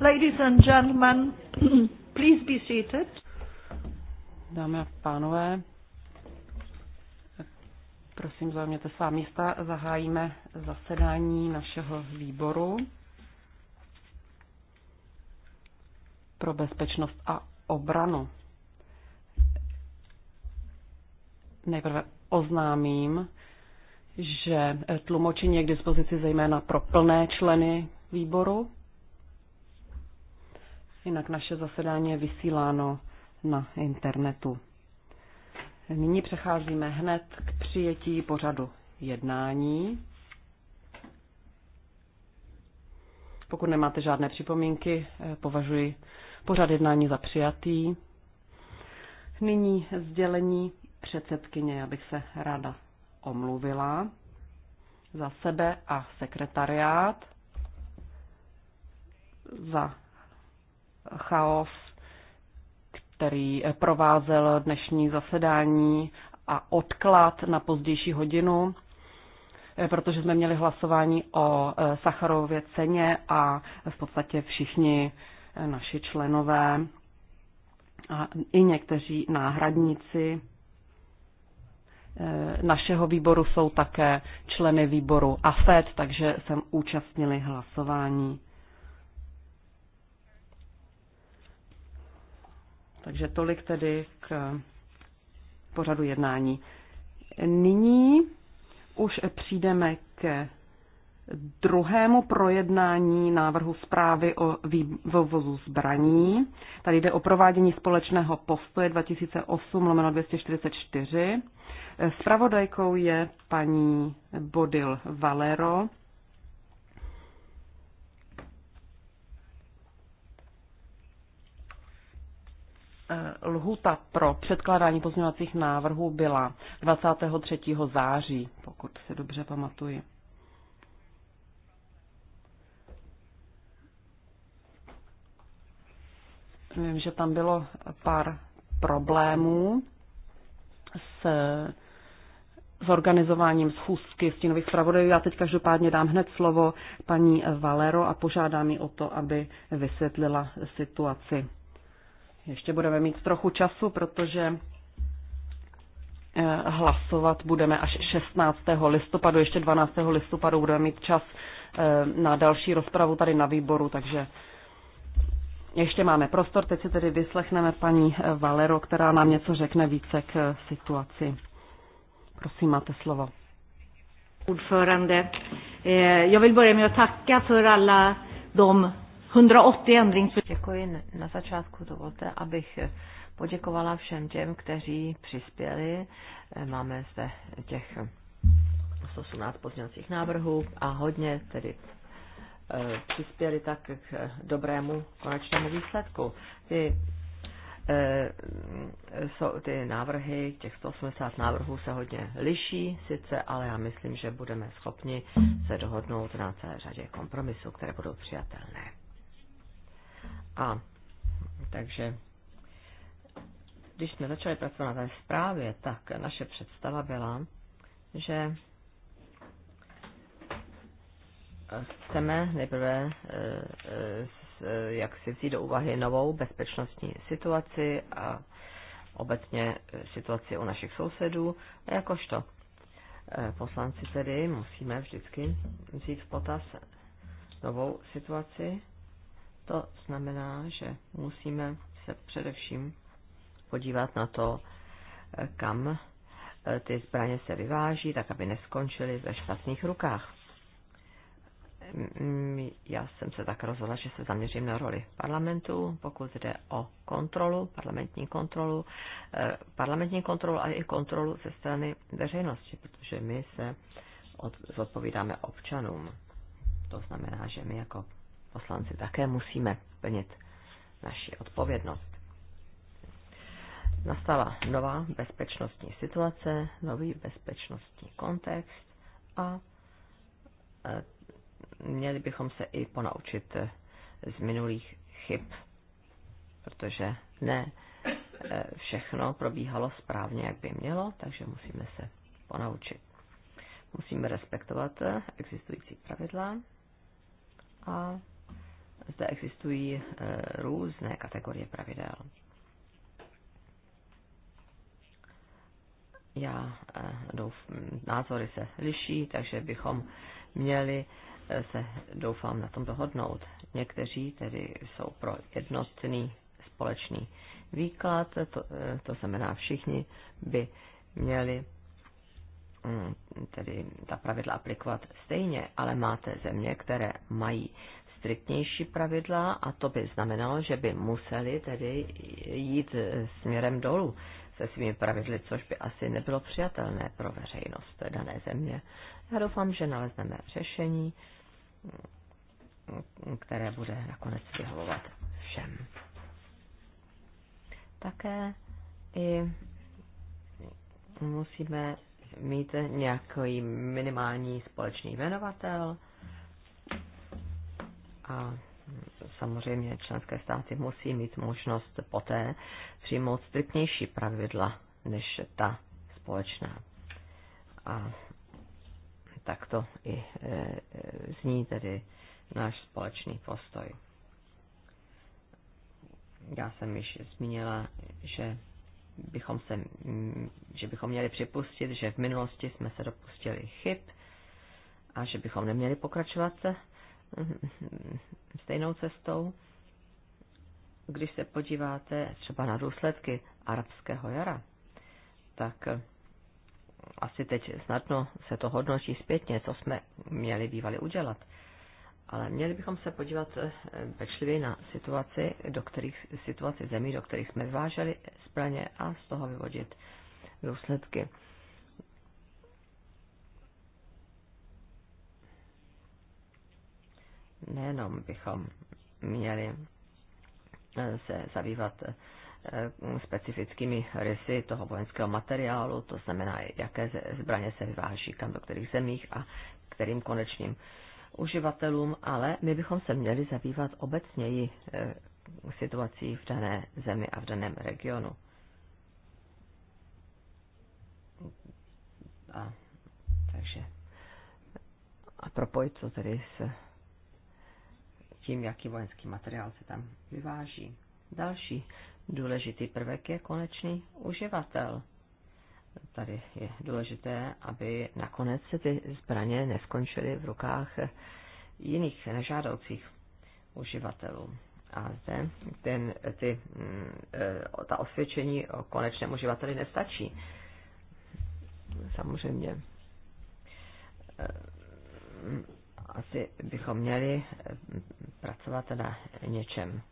Ladies and gentlemen, please be seated. Dámy a pánové, prosím, zaujměte svá místa. Zahájíme zasedání našeho výboru pro bezpečnost a obranu. Nejprve oznámím, že eh, tlumočení je k dispozici zejména pro plné členy výboru. Jinak naše zasedání je vysíláno na internetu. Nyní přecházíme hned k přijetí pořadu jednání. Pokud nemáte žádné připomínky, eh, považuji pořad jednání za přijatý. Nyní sdělení předsedkyně, abych se ráda omluvila za sebe a sekretariát za chaos, který provázel dnešní zasedání a odklad na pozdější hodinu, protože jsme měli hlasování o e, Sacharově ceně a v podstatě všichni e, naši členové a i někteří náhradníci Eh, našeho výboru jsou také členy výboru AFED, takže jsem účastnili hlasování. Takže tolik tedy k pořadu jednání. Nyní už přijdeme ke druhému projednání návrhu zprávy o vývozu zbraní. Tady jde o provádění společného postoje 2008 lomeno 244. Spravodajkou je paní Bodil Valero. Lhuta pro předkládání pozměňovacích návrhů byla 23. září, pokud se dobře pamatuji. Vím, že tam bylo pár problémů s organizováním schůzky stínových zpravodajů. Já teď každopádně dám hned slovo paní Valero a požádám ji o to, aby vysvětlila situaci. Ještě budeme mít trochu času, protože eh, hlasovat budeme až 16. listopadu. Ještě 12. listopadu budeme mít čas eh, na další rozpravu tady na výboru, takže ještě máme prostor, teď si tedy vyslechneme paní eh, Valero, která nám něco řekne více k eh, situaci. Prosím, máte slovo. Ordförande, eh, jag vill börja med att tacka för alla de 180 ändrings... Děkuji. Na začátku dovolte, abych poděkovala všem těm, kteří přispěli. Máme zde těch 118 pozdělacích návrhů a hodně tedy přispěli tak k dobrému konečnému výsledku. Ty, eh, ty návrhy, těch 180 návrhů se hodně liší sice, ale já myslím, že budeme schopni se dohodnout na celé řadě kompromisů, které budou přijatelné. A takže když jsme začali pracovat na té zprávě, tak naše představa byla, že chceme nejprve e, e, e, jak si vzít do úvahy novou bezpečnostní situaci a obecně situaci u našich sousedů, jakožto poslanci tedy musíme vždycky vzít v potaz novou situaci. To znamená, že musíme se především podívat na to, kam ty zbraně se vyváží, tak aby neskončily ve špatných rukách. Mm, já jsem se tak rozhodla, že se zaměřím na roli parlamentu, pokud jde o kontrolu, parlamentní kontrolu, eh, parlamentní kontrolu a i kontrolu ze strany veřejnosti, protože my se od, zodpovídáme občanům. To znamená, že my jako poslanci také musíme plnit naši odpovědnost. Nastala nová bezpečnostní situace, nový bezpečnostní kontext a eh, měli bychom se i ponaučit eh, z minulých chyb, protože ne eh, všechno probíhalo správně, jak by mělo, takže musíme se ponaučit. Musíme respektovat eh, existující pravidla a zde existují různé kategorie pravidel. Já doufám, názory se liší, takže bychom měli se doufám na tom dohodnout. Někteří tedy jsou pro jednotný společný výklad, to, to znamená všichni by měli mm, tedy ta pravidla aplikovat stejně, ale máte země, které mají striktnější pravidla a to by znamenalo, že by museli tedy jít směrem dolů se svými pravidly, což by asi nebylo přijatelné pro veřejnost dané země. Já doufám, že nalezneme řešení, které bude nakonec vyhovovat všem. Také i musíme mít nějaký minimální společný jmenovatel a samozřejmě členské státy musí mít možnost poté přijmout striktnější pravidla než ta společná. A tak to i e, e, zní tedy náš společný postoj. Já jsem již zmínila, že bychom, se, že bychom měli připustit, že v minulosti jsme se dopustili chyb a že bychom neměli pokračovat se stejnou cestou. Když se podíváte třeba na důsledky arabského jara, tak asi teď snadno se to hodnotí zpětně, co jsme měli bývali udělat. Ale měli bychom se podívat eh, pečlivě na situaci, do kterých, situaci zemí, do kterých jsme vyváželi zbraně a z toho vyvodit důsledky. Nejenom bychom měli eh, se zabývat eh, Eh, specifickými rysy toho vojenského materiálu, to znamená, jaké zbraně se vyváží, kam do kterých zemích a kterým konečným uživatelům, ale my bychom se měli zabývat obecněji eh, situací v dané zemi a v daném regionu. A, takže a propojit to tedy s tím, jaký vojenský materiál se tam vyváží. Další Důležitý prvek je konečný uživatel. Tady je důležité, aby nakonec se ty zbraně neskončily v rukách jiných nežádoucích uživatelů. A zde ten, ty, mm, e, ta osvědčení o konečném uživateli nestačí. Samozřejmě e, asi bychom měli e, pracovat na něčem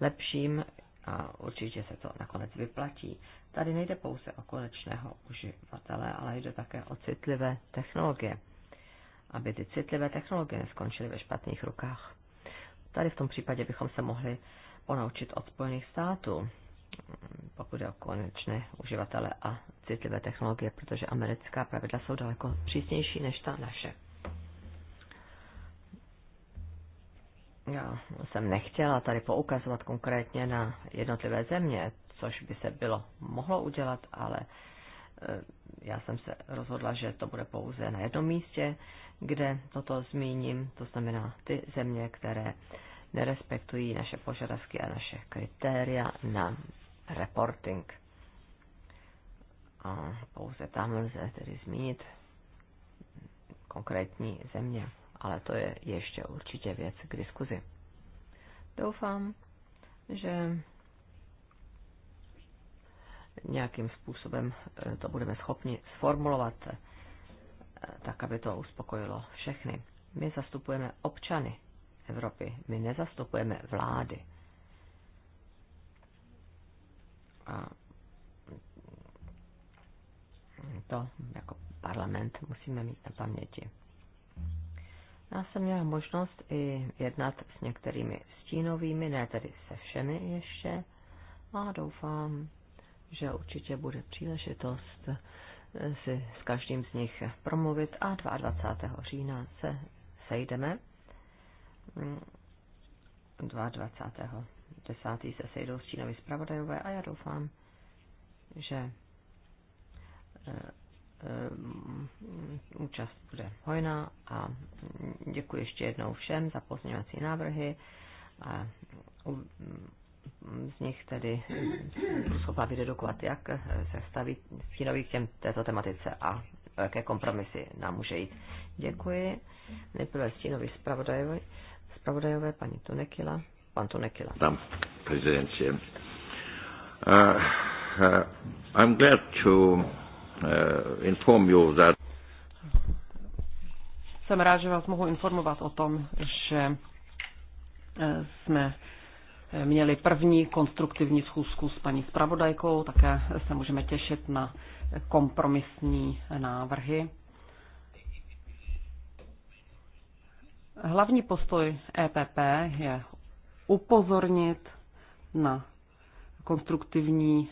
lepším, a určitě se to nakonec vyplatí. Tady nejde pouze o konečného uživatele, ale jde také o citlivé technologie, aby ty citlivé technologie neskončily ve špatných rukách. Tady v tom případě bychom se mohli ponaučit od Spojených států, pokud je o konečné uživatele a citlivé technologie, protože americká pravidla jsou daleko přísnější než ta naše. já jsem nechtěla tady poukazovat konkrétně na jednotlivé země, což by se bylo mohlo udělat, ale eh, já jsem se rozhodla, že to bude pouze na jednom místě, kde toto zmíním, to znamená ty země, které nerespektují naše požadavky a naše kritéria na reporting. A pouze tam lze tedy zmínit konkrétní země ale to je ještě určitě věc k diskuzi. Doufám, že nějakým způsobem eh, to budeme schopni sformulovat eh, tak, aby to uspokojilo všechny. My zastupujeme občany Evropy, my nezastupujeme vlády. A to jako parlament musíme mít na paměti. Já jsem měla možnost i jednat s některými stínovými, ne tedy se všemi ještě, a doufám, že určitě bude příležitost eh, si s každým z nich promluvit a 22. října se sejdeme. 22. Mm, 10. se sejdou stínovi zpravodajové a já doufám, že eh, Eh, účast bude hojná a děkuji ještě jednou všem za pozměňovací návrhy a z nich tedy budu schopná vydedukovat, jak se staví stínový k těm, této tematice a jaké kompromisy nám může jít. Děkuji. Nejprve stínový zpravodajové, zpravodajové paní Tunekila. Pan Tunekila. Tam prezidencie. Uh, eh, uh, eh, I'm glad to Eh, inform you that jsem rád, že vás mohu informovat o tom, že eh, jsme eh, měli první konstruktivní schůzku s paní zpravodajkou, také se můžeme těšit na kompromisní návrhy. Hlavní postoj EPP je upozornit na konstruktivní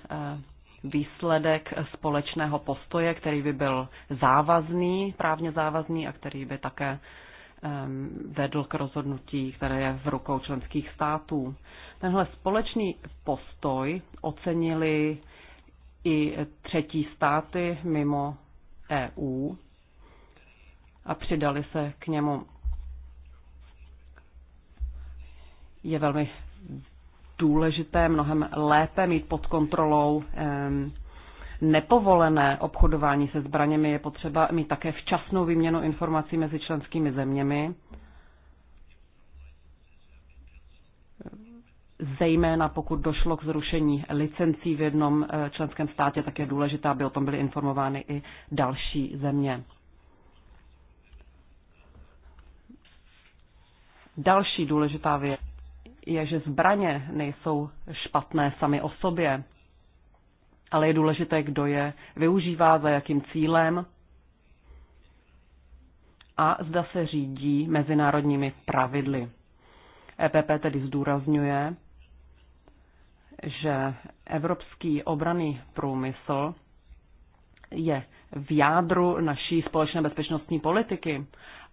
výsledek společného postoje, který by byl závazný, právně závazný a který by také vedl k rozhodnutí, které je v rukou členských států. Tenhle společný postoj ocenili i třetí státy mimo EU a přidali se k němu. Je velmi důležité mnohem lépe mít pod kontrolou nepovolené obchodování se zbraněmi. Je potřeba mít také včasnou výměnu informací mezi členskými zeměmi, zejména pokud došlo k zrušení licencí v jednom eh, členském státě, tak je důležité, aby o tom byly informovány i další země. Další důležitá věc je, že zbraně nejsou špatné sami o sobě, ale je důležité, kdo je využívá, za jakým cílem a zda se řídí mezinárodními pravidly. EPP tedy zdůrazňuje, že evropský obraný průmysl je v jádru naší společné bezpečnostní politiky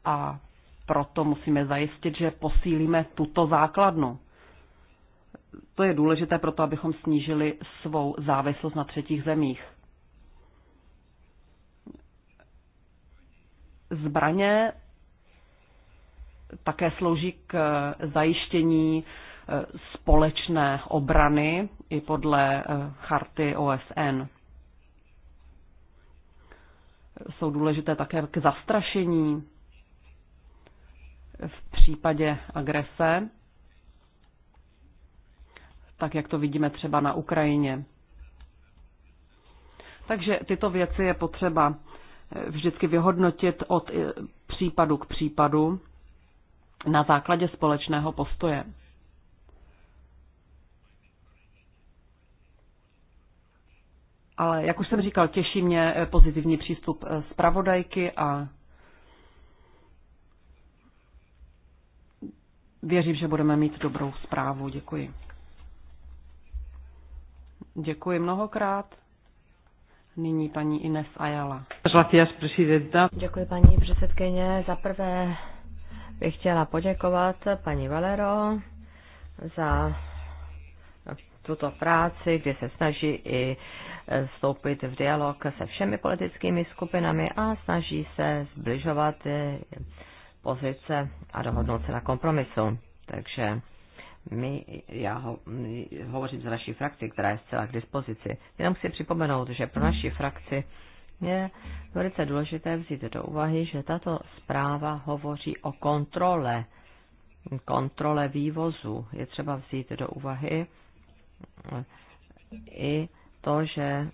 a proto musíme zajistit, že posílíme tuto základnu to je důležité pro to, abychom snížili svou závislost na třetích zemích. Zbraně také slouží k zajištění eh, společné obrany i podle eh, charty OSN. Jsou důležité také k zastrašení v případě agrese tak jak to vidíme třeba na Ukrajině. Takže tyto věci je potřeba eh, vždycky vyhodnotit od eh, případu k případu na základě společného postoje. Ale jak už jsem říkal, těší mě eh, pozitivní přístup zpravodajky a věřím, že budeme mít dobrou zprávu. Děkuji. Děkuji mnohokrát. Nyní paní Ines Ayala. Děkuji paní předsedkyně. Za prvé bych chtěla poděkovat paní Valero za tuto práci, kdy se snaží i vstoupit v dialog se všemi politickými skupinami a snaží se zbližovat pozice a dohodnout se na kompromisu. Takže my, já ho, hovořím za naší frakci, která je zcela k dispozici. Jenom chci připomenout, že pro naši frakci je velice důležité vzít do úvahy, že tato zpráva hovoří o kontrole, kontrole vývozu. Je třeba vzít do úvahy i to, že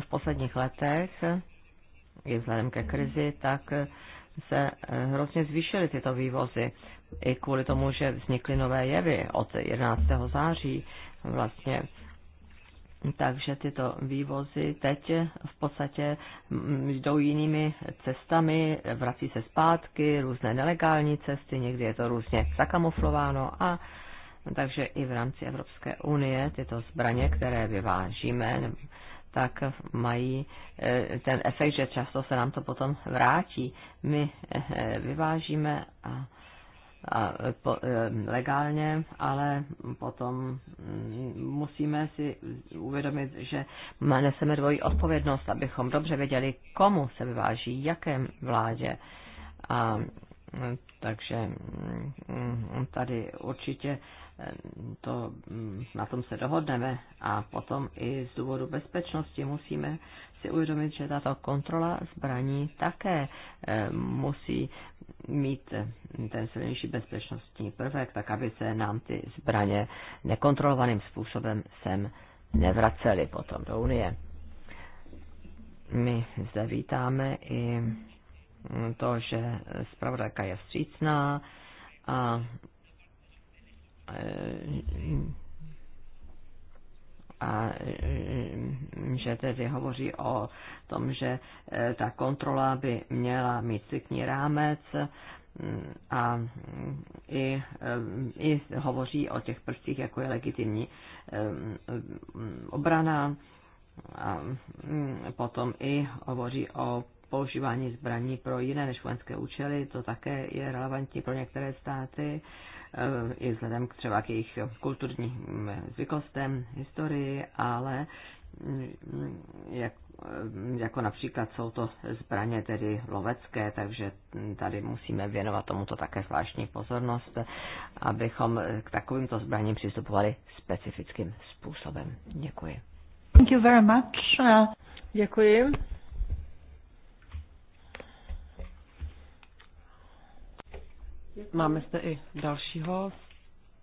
v posledních letech, i vzhledem ke krizi, tak se hrozně zvýšily tyto vývozy i kvůli tomu, že vznikly nové jevy od 11. září vlastně. Takže tyto vývozy teď v podstatě jdou jinými cestami, vrací se zpátky, různé nelegální cesty, někdy je to různě zakamuflováno a takže i v rámci Evropské unie tyto zbraně, které vyvážíme, tak mají eh, ten efekt, že často se nám to potom vrátí. My eh, eh, vyvážíme a a, po, e, legálně, ale potom mm, musíme si uvědomit, že neseme dvojí odpovědnost, abychom dobře věděli, komu se vyváží, jaké vládě. A, mm, takže mm, tady určitě to, na tom se dohodneme a potom i z důvodu bezpečnosti musíme si uvědomit, že tato kontrola zbraní také e, musí mít ten silnější bezpečnostní prvek, tak aby se nám ty zbraně nekontrolovaným způsobem sem nevracely potom do Unie. My zde vítáme i to, že zpravodajka je vstřícná a e, a e, e, že tedy hovoří o tom, že e, ta kontrola by měla mít cykní rámec mm, a i, i hovoří o těch prvcích, jako je legitimní mm, obrana a mm, potom i hovoří o používání zbraní pro jiné než vojenské účely, to také je relevantní pro některé státy Eh, i vzhledem k třeba k jejich kulturním mm, zvyklostem, historii, ale mm, jak, mm, jako například jsou to zbraně tedy lovecké, takže tady musíme věnovat tomuto také zvláštní pozornost, abychom k takovýmto zbraním přistupovali specifickým způsobem. Děkuji. Thank you very much. Děkuji. Máme zde i dalšího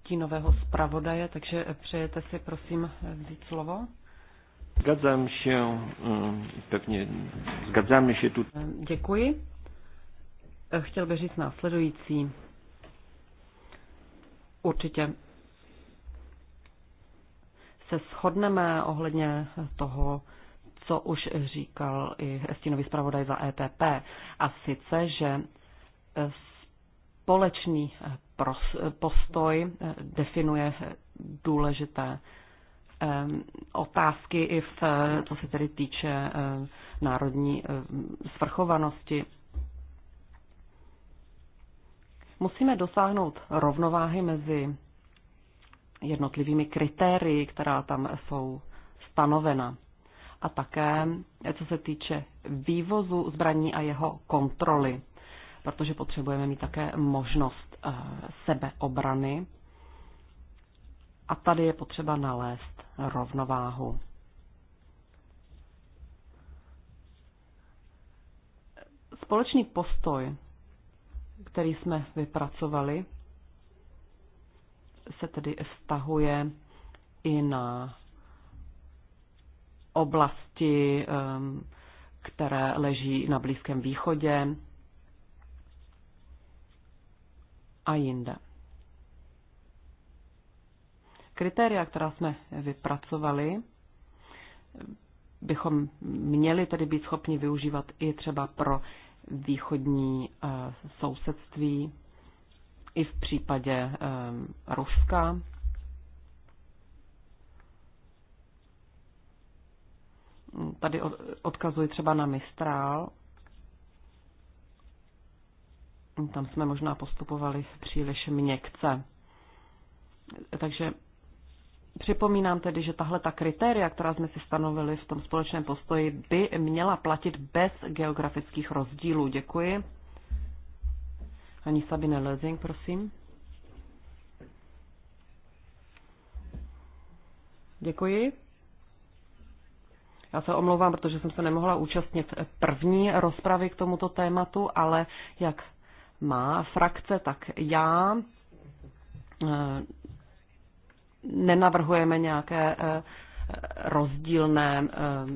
stínového zpravodaje, takže přejete si prosím vzít slovo. Zgadzám się, mm, pewnie zgadzamy się tu. Děkuji. Chtěl bych říct následující. Určitě se shodneme ohledně toho, co už říkal i stínový zpravodaj za ETP, a sice, že společný eh, eh, postoj eh, definuje důležité otázky i v, co se tedy týče národní svrchovanosti. Musíme dosáhnout rovnováhy mezi jednotlivými kritérii, která tam jsou stanovena. A také, co se týče vývozu zbraní a jeho kontroly protože potřebujeme mít také možnost eh, sebeobrany. A tady je potřeba nalézt rovnováhu. Společný postoj, který jsme vypracovali, se tedy vztahuje i na oblasti, ehm, které leží na Blízkém východě, a jinde. Kritéria, která jsme vypracovali, bychom měli tedy být schopni využívat i třeba pro východní eh, sousedství, i v případě eh, Ruska. Tady odkazuji třeba na Mistrál, tam jsme možná postupovali příliš měkce. Takže Připomínám tedy, že tahle ta kritéria, která jsme si stanovili v tom společném postoji, by měla platit bez geografických rozdílů. Děkuji. Ani Sabine Lezing, prosím. Děkuji. Já se omlouvám, protože jsem se nemohla účastnit první rozpravy k tomuto tématu, ale jak má frakce, tak já eh, nenavrhujeme nějaké eh, rozdílné eh,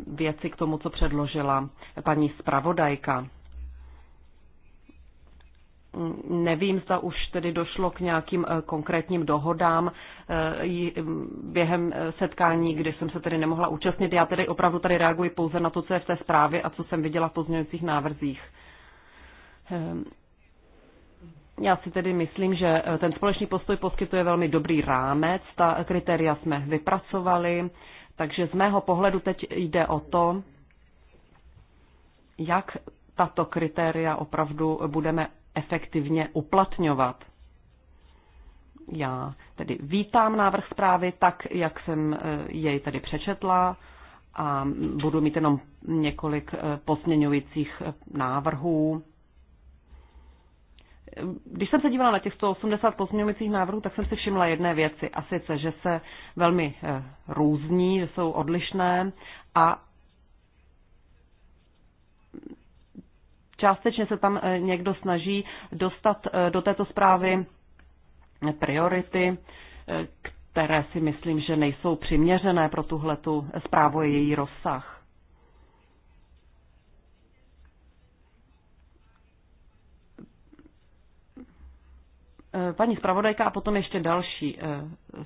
věci k tomu, co předložila paní zpravodajka. Mm, nevím, zda už tedy došlo k nějakým konkrétním dohodám mm, během setkání, kdy jsem se tedy nemohla účastnit. Já tedy opravdu tady reaguji pouze na to, co je v té zprávě a co jsem viděla v pozměňujících návrzích. Ehm, já si tedy myslím, že eh, ten společný postoj poskytuje velmi dobrý rámec. Ta kritéria jsme vypracovali, takže z mého pohledu teď jde o to, jak tato kritéria opravdu budeme efektivně uplatňovat. Já tedy vítám návrh zprávy tak, jak jsem eh, jej tedy přečetla a budu mít jenom několik eh, pozměňujících návrhů když jsem se dívala na těchto 80 pozměňovacích návrhů, tak jsem si všimla jedné věci, a sice, že se velmi eh, různí, že jsou odlišné a částečně se tam eh, někdo snaží dostat eh, do této zprávy priority, které si myslím, že nejsou přiměřené pro tuhletu zprávu její rozsah. Eh, paní zpravodajka a potom ještě další eh,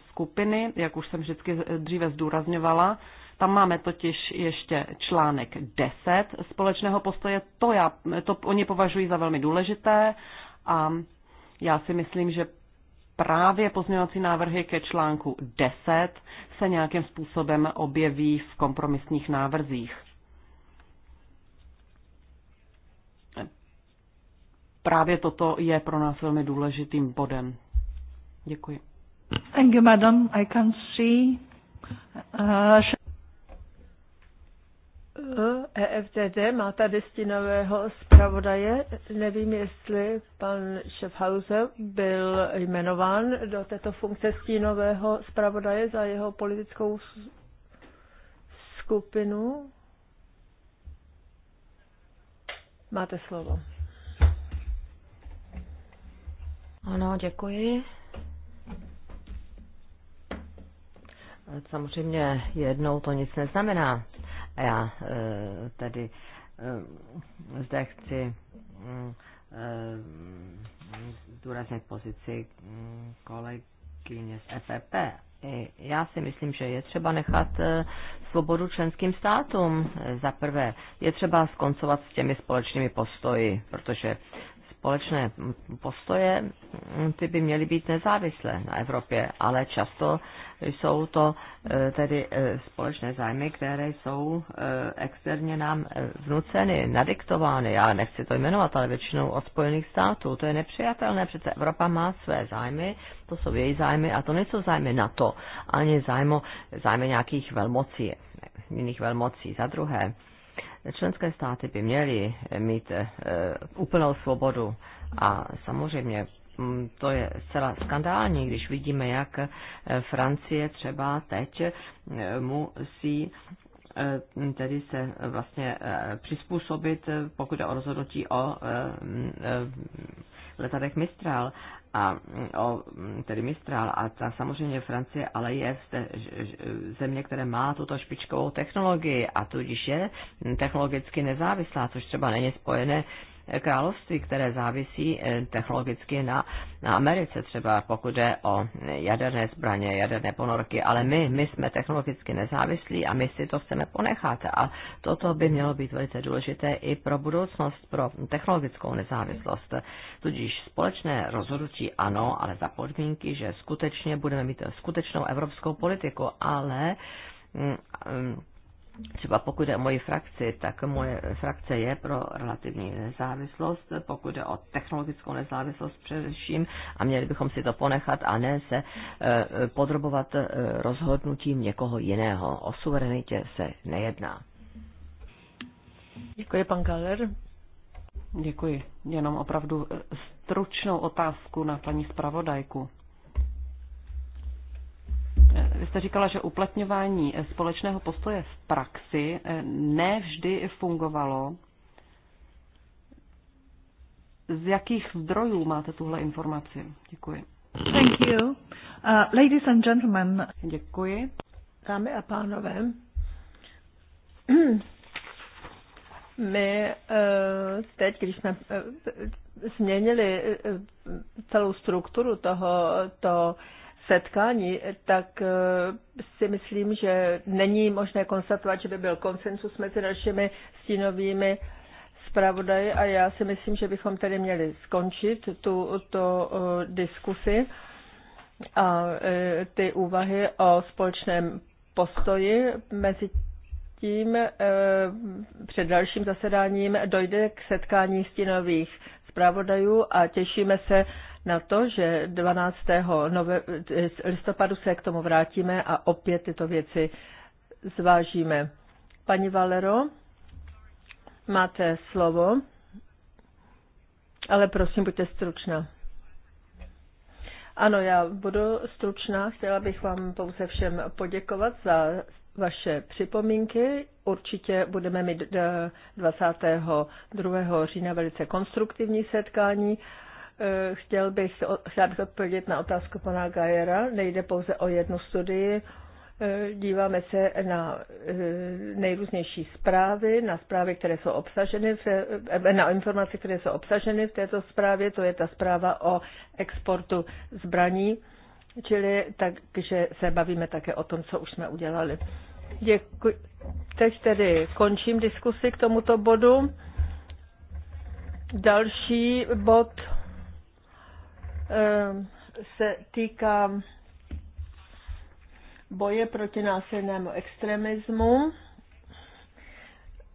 skupiny, jak už jsem vždycky eh, dříve zdůrazňovala. Tam máme totiž ještě článek 10 společného postoje. To, já, to oni považují za velmi důležité a já si myslím, že právě pozměňovací návrhy ke článku 10 se nějakým způsobem objeví v kompromisních návrzích. právě toto je pro nás velmi důležitým bodem. Děkuji. Thank you, madam. I can see. Uh, EFTD má tady stínového zpravodaje. Nevím, jestli pan Schaffhauser byl jmenován do této funkce stínového zpravodaje za jeho politickou skupinu. Máte slovo. Ano, děkuji. Samozřejmě jednou to nic neznamená. A já eh, tedy eh, zde chci mm, eh, zdůraznit pozici mm, kolegyně z FFP. E já si myslím, že je třeba nechat svobodu členským státům. Za prvé, je třeba skoncovat s těmi společnými postoji, protože společné postoje, ty by měly být nezávislé na Evropě, ale často jsou to e, tedy e, společné zájmy, které jsou e, externě nám vnuceny, nadiktovány. Já nechci to jmenovat, ale většinou od Spojených států. To je nepřijatelné, přece Evropa má své zájmy, to jsou její zájmy a to nejsou zájmy NATO, ani zájmo, zájmy nějakých velmocí, jiných velmocí. Za druhé, Členské státy by měly mít eh, úplnou svobodu a samozřejmě mm, to je zcela skandální, když vidíme, jak eh, Francie třeba teď eh, musí tedy se vlastně přizpůsobit, pokud je o rozhodnutí o mm, letadech Mistral a o, tedy Mistral a ta samozřejmě Francie, ale je zde země, které má tuto špičkovou technologii a tudíž je technologicky nezávislá, což třeba není spojené království, které závisí eh, technologicky na, na Americe, třeba pokud jde o jaderné zbraně, jaderné ponorky, ale my, my jsme technologicky nezávislí a my si to chceme ponechat. A toto by mělo být velice důležité i pro budoucnost, pro technologickou nezávislost. Tudíž společné rozhodnutí ano, ale za podmínky, že skutečně budeme mít skutečnou evropskou politiku, ale mm, mm, Třeba pokud je o moji frakci, tak moje frakce je pro relativní nezávislost, pokud je o technologickou nezávislost především a měli bychom si to ponechat a ne se eh, podrobovat eh, rozhodnutím někoho jiného. O suverenitě se nejedná. Děkuji, pan Galer. Děkuji. Jenom opravdu eh, stručnou otázku na paní zpravodajku. Vy jste říkala, že uplatňování eh, společného postoje v praxi eh, nevždy fungovalo. Z jakých zdrojů máte tuhle informaci? Děkuji. Thank you. Uh, ladies and gentlemen. Děkuji. Dámy a pánové, my eh, teď, když jsme změnili celou strukturu toho, to, setkání, tak eh, si myslím, že není možné konstatovat, že by byl konsensus mezi našimi stínovými zpravodaji a já si myslím, že bychom tedy měli skončit tu to eh, diskusi a eh, ty úvahy o společném postoji mezi tím před dalším zasedáním dojde k setkání stínových zpravodajů a těšíme se na to, že 12. Nove- listopadu se k tomu vrátíme a opět tyto věci zvážíme. Paní Valero, máte slovo, ale prosím, buďte stručná. Ano, já budu stručná. Chtěla bych vám pouze všem poděkovat za vaše připomínky. Určitě budeme mít 22. Eh, října velice konstruktivní setkání. Eh, chtěl bych, chtěl bych odpovědět na otázku pana Gajera. Nejde pouze o jednu studii. Eh, díváme se na eh, nejrůznější zprávy, na zprávy, které jsou obsaženy, na informace, které jsou obsaženy v této zprávě. To je ta zpráva o exportu zbraní. Čili takže se bavíme také o tom, co už jsme udělali. Děkuji. Teď tedy končím diskusi k tomuto bodu. Další bod Ehm, se týká boje proti násilnému extremismu.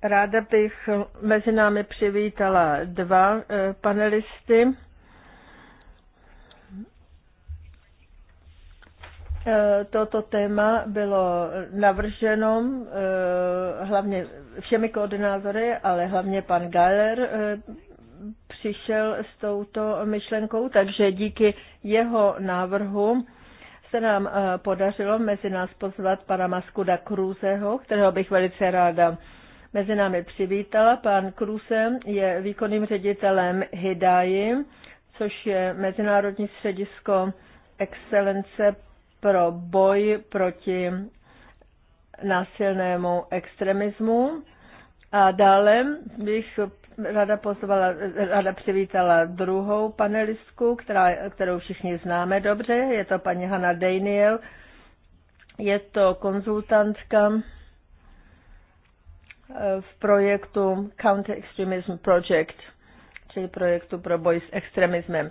Ráda bych mezi námi přivítala dva eh, panelisty. Eh, toto téma bylo navrženo eh, hlavně všemi koordinátory, ale hlavně pan Geiler přišel s touto myšlenkou, takže díky jeho návrhu se nám eh, podařilo mezi nás pozvat pana Maskuda Krůzeho, kterého bych velice ráda mezi námi přivítala. Pan Kruse je výkonným ředitelem Hidaji, což je Mezinárodní středisko excelence pro boj proti násilnému extremismu. A dále bych ráda pozvala, ráda přivítala druhou panelistku, která, kterou všichni známe dobře. Je to paní Hanna Daniel. Je to konzultantka eh, v projektu Counter Extremism Project, čili projektu pro boj s extremismem.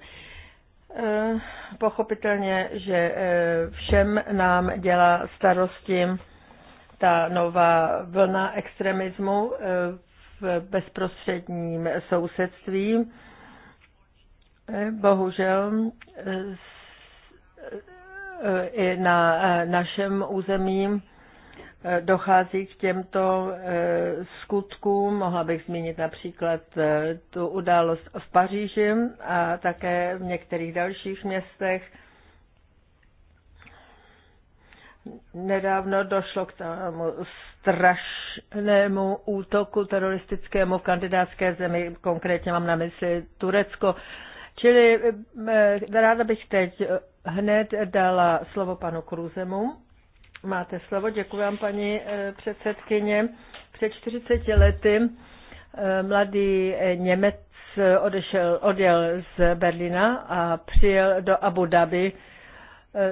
Eh, pochopitelně, že eh, všem nám dělá starosti ta nová vlna extremismu, v bezprostředním sousedství. Bohužel eh, i na eh, našem území eh, dochází k těmto skutkům. Mohla bych zmínit například tu událost v Paříži a také v některých dalších městech Nedávno došlo k tomu strašnému útoku teroristickému v kandidátské zemi, konkrétně mám na mysli Turecko. Čili eh, ráda bych teď hned dala slovo panu Kruzemu. Máte slovo, děkuji vám, paní eh, předsedkyně. Před 40 lety eh, mladý Němec odešel, odjel z Berlína a přijel do Abu Dhabi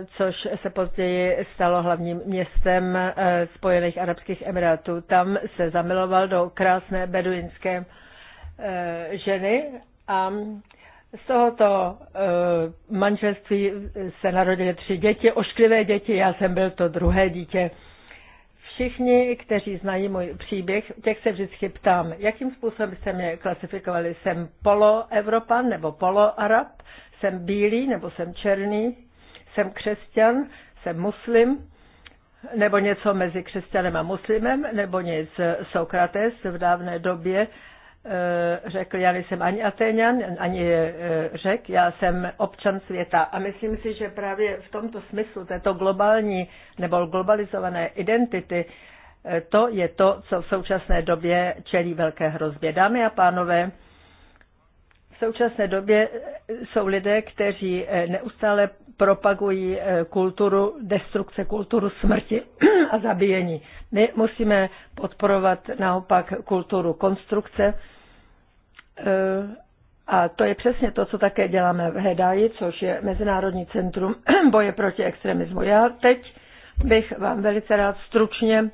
což se později stalo hlavním městem eh, Spojených Arabských Emirátů. Tam se zamiloval do krásné beduinské eh, ženy a z tohoto eh, manželství se narodily tři děti, ošklivé děti, já jsem byl to druhé dítě. Všichni, kteří znají můj příběh, těch se vždycky ptám, jakým způsobem jste mě klasifikovali. Jsem poloevropan nebo poloarab? Jsem bílý nebo jsem černý? Jsem křesťan, jsem muslim, nebo něco mezi křesťanem a muslimem, nebo nic. Sokrates v dávné době eh, řekl, já nejsem ani Atéňan, ani eh, řek, já jsem občan světa. A myslím si, že právě v tomto smyslu této globální nebo globalizované identity, eh, to je to, co v současné době čelí velké hrozbě. Dámy a pánové, současné době jsou lidé, kteří eh, neustále propagují eh, kulturu destrukce, kulturu smrti a zabíjení. My musíme podporovat naopak kulturu konstrukce eh, a to je přesně to, co také děláme v Hedaji, což je Mezinárodní centrum boje proti extremismu. Já teď bych vám velice rád stručně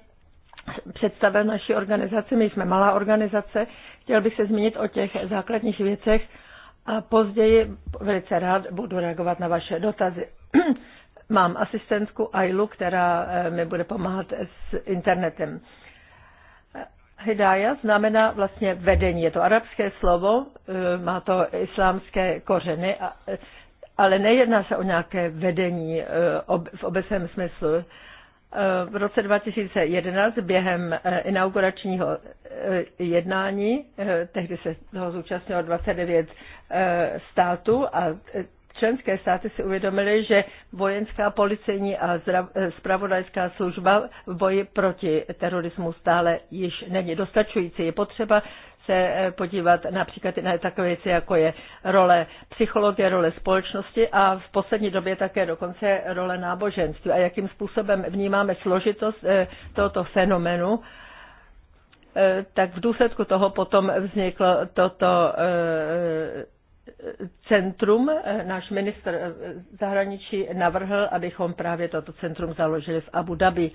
představil naší organizaci. My jsme malá organizace, chtěl bych se zmínit o těch základních věcech a později velice rád budu reagovat na vaše dotazy. Mám asistentku Ailu, která eh, mi bude pomáhat s internetem. Hidaya znamená vlastně vedení. Je to arabské slovo, eh, má to islámské kořeny, eh, ale nejedná se o nějaké vedení v obecném smyslu. Eh, v roce 2011 během eh, inauguračního eh, jednání, tehdy se toho zúčastnilo 29 států a členské státy si uvědomily, že vojenská, policejní a spravodajská služba v boji proti terorismu stále již není dostačující. Je potřeba se eh, podívat například na takové věci, jako je role psychologie, role společnosti a v poslední době také dokonce role náboženství a jakým způsobem vnímáme složitost eh, tohoto fenomenu. Eh, tak v důsledku toho potom vzniklo toto centrum. Náš minister zahraničí navrhl, abychom právě toto centrum založili v Abu Dhabi.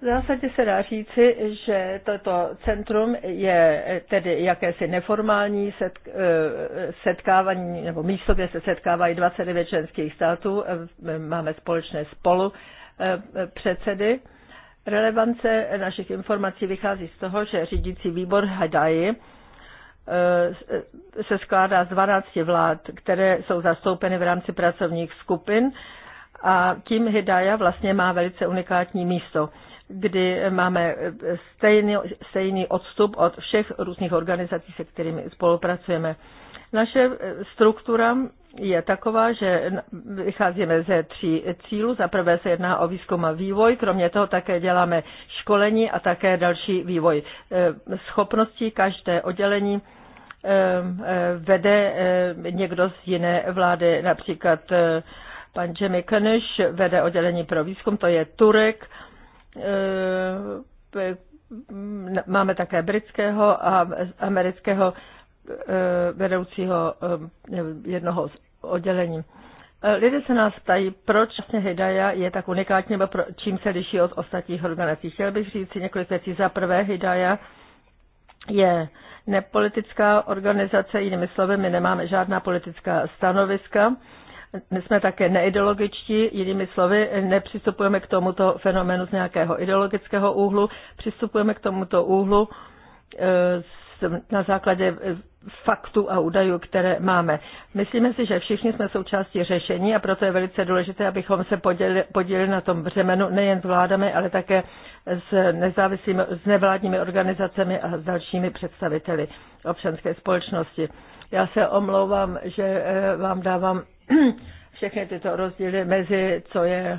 V zásadě se dá říci, že toto centrum je tedy jakési neformální eh, setkávání, nebo místo, kde se setkávají 29 členských států. Eh, máme společné spolu eh, předsedy. Relevance našich informací vychází z toho, že řídící výbor Hadaji se skládá z 12 vlád, které jsou zastoupeny v rámci pracovních skupin a tím Hidaya vlastně má velice unikátní místo kdy máme eh, stejný, stejný odstup od všech různých organizací, se kterými spolupracujeme. Naše eh, struktura je taková, že vycházíme ze tří cílů. Za prvé se jedná o výzkum a vývoj, kromě toho také děláme školení a také další vývoj eh, schopností. Každé oddělení vede někdo z jiné vlády, například pan Jimmy Kenish vede oddělení pro výzkum, to je Turek, Eh, máme také britského a amerického eh, vedoucího eh, jednoho z oddělení. Lidé se nás ptají, proč vlastně Hidaya je tak unikátní, nebo pro, čím se liší od ostatních organizací. Chtěl bych říct si několik věcí. Za prvé, Hidaya je nepolitická organizace, jinými slovy, my nemáme žádná politická stanoviska jsme také neideologičtí, jinými slovy, nepřistupujeme k tomuto fenoménu z nějakého ideologického úhlu, přistupujeme k tomuto úhlu eh, na základě faktů a údajů, které máme. Myslíme si, že všichni jsme součástí řešení a proto je velice důležité, abychom se podělili, podělili na tom břemenu nejen s vládami, ale také s nezávislými, s nevládními organizacemi a s dalšími představiteli občanské společnosti. Já se omlouvám, že eh, vám dávám všechny tyto rozdíly mezi, co je e,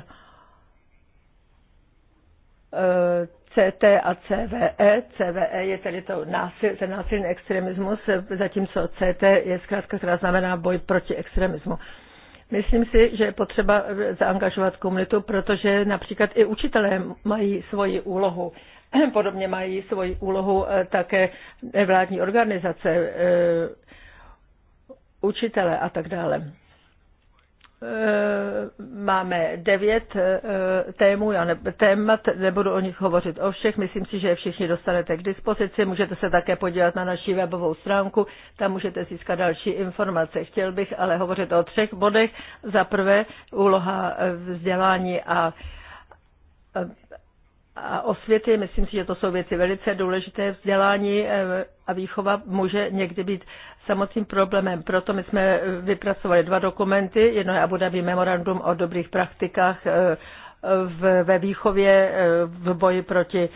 CT a CVE. CVE je tedy to násil, ten násilný extremismus, zatímco CT je zkrátka, která znamená boj proti extremismu. Myslím si, že je potřeba zaangažovat komunitu, protože například i učitelé mají svoji úlohu. Podobně mají svoji úlohu e, také nevládní organizace, e, učitele a tak dále. Eh, máme devět eh, témů, já ne, témat, nebudu o nich hovořit o všech, myslím si, že je všichni dostanete k dispozici, můžete se také podívat na naši webovou stránku, tam můžete získat další informace. Chtěl bych ale hovořit o třech bodech. Za prvé úloha eh, vzdělání a osvěty. Myslím si, že to jsou věci velice důležité. Vzdělání eh, a výchova může někdy být samotným problémem. Proto my jsme eh, vypracovali dva dokumenty. Jedno je Abu Dhabi memorandum o dobrých praktikách eh, ve výchově v boji proti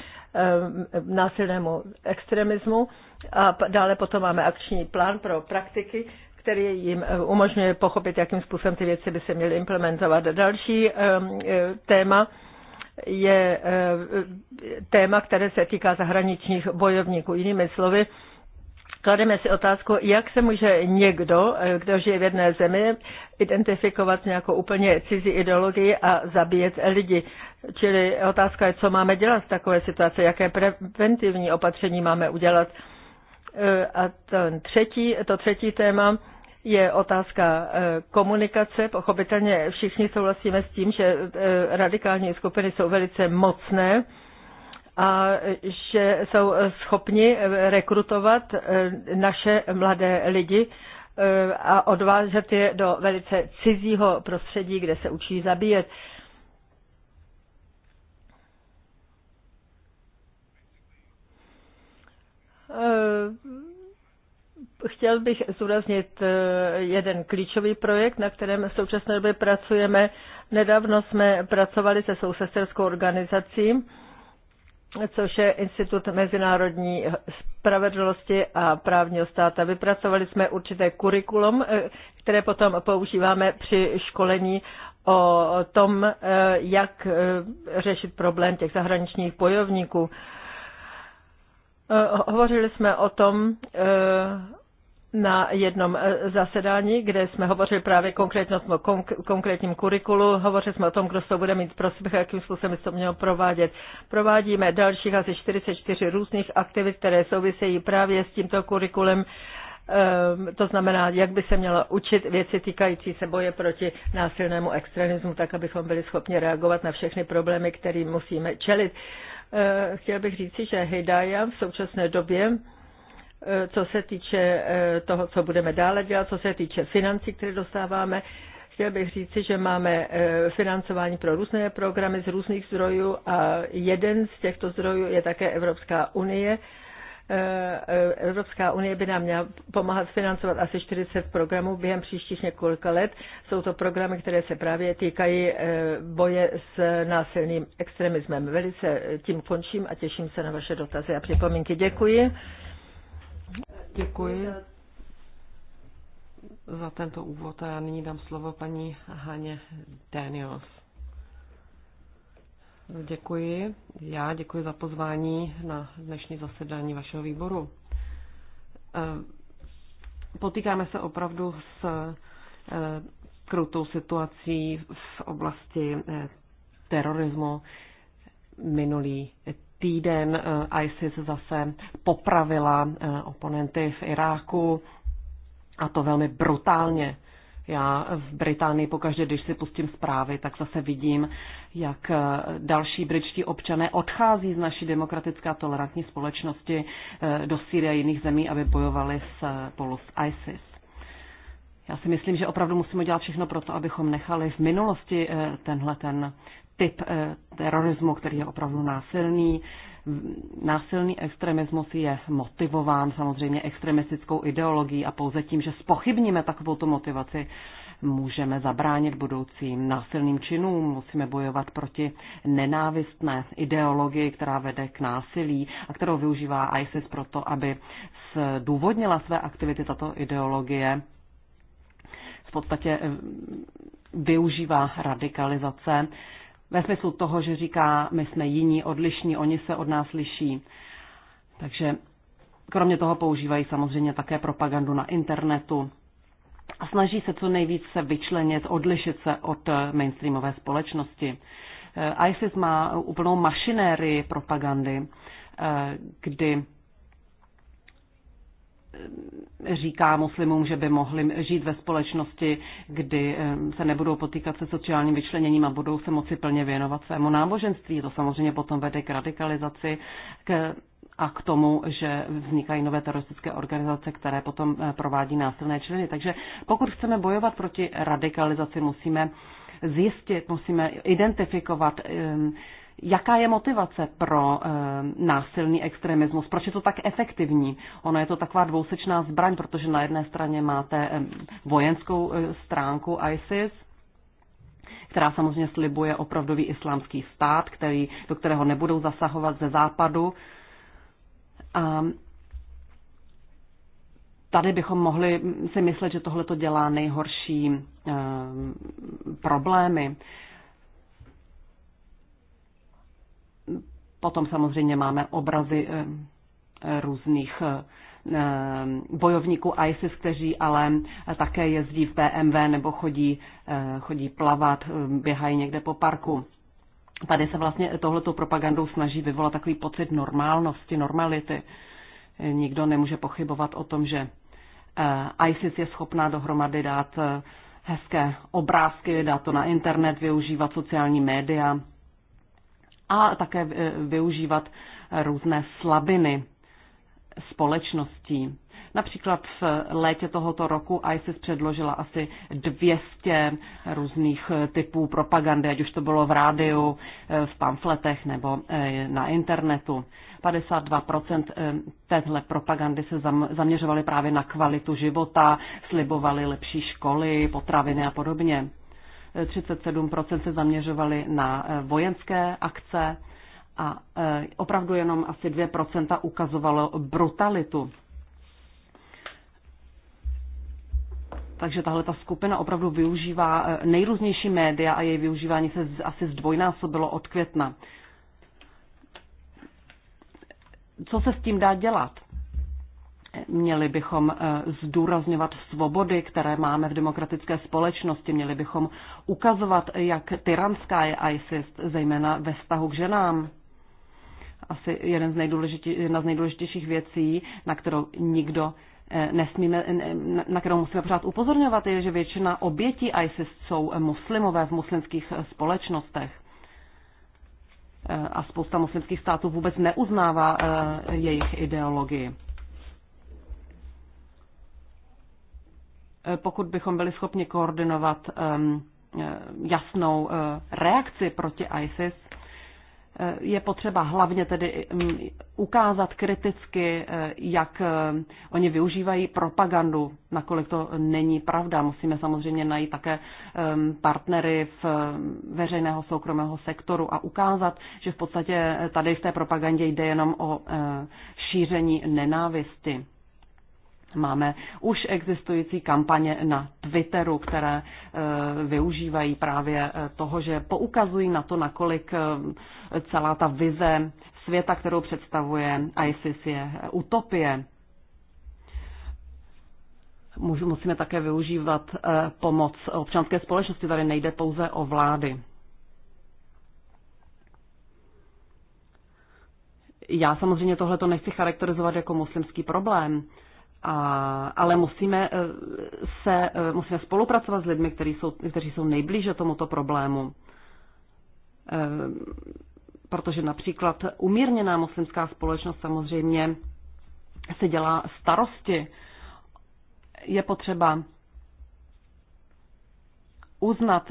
násilnému extremismu. A dále potom máme akční plán pro praktiky, který jim umožňuje pochopit, jakým způsobem ty věci by se měly implementovat. Další téma, je eh, téma, které se týká zahraničních bojovníků. Jinými slovy, klademe si otázku, jak se může někdo, eh, kdo žije v jedné zemi, identifikovat s nějakou úplně cizí ideologii a zabíjet lidi. Čili otázka je, co máme dělat v takové situaci, jaké preventivní opatření máme udělat. Eh, a ten třetí, to třetí téma, je otázka eh, komunikace. Pochopitelně všichni souhlasíme s tím, že eh, radikální skupiny jsou velice mocné a že jsou eh, schopni rekrutovat naše mladé lidi a odvážet je do velice cizího prostředí, kde se učí zabíjet. Uh, Chtěl bych zúraznit eh, jeden klíčový projekt, na kterém v současné době pracujeme. Nedávno jsme pracovali se souseserskou organizací, což je Institut mezinárodní spravedlnosti a právního státa. Vypracovali jsme určité kurikulum, eh, které potom používáme při školení o tom, eh, jak řešit problém těch zahraničních bojovníků. Hovořili jsme o tom, na jednom eh, zasedání, kde jsme hovořili právě konkrétně o no, konkrétním kurikulu, hovořili jsme o tom, kdo to bude mít prospěch a jakým způsobem se to mělo provádět. Provádíme dalších asi 44 různých aktivit, které souvisejí právě s tímto kurikulem, ehm, to znamená, jak by se mělo učit věci týkající se boje proti násilnému extremismu, tak abychom byli schopni reagovat na všechny problémy, kterým musíme čelit. Ehm, chtěl bych říci, že Hidaya v současné době Eh, co se týče eh, toho, co budeme dále dělat, co se týče financí, které dostáváme, Chtěl bych říci, že máme eh, financování pro různé programy z různých zdrojů a jeden z těchto zdrojů je také Evropská unie. Evropská unie by nám měla pomáhat financovat asi 40 programů během příštích několika let. Jsou to programy, které se právě týkají boje s násilným extremismem. Velice tím končím a těším se na vaše dotazy a připomínky. Děkuji. Děkuji za tento úvod a já nyní dám slovo paní Haně Daniels. Děkuji. Já děkuji za pozvání na dnešní zasedání vašeho výboru. Eh, potýkáme se opravdu s eh, krutou situací v oblasti eh, terorismu. Minulý týden eh, ISIS zase popravila eh, oponenty v Iráku a to velmi brutálně. Já v Británii pokaždé, když si pustím zprávy, tak zase vidím, jak eh, další britští občané odchází z naší demokratické a tolerantní společnosti do Sýrie a jiných zemí, aby bojovali s, spolu s ISIS. Já si myslím, že opravdu musíme dělat všechno pro to, abychom nechali v minulosti tenhle ten typ eh, terorismu, který je opravdu násilný. Násilný extremismus je motivován samozřejmě extremistickou ideologií a pouze tím, že spochybníme takovou motivaci, můžeme zabránit budoucím násilným činům, musíme bojovat proti nenávistné ideologii, která vede k násilí a kterou využívá ISIS proto, aby zdůvodnila své aktivity tato ideologie. V podstatě eh, využívá radikalizace ve smyslu toho, že říká, my jsme jiní, odlišní, oni se od nás liší. Takže kromě toho používají samozřejmě také propagandu na internetu a snaží se co nejvíc se vyčlenit, odlišit se od mainstreamové společnosti. Eh, ISIS má úplnou mašinérii propagandy, eh, kdy říká muslimům, že by mohli žít ve společnosti, kdy eh, se nebudou potýkat se sociálním vyčleněním a budou se moci plně věnovat svému náboženství. To samozřejmě potom vede k radikalizaci k, a k tomu, že vznikají nové teroristické organizace, které potom eh, provádí násilné členy. Takže pokud chceme bojovat proti radikalizaci, musíme zjistit, musíme identifikovat eh, Jaká je motivace pro e, násilný extremismus? Proč je to tak efektivní? Ono je to taková dvousečná zbraň, protože na jedné straně máte e, vojenskou e, stránku ISIS, která samozřejmě slibuje opravdový islámský stát, který, do kterého nebudou zasahovat ze západu. A tady bychom mohli si myslet, že tohle to dělá nejhorší e, problémy. Potom samozřejmě máme obrazy eh, eh, různých eh, bojovníků ISIS, kteří ale také jezdí v BMW nebo chodí, chodí plavat, běhají někde po parku. Tady se vlastně tohletou propagandou snaží vyvolat takový pocit normálnosti, normality. Nikdo nemůže pochybovat o tom, že ISIS je schopná dohromady dát hezké obrázky, dát to na internet, využívat sociální média, a také eh, využívat různé slabiny společností. Například v létě tohoto roku ISIS předložila asi 200 různých eh, typů propagandy, ať už to bylo v rádiu, eh, v pamfletech nebo na internetu. 52% téhle propagandy se zaměřovaly právě na kvalitu života, slibovaly lepší školy, potraviny a podobně. 37% se zaměřovali na eh, vojenské akce a eh, opravdu jenom asi 2% ukazovalo brutalitu. Takže tahle ta skupina opravdu využívá eh, nejrůznější média a její využívání se asi zdvojnásobilo od května. Co se s tím dá dělat? Měli bychom eh, zdůrazňovat svobody, které máme v demokratické společnosti. Měli bychom ukazovat, jak tyranská je ISIS, zejména ve vztahu k ženám. Asi jeden z jedna z nejdůležitějších věcí, na kterou nikdo eh, nesmíme, na kterou musíme pořád upozorňovat, je, že většina obětí ISIS jsou muslimové v muslimských eh, společnostech. A spousta muslimských států vůbec neuznává jejich ideologii. pokud bychom byli schopni koordinovat eh, jasnou eh, reakci proti ISIS, eh, je potřeba hlavně tedy ukázat kriticky, jak oni využívají propagandu, nakolik to není pravda. Musíme samozřejmě najít také partnery v veřejného soukromého sektoru a ukázat, že v podstatě tady v té propagandě jde jenom o šíření nenávisti. Máme už existující kampaně na Twitteru, které eh, využívají právě eh, toho, že poukazují na to, nakolik eh, celá ta vize světa, kterou představuje ISIS, je utopie. Musíme také využívat pomoc občanské společnosti. Tady nejde pouze o vlády. Já samozřejmě tohle to nechci charakterizovat jako muslimský problém. A, ale musíme, eh, se, eh, musíme spolupracovat s lidmi, kteří jsou, kteří jsou nejblíže tomuto problému. Eh, protože například umírněná muslimská společnost samozřejmě se dělá starosti. Je potřeba uznat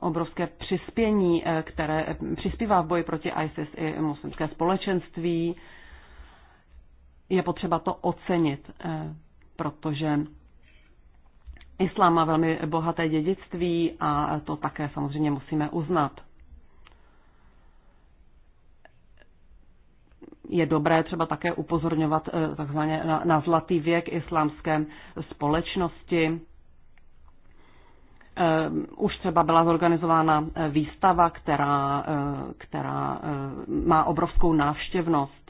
obrovské přispění, které přispívá v boji proti ISIS i muslimské společenství, je potřeba to ocenit, eh, protože islám má velmi bohaté dědictví a to také samozřejmě musíme uznat. je dobré třeba také upozorňovat eh, takzvaně na, na zlatý věk islámské společnosti. Eh, už třeba byla zorganizována výstava, která, která má obrovskou návštěvnost.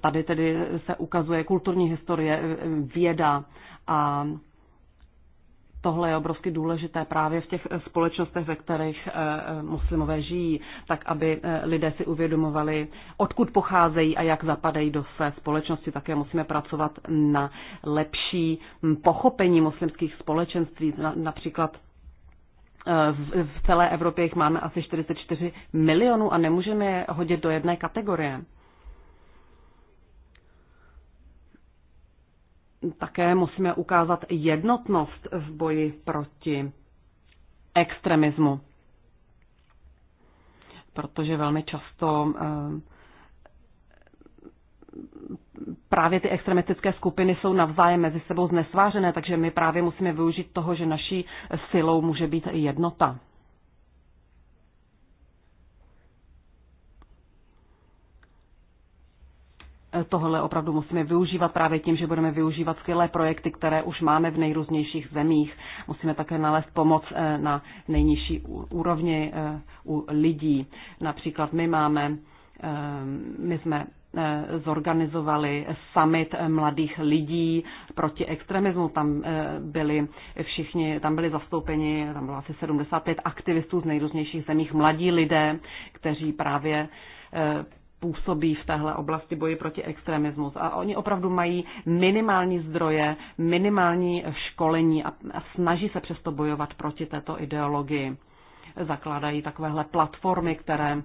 Tady tedy se ukazuje kulturní historie, eh, věda a tohle je obrovsky důležité právě v těch eh, společnostech, ve kterých eh, muslimové žijí, tak aby lidé si uvědomovali, odkud pocházejí a jak zapadají do své společnosti. Také musíme pracovat na lepší hm, pochopení muslimských společenství, například v celé Evropě jich máme asi 44 milionů a nemůžeme je hodit do jedné kategorie. také musíme ukázat jednotnost v boji proti extremismu. Protože velmi často eh, právě ty extremistické skupiny jsou navzájem mezi sebou znesvářené, takže my právě musíme využít toho, že naší silou může být jednota. tohle opravdu musíme využívat právě tím, že budeme využívat skvělé projekty, které už máme v nejrůznějších zemích. Musíme také nalézt pomoc eh, na nejnižší úrovni eh, u lidí. Například my máme, eh, my jsme zorganizovali summit mladých lidí proti extremismu. Tam byli všichni, tam byli zastoupeni, tam bylo asi 75 aktivistů z nejrůznějších zemích, mladí lidé, kteří právě působí v téhle oblasti boji proti extremismu A oni opravdu mají minimální zdroje, minimální školení a, a snaží se přesto bojovat proti této ideologii. Zakládají takovéhle platformy, které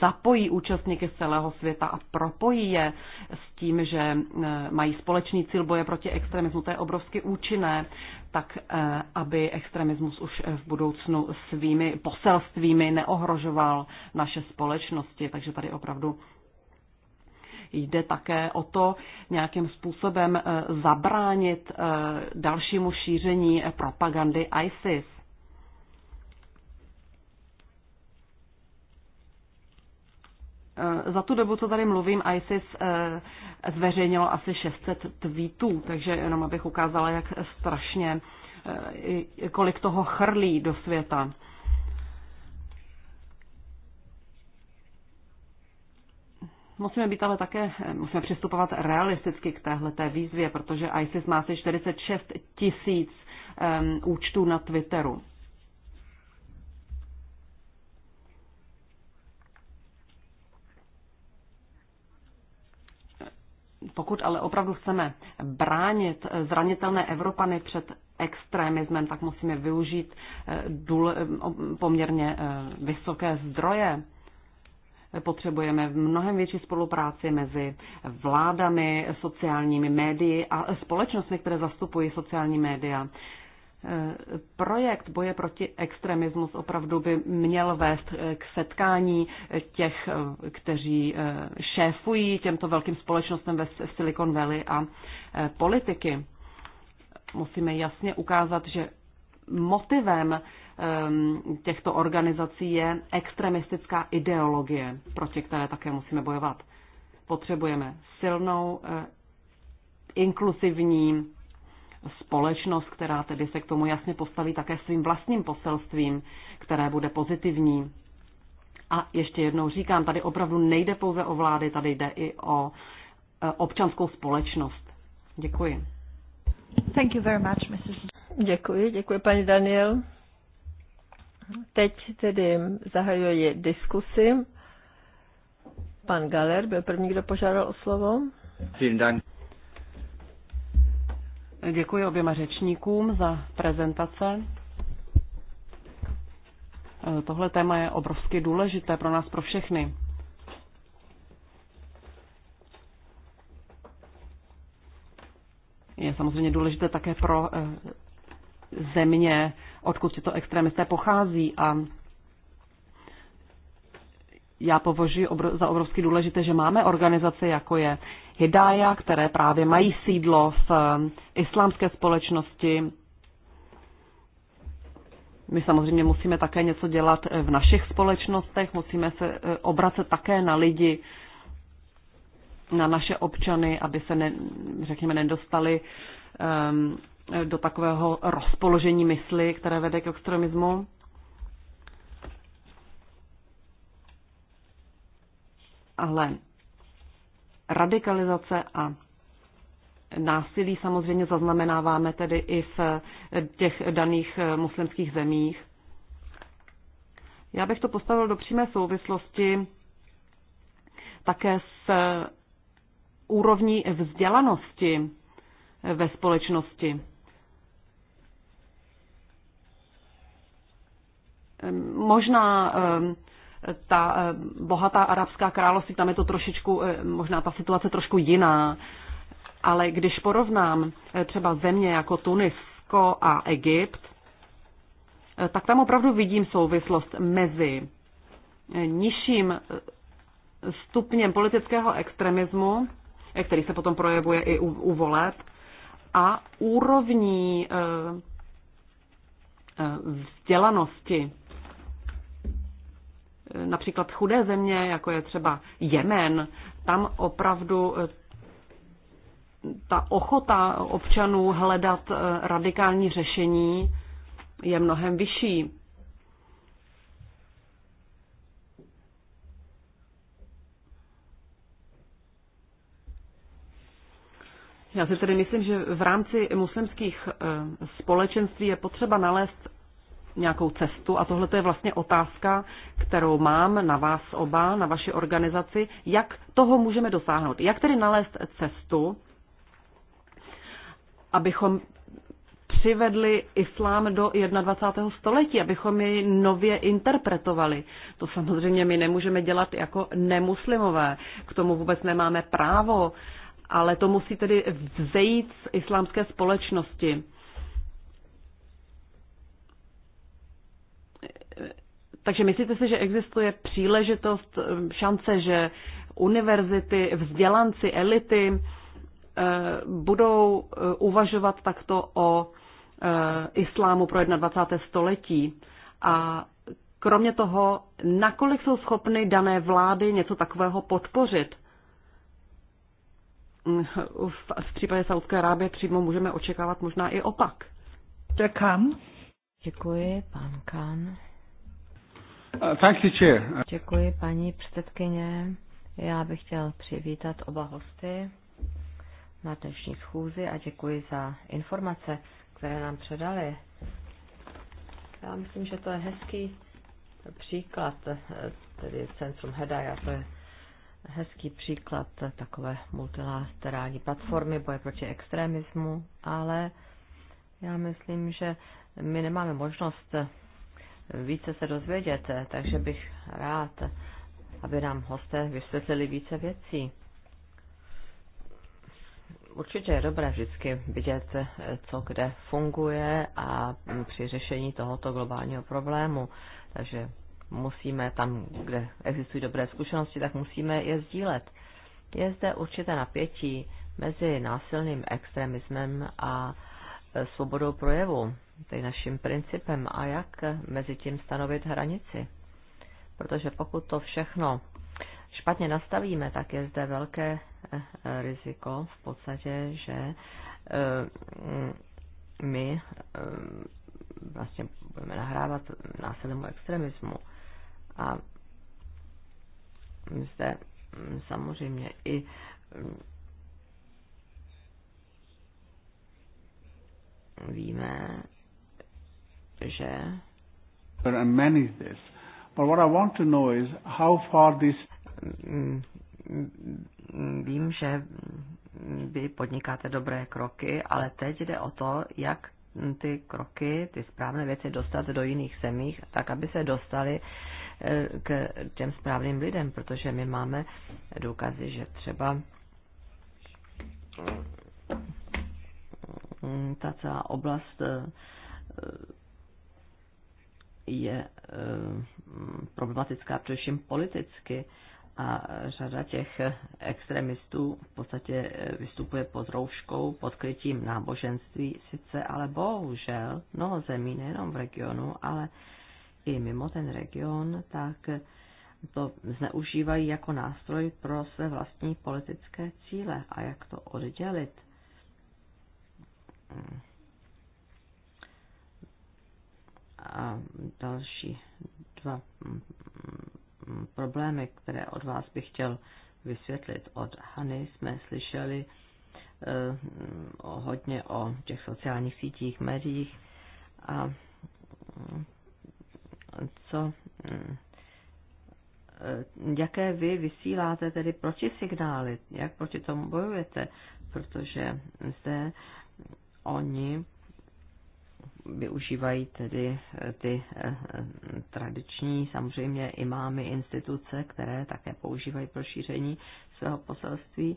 zapojí účastníky z celého světa a propojí je s tím, že e, mají společný cíl boje proti extremismu. To je obrovsky účinné tak eh, aby extremismus už eh, v budoucnu svými poselstvími neohrožoval naše společnosti. Takže tady opravdu jde také o to nějakým způsobem eh, zabránit dalšímu šíření propagandy ISIS. Eh, za tu dobu, co tady mluvím, ISIS eh, zveřejnilo asi 600 tweetů, takže jenom abych ukázala, jak strašně, eh, kolik toho chrlí do světa. Musíme být ale také, musíme přistupovat realisticky k téhleté výzvě, protože ISIS má asi 46 tisíc um, účtů na Twitteru. Pokud ale opravdu chceme bránit zranitelné Evropany před extremismem, tak musíme využít eh, důle, eh, poměrně eh, vysoké zdroje. Potřebujeme v mnohem větší spolupráci mezi vládami, sociálními médii a společnostmi, které zastupují sociální média. Projekt boje proti extremismus opravdu by měl vést k setkání těch, kteří eh, šéfují těmto velkým společnostem ve Silicon Valley a eh, politiky. Musíme jasně ukázat, že motivem ehm, těchto organizací je extremistická ideologie, proti které také musíme bojovat. Potřebujeme silnou, eh, inkluzivní společnost, která tedy se k tomu jasně postaví také svým vlastním poselstvím, které bude pozitivní. A ještě jednou říkám, tady opravdu nejde pouze o vlády, tady jde i o e, občanskou společnost. Děkuji. Thank you very much, Mrs. Děkuji, děkuji paní Daniel. Teď tedy zahajuji diskusi. Pan Galer byl první, kdo požádal o slovo. Vielen Dank. Děkuji oběma řečníkům za prezentace. Tohle téma je obrovsky důležité pro nás, pro všechny. Je samozřejmě důležité také pro eh, země, odkud tyto extremisté pochází a já považuji za obrovsky důležité, že máme organizace, jako je Hidája, které právě mají sídlo v eh, islámské společnosti. My samozřejmě musíme také něco dělat eh, v našich společnostech, musíme se eh, obracet také na lidi, na naše občany, aby se, ne, řekněme, nedostali um, do takového rozpoložení mysli, které vede k extremismu. Ale radikalizace a násilí samozřejmě zaznamenáváme tedy i v těch daných eh, muslimských zemích. Já bych to postavil do přímé souvislosti také s eh, úrovní vzdělanosti eh, ve společnosti. Ehm, možná ehm, ta eh, bohatá arabská království, tam je to trošičku, eh, možná ta situace trošku jiná. Ale když porovnám eh, třeba země jako Tunisko a Egypt, tak tam opravdu vidím souvislost mezi nižším stupněm politického extremismu, který se potom projevuje i u, u voleb, a úrovní vzdělanosti například chudé země, jako je třeba Jemen, tam opravdu eh, ta ochota občanů hledat eh, radikální řešení je mnohem vyšší. Já si tedy myslím, že v rámci muslimských eh, společenství je potřeba nalézt nějakou cestu. A tohle je vlastně otázka, kterou mám na vás oba, na vaši organizaci, jak toho můžeme dosáhnout. Jak tedy nalézt cestu, abychom přivedli islám do 21. století, abychom jej nově interpretovali. To samozřejmě my nemůžeme dělat jako nemuslimové. K tomu vůbec nemáme právo, ale to musí tedy vzejít z islámské společnosti. Takže myslíte si, že existuje příležitost, eh, šance, že univerzity, vzdělanci, elity eh, budou eh, uvažovat takto o islámu pro 21. století? A kromě toho, nakolik jsou schopny dané vlády něco takového podpořit? Mm, v případě Saudské Arábie přímo můžeme očekávat možná i opak. Kam? Děkuji, pan Kan. Uh, thank you, chair. Děkuji, paní předsedkyně. Já bych chtěl přivítat oba hosty na dnešní schůzi a děkuji za informace, které nám předali. Já myslím, že to je hezký příklad, eh, tedy Centrum Hedaya, to je hezký příklad takové multilaterální platformy boje proti extremismu, ale já myslím, že my nemáme možnost více se dozvědět, takže bych rád, aby nám hosté vysvětlili více věcí. Určitě je dobré vždycky vidět, co kde funguje a při řešení tohoto globálního problému. Takže musíme tam, kde existují dobré zkušenosti, tak musíme je sdílet. Je zde určité napětí mezi násilným extremismem a svobodou projevu tedy naším principem a jak mezi tím stanovit hranici. Protože pokud to všechno špatně nastavíme, tak je zde velké eh, riziko v podstatě, že eh, my eh, vlastně budeme nahrávat násilnému extremismu. A zde hm, samozřejmě i hm, víme, že mm, Vím, že vy podnikáte dobré kroky, ale teď jde o to, jak ty kroky, ty správné věci dostat do jiných zemích, tak aby se dostali eh, k těm správným lidem, protože my máme důkazy, že třeba eh, ta celá oblast eh, je eh, problematická především politicky a řada těch extremistů v podstatě eh, vystupuje pod rouškou, pod krytím náboženství sice, ale bohužel mnoho zemí, nejenom v regionu, ale i mimo ten region, tak to zneužívají jako nástroj pro své vlastní politické cíle. A jak to oddělit? a další dva mm, mm, problémy, které od vás bych chtěl vysvětlit. Od Hany jsme slyšeli o, eh, mm, hodně o těch sociálních sítích, médiích a co, eh, jaké vy vysíláte tedy signály? jak proti tomu bojujete, protože zde oni využívají tedy eh, ty eh, eh, tradiční samozřejmě imámy instituce, které také používají pro šíření svého poselství.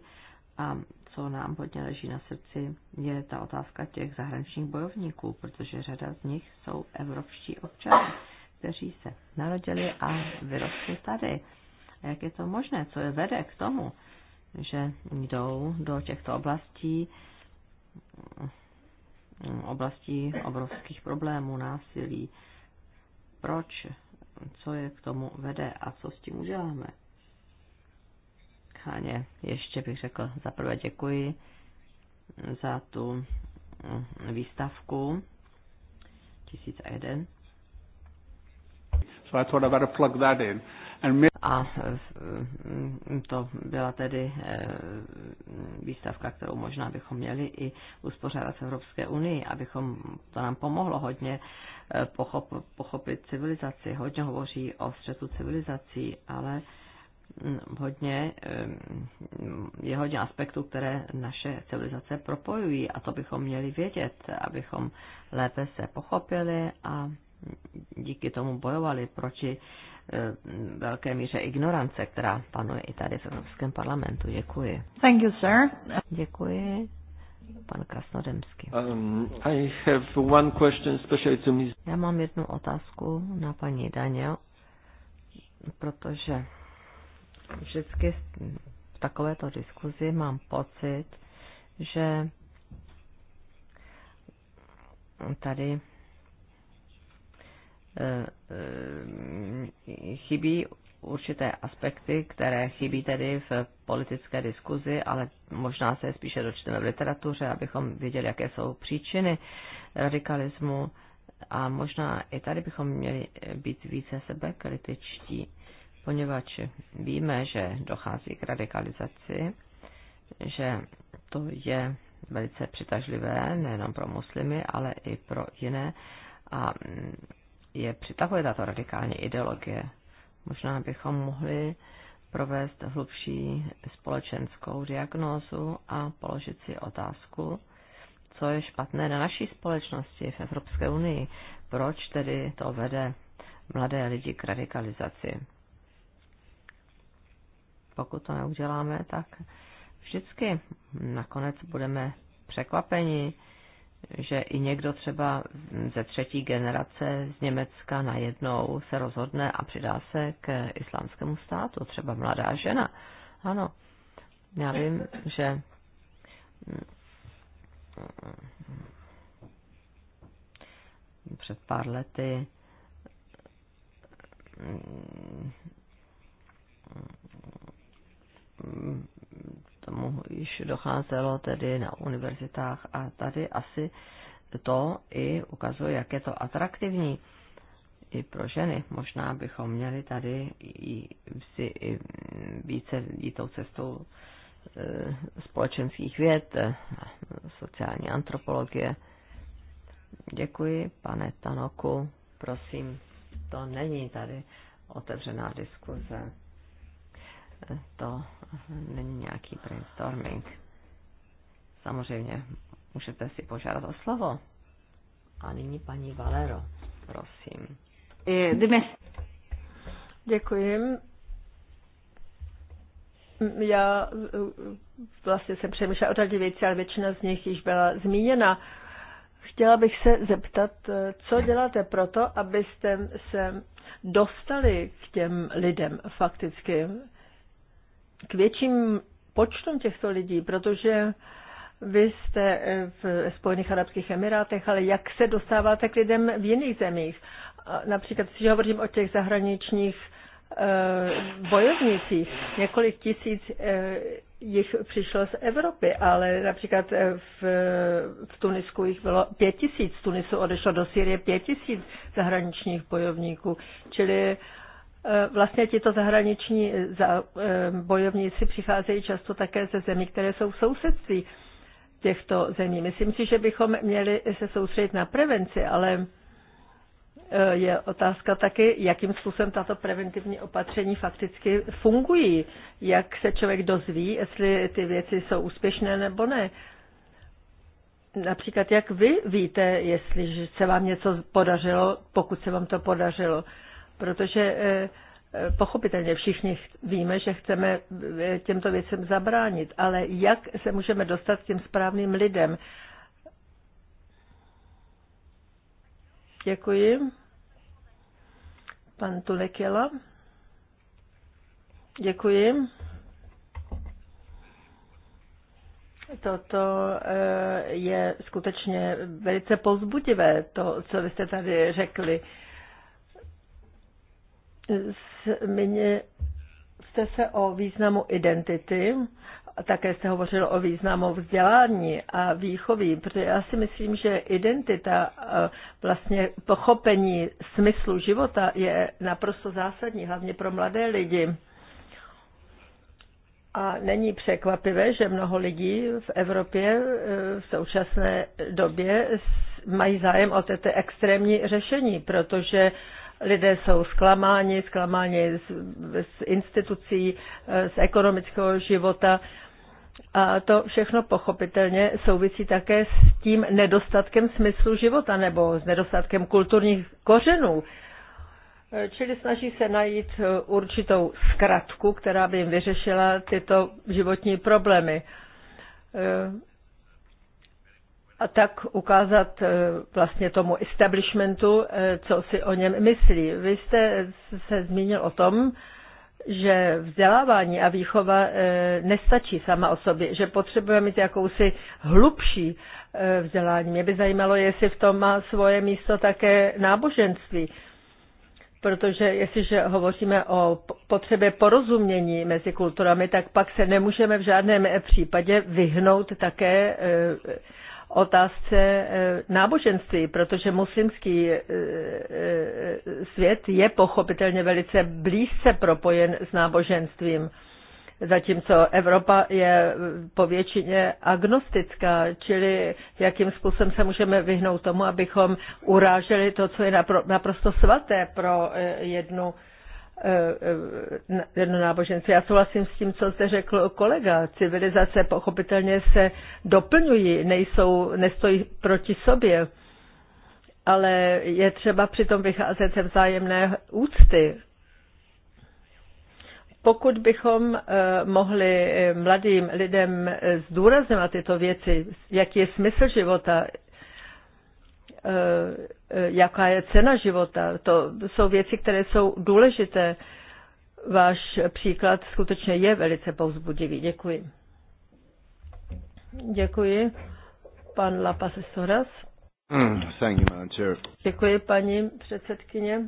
A co nám hodně leží na srdci, je ta otázka těch zahraničních bojovníků, protože řada z nich jsou evropští občany, kteří se narodili a vyrostli tady. A jak je to možné? Co je vede k tomu, že jdou do těchto oblastí oblastí obrovských problémů, násilí. Proč? Co je k tomu vede a co s tím uděláme? Káně, ještě bych řekl, zaprvé děkuji za tu mm, výstavku 1001. So I thought I better plug that in. A mm, to byla tedy eh, výstavka, kterou možná bychom měli i uspořádat v Evropské unii, abychom to nám pomohlo hodně eh, pochop, pochopit civilizaci. Hodně hovoří o střetu civilizací, ale mm, hodně, eh, je hodně aspektů, které naše civilizace propojují a to bychom měli vědět, abychom lépe se pochopili a díky tomu bojovali proti eh, velké míře ignorance, která panuje i tady v Evropském parlamentu. Děkuji. Thank you, sir. Děkuji. Pan Krasnodemský. Um, I have one question to me. Já mám jednu otázku na paní Daniel, protože vždycky v takovéto diskuzi mám pocit, že tady Eh, eh, chybí určité aspekty, které chybí tedy v politické diskuzi, ale možná se spíše dočteme v literatuře, abychom věděli, jaké jsou příčiny radikalismu a možná i tady bychom měli být více kritičtí, poněvadž víme, že dochází k radikalizaci, že to je velice přitažlivé nejenom pro muslimy, ale i pro jiné a je přitahuje tato radikální ideologie. Možná bychom mohli provést hlubší společenskou diagnózu a položit si otázku, co je špatné na naší společnosti v Evropské unii, proč tedy to vede mladé lidi k radikalizaci. Pokud to neuděláme, tak vždycky nakonec budeme překvapeni že i někdo třeba ze třetí generace z Německa najednou se rozhodne a přidá se k islámskému státu, třeba mladá žena. Ano, já vím, že mm, před pár lety mm, tomu již docházelo tedy na univerzitách a tady asi to i ukazuje, jak je to atraktivní i pro ženy. Možná bychom měli tady i, si i více jít tou cestou e, společenských věd, e, sociální antropologie. Děkuji, pane Tanoku, prosím, to není tady otevřená diskuze to není nějaký brainstorming. Samozřejmě můžete si požádat o slovo. A nyní paní Valero, prosím. E, Děkuji. Já e, vlastně jsem přemýšlela o řadě věcí, ale většina z nich již byla zmíněna. Chtěla bych se zeptat, e, co děláte pro to, abyste se dostali k těm lidem fakticky? k větším počtům těchto lidí, protože vy jste eh, v Spojených Arabských Emirátech, ale jak se dostáváte k lidem v jiných zemích? Například, když hovořím o těch zahraničních eh, bojovnících, několik tisíc eh, jich přišlo z Evropy, ale například v, v Tunisku jich bylo pět tisíc, z Tunisu odešlo do Syrie pět tisíc zahraničních bojovníků, čili Eh, vlastně tito zahraniční eh, eh, bojovníci přicházejí často také ze zemí, které jsou v sousedství těchto zemí. Myslím si, že bychom měli se soustředit na prevenci, ale je otázka taky, jakým způsobem tato preventivní opatření fakticky fungují. Jak se člověk dozví, jestli ty věci jsou úspěšné nebo ne. Například, jak vy víte, jestli se vám něco podařilo, pokud se vám to podařilo protože eh, eh, pochopitelně všichni víme, že chceme eh, těmto věcem zabránit, ale jak se můžeme dostat k těm správným lidem? Děkuji. Pan Tulekela. Děkuji. Toto je skutečně velice pozbudivé, to, co vy jste tady řekli. Zmínil jste se o významu identity, a také jste hovořil o významu vzdělání a výchovy, protože já si myslím, že identita, eh, vlastně pochopení smyslu života je naprosto zásadní, hlavně pro mladé lidi. A není překvapivé, že mnoho lidí v Evropě eh, v současné době mají zájem o tyto extrémní řešení, protože lidé jsou zklamáni, zklamáni z, z institucí, eh, z ekonomického života. A to všechno pochopitelně souvisí také s tím nedostatkem smyslu života nebo s nedostatkem kulturních kořenů. Eh, čili snaží se najít eh, určitou zkratku, která by jim vyřešila tyto životní problémy a tak ukázat eh, vlastně tomu establishmentu, eh, co si o něm myslí. Vy jste se zmínil o tom, že vzdělávání a výchova eh, nestačí sama o sobě, že potřebujeme mít jakousi hlubší vzdělání. Mě by zajímalo, jestli v tom má svoje místo také náboženství. Protože jestliže hovoříme o potřebě porozumění mezi kulturami, tak pak se nemůžeme v žádném případě vyhnout také otázce eh, náboženství, protože muslimský eh, eh, svět je pochopitelně velice blízce propojen s náboženstvím, zatímco Evropa je po většině agnostická, čili jakým způsobem se můžeme vyhnout tomu, abychom uráželi to, co je naprosto svaté pro jednu Eh, eh, jedno náboženství. Já souhlasím s tím, co zde řekl kolega. Civilizace pochopitelně se doplňují, nejsou, nestojí proti sobě, ale je třeba přitom vycházet ze vzájemné úcty. Pokud bychom eh, mohli mladým lidem zdůrazňovat tyto věci, jaký je smysl života, Eh, eh, jaká je cena života. To jsou věci, které jsou důležité. Váš příklad skutečně je velice povzbudivý. Děkuji. Děkuji. Pan Lapasesoras. Mm, thank you, Děkuji, paní předsedkyně.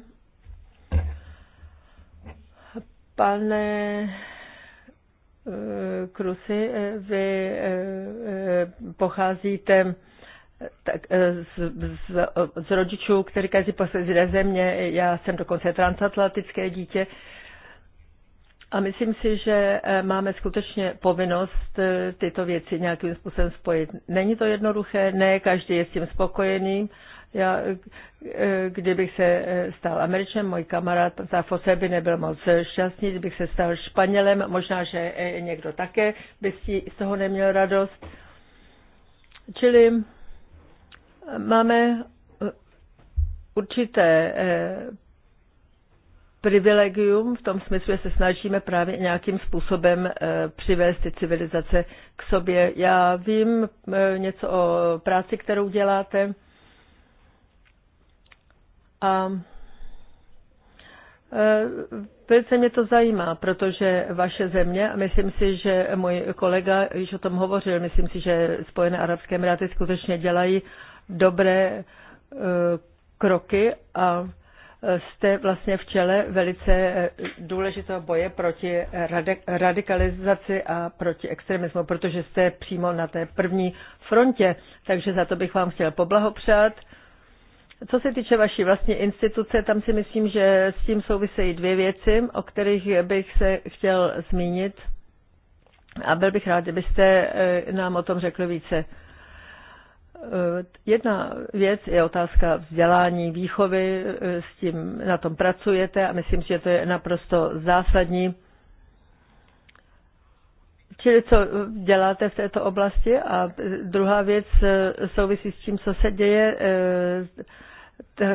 Pane eh, Krusy, vy pocházíte tak eh, z, z, z rodičů, který každý poslední ze země, já jsem dokonce transatlantické dítě. A myslím si, že eh, máme skutečně povinnost eh, tyto věci nějakým způsobem spojit. Není to jednoduché, ne každý je s tím spokojený. Já, kdybych se stal Američanem, můj kamarád Fose by nebyl moc šťastný, kdybych se stal Španělem, možná, že někdo také by z toho neměl radost. Čili Máme eh, určité eh, privilegium v tom smyslu, že se snažíme právě nějakým způsobem eh, přivést ty civilizace k sobě. Já vím něco o práci, kterou děláte. A Velice mě to zajímá, protože vaše země, a myslím si, že můj kolega již o tom hovořil, myslím si, že Spojené arabské emiráty skutečně dělají dobré eh, kroky a eh, jste vlastně v čele velice eh, důležitého boje proti radikalizaci a proti extremismu, protože jste přímo na té první frontě, takže za to bych vám chtěl poblahopřát. Co se týče vaší vlastní instituce, tam si myslím, že s tím souvisejí dvě věci, o kterých bych se chtěl zmínit a byl bych rád, kdybyste nám o tom řekli více. Eh, jedna věc je otázka vzdělání, výchovy, eh, s tím na tom pracujete a myslím, že to je naprosto zásadní. Čili co eh, děláte v této oblasti? A druhá věc souvisí s tím, co se děje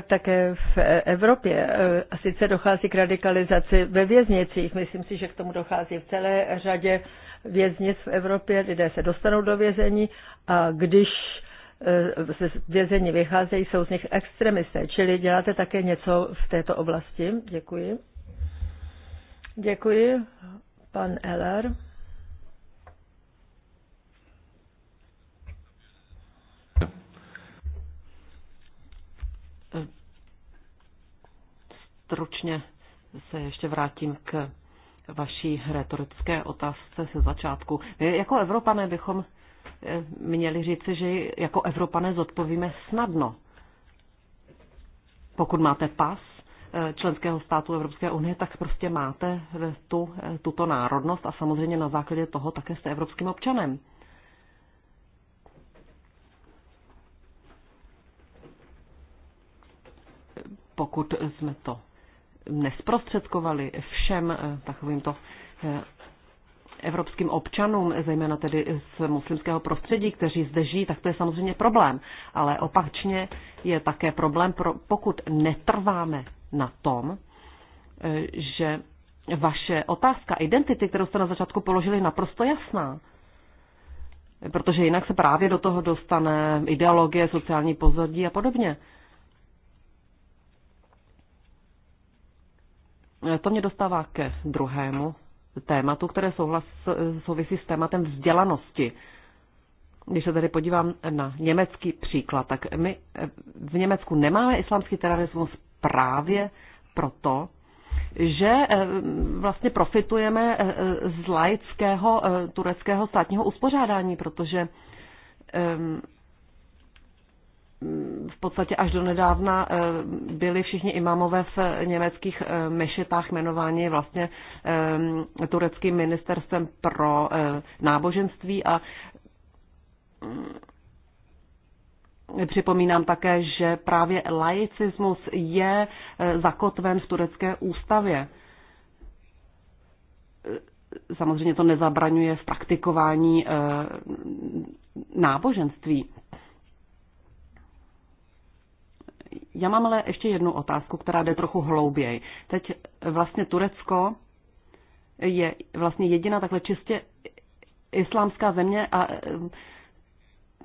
také v Evropě. A sice dochází k radikalizaci ve věznicích. Myslím si, že k tomu dochází v celé řadě věznic v Evropě. Lidé se dostanou do vězení a když Eh, z vězení vycházejí, jsou z nich extremisté. Čili děláte také něco v této oblasti? Děkuji. Děkuji. Pan Eller. Stručně se ještě vrátím k vaší retorické otázce ze začátku. My jako Evropané bychom Eh, měli říci, že jako Evropané zodpovíme snadno. Pokud máte pas eh, členského státu Evropské unie, tak prostě máte eh, tu, tuto národnost a samozřejmě na základě toho také jste evropským občanem. Pokud jsme to nesprostředkovali všem takovýmto evropským občanům, zejména tedy z muslimského prostředí, kteří zde žijí, tak to je samozřejmě problém. Ale opačně je také problém, pokud netrváme na tom, e, že vaše otázka identity, kterou jste na začátku položili, je naprosto jasná. Protože jinak se právě do toho dostane ideologie, sociální pozadí a podobně. E, to mě dostává ke druhému tématu, které souhlas, souvisí s tématem vzdělanosti. Když se tady podívám na německý příklad, tak my eh, v Německu nemáme islámský terorismus právě proto, že eh, vlastně profitujeme eh, z laického tureckého státního uspořádání, protože Mm, v podstatě až do nedávna eh, byli všichni imamové v německých eh, mešitách jmenováni vlastně eh, tureckým ministerstvem pro náboženství a mm, Připomínám také, že právě laicismus je zakotven v turecké ústavě. Samozřejmě to nezabraňuje v praktikování náboženství. Já mám ale ještě jednu otázku, která jde trochu hlouběji. Teď vlastně Turecko je vlastně jediná takhle čistě islámská země, a, e,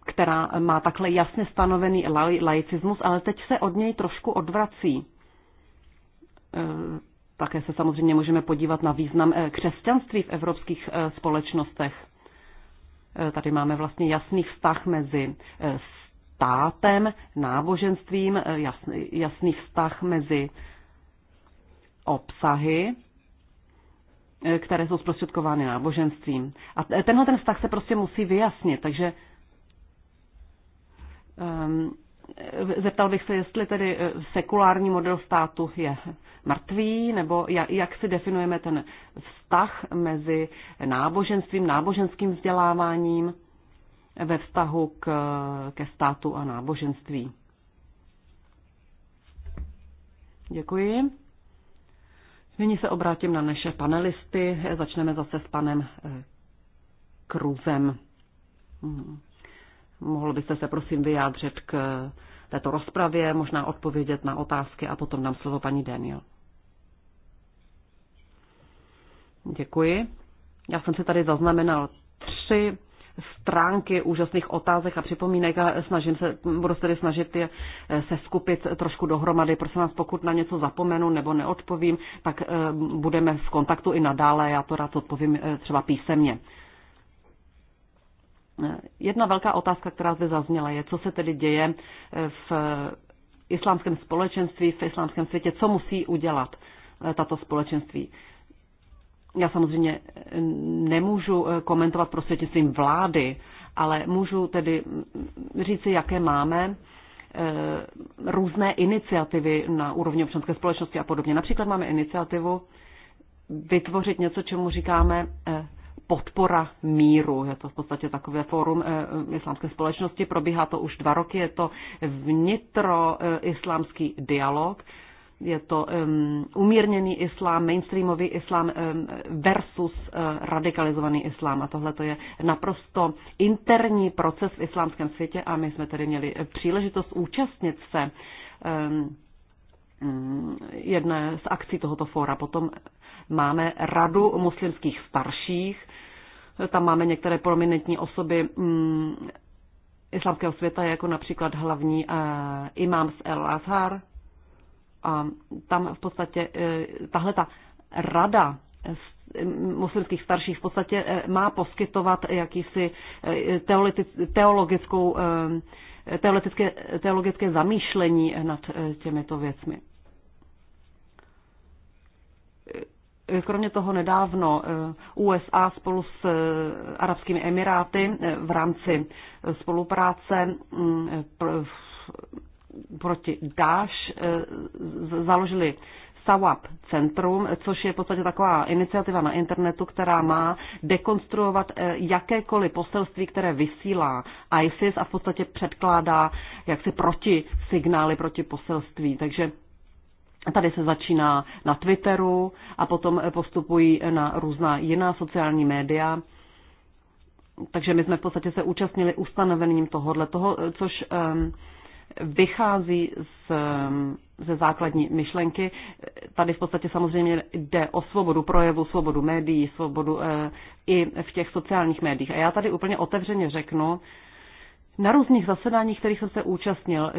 která má takhle jasně stanovený laicismus, ale teď se od něj trošku odvrací. E, také se samozřejmě můžeme podívat na význam e, křesťanství v evropských společnostech. Tady máme vlastně jasný vztah mezi státem, náboženstvím, eh, jasný, jasný vztah mezi obsahy, eh, které jsou zprostředkovány náboženstvím. A tenhle ten vztah se prostě musí vyjasnit, takže um, zeptal bych se, jestli tedy sekulární model státu je mrtvý, nebo jak si definujeme ten vztah mezi náboženstvím, náboženským vzděláváním ve vztahu k, ke státu a náboženství. Děkuji. Nyní se obrátím na naše panelisty. Začneme zase s panem eh, Kruzem. Hmm. Mohl byste se prosím vyjádřit k eh, této rozpravě, možná odpovědět na otázky a potom dám slovo paní Daniel. Děkuji. Já jsem si tady zaznamenal tři stránky úžasných otázek a připomínek a snažím se, budu se tedy snažit je eh, se skupit trošku dohromady. Prosím vás, pokud na něco zapomenu nebo neodpovím, tak eh, budeme v kontaktu i nadále, já to rád odpovím eh, třeba písemně. Jedna velká otázka, která zde zazněla, je, co se tedy děje v islámském společenství, v islámském světě, co musí udělat tato společenství. Já samozřejmě eh, nemůžu eh, komentovat prostřednictvím vlády, ale můžu tedy mm, říci, jaké máme eh, různé iniciativy na úrovni občanské společnosti a podobně. Například máme iniciativu vytvořit něco, čemu říkáme podpora míru. Je to v podstatě takové fórum islámské společnosti, probíhá to už dva roky, je to vnitroislámský dialog, je to um, umírněný islám, mainstreamový islám um, versus uh, radikalizovaný islám. A tohle to je naprosto interní proces v islámském světě a my jsme tedy měli eh, příležitost účastnit se um, jedné z akcí tohoto fóra. Potom máme Radu muslimských starších, tam máme některé prominentní osoby um, islámského světa, jako například hlavní uh, imám z El Azhar, a tam v podstatě e, tahle ta rada muslimských starších v podstatě e, má poskytovat jakýsi e, teologickou, teologické, teologické zamýšlení nad těmito věcmi. Kromě toho nedávno USA spolu s Arabskými Emiráty v rámci spolupráce proti Dáš eh, založili SAWAP Centrum, což je v podstatě taková iniciativa na internetu, která má dekonstruovat eh, jakékoliv poselství, které vysílá ISIS a v podstatě předkládá jaksi proti signály, proti poselství. Takže Tady se začíná na Twitteru a potom eh, postupují na různá jiná sociální média. Takže my jsme v podstatě se účastnili ustanovením tohohle, toho, což um, vychází z, um, ze základní myšlenky. Tady v podstatě samozřejmě jde o svobodu projevu, svobodu médií, svobodu e, i v těch sociálních médiích. A já tady úplně otevřeně řeknu, na různých zasedáních, kterých jsem se účastnil,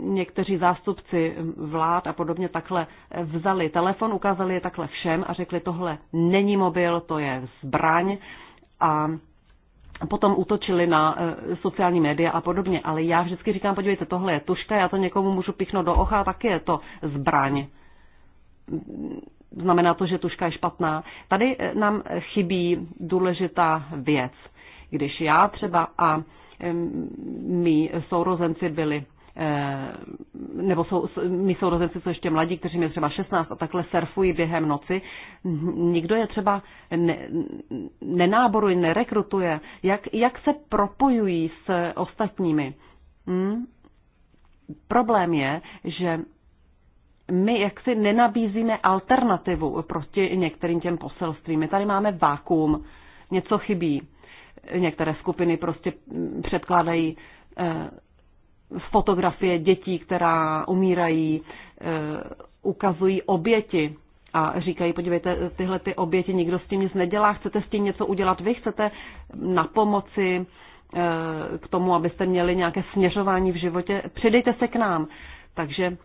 někteří zástupci vlád a podobně takhle eh, vzali telefon, ukázali je takhle všem a řekli, tohle není mobil, to je zbraň a potom útočili na eh, sociální média a podobně. Ale já vždycky říkám, podívejte, tohle je tuška, já to někomu můžu pichnout do ocha, tak je to zbraň. Znamená to, že tuška je špatná. Tady eh, nám eh, chybí důležitá věc. Když já třeba a mý sourozenci byli Eh, nebo jsou, my sourozenci jsou ještě mladí, kteří mě třeba 16 a takhle surfují během noci. Nikdo je třeba ne, nenáboruje, nerekrutuje. Jak, jak se propojují s ostatními? Hmm? Problém je, že my jaksi nenabízíme alternativu proti některým těm poselstvím. My tady máme vákuum, něco chybí. Některé skupiny prostě předkládají eh, fotografie dětí, která umírají, e, ukazují oběti a říkají, podívejte, tyhle ty oběti, nikdo s tím nic nedělá, chcete s tím něco udělat vy, chcete na pomoci e, k tomu, abyste měli nějaké směřování v životě, přidejte se k nám. Takže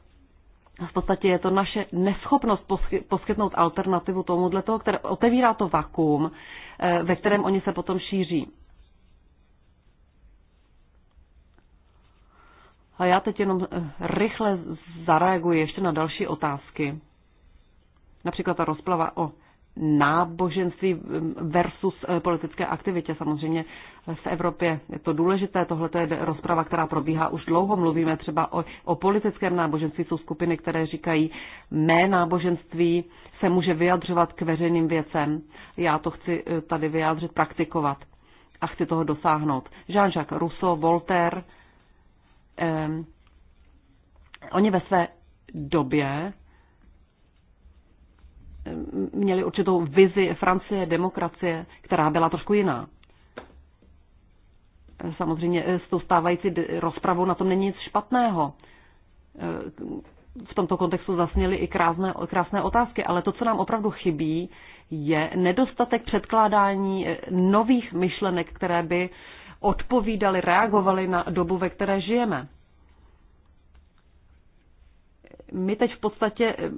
v podstatě je to naše neschopnost poskytnout alternativu tomuhle toho, které otevírá to vakuum, e, ve kterém oni se potom šíří. A já teď jenom eh, rychle zareaguji ještě na další otázky. Například ta rozplava o náboženství eh, versus eh, politické aktivitě. Samozřejmě v Evropě je to důležité, tohle je rozprava, která probíhá už dlouho. Mluvíme třeba o, o politickém náboženství, jsou skupiny, které říkají, mé náboženství se může vyjadřovat k veřejným věcem, já to chci tady vyjádřit, praktikovat a chci toho dosáhnout. Jean-Jacques Rousseau, Voltaire, eh, oni ve své době měli určitou vizi Francie, demokracie, která byla trošku jiná. Samozřejmě e, s tou stávající rozpravou na tom není nic špatného. E, v tomto kontextu zasněly i krásné, krásné otázky, ale to, co nám opravdu chybí, je nedostatek předkládání e, nových myšlenek, které by odpovídali, reagovali na dobu, ve které žijeme. My teď v podstatě eh,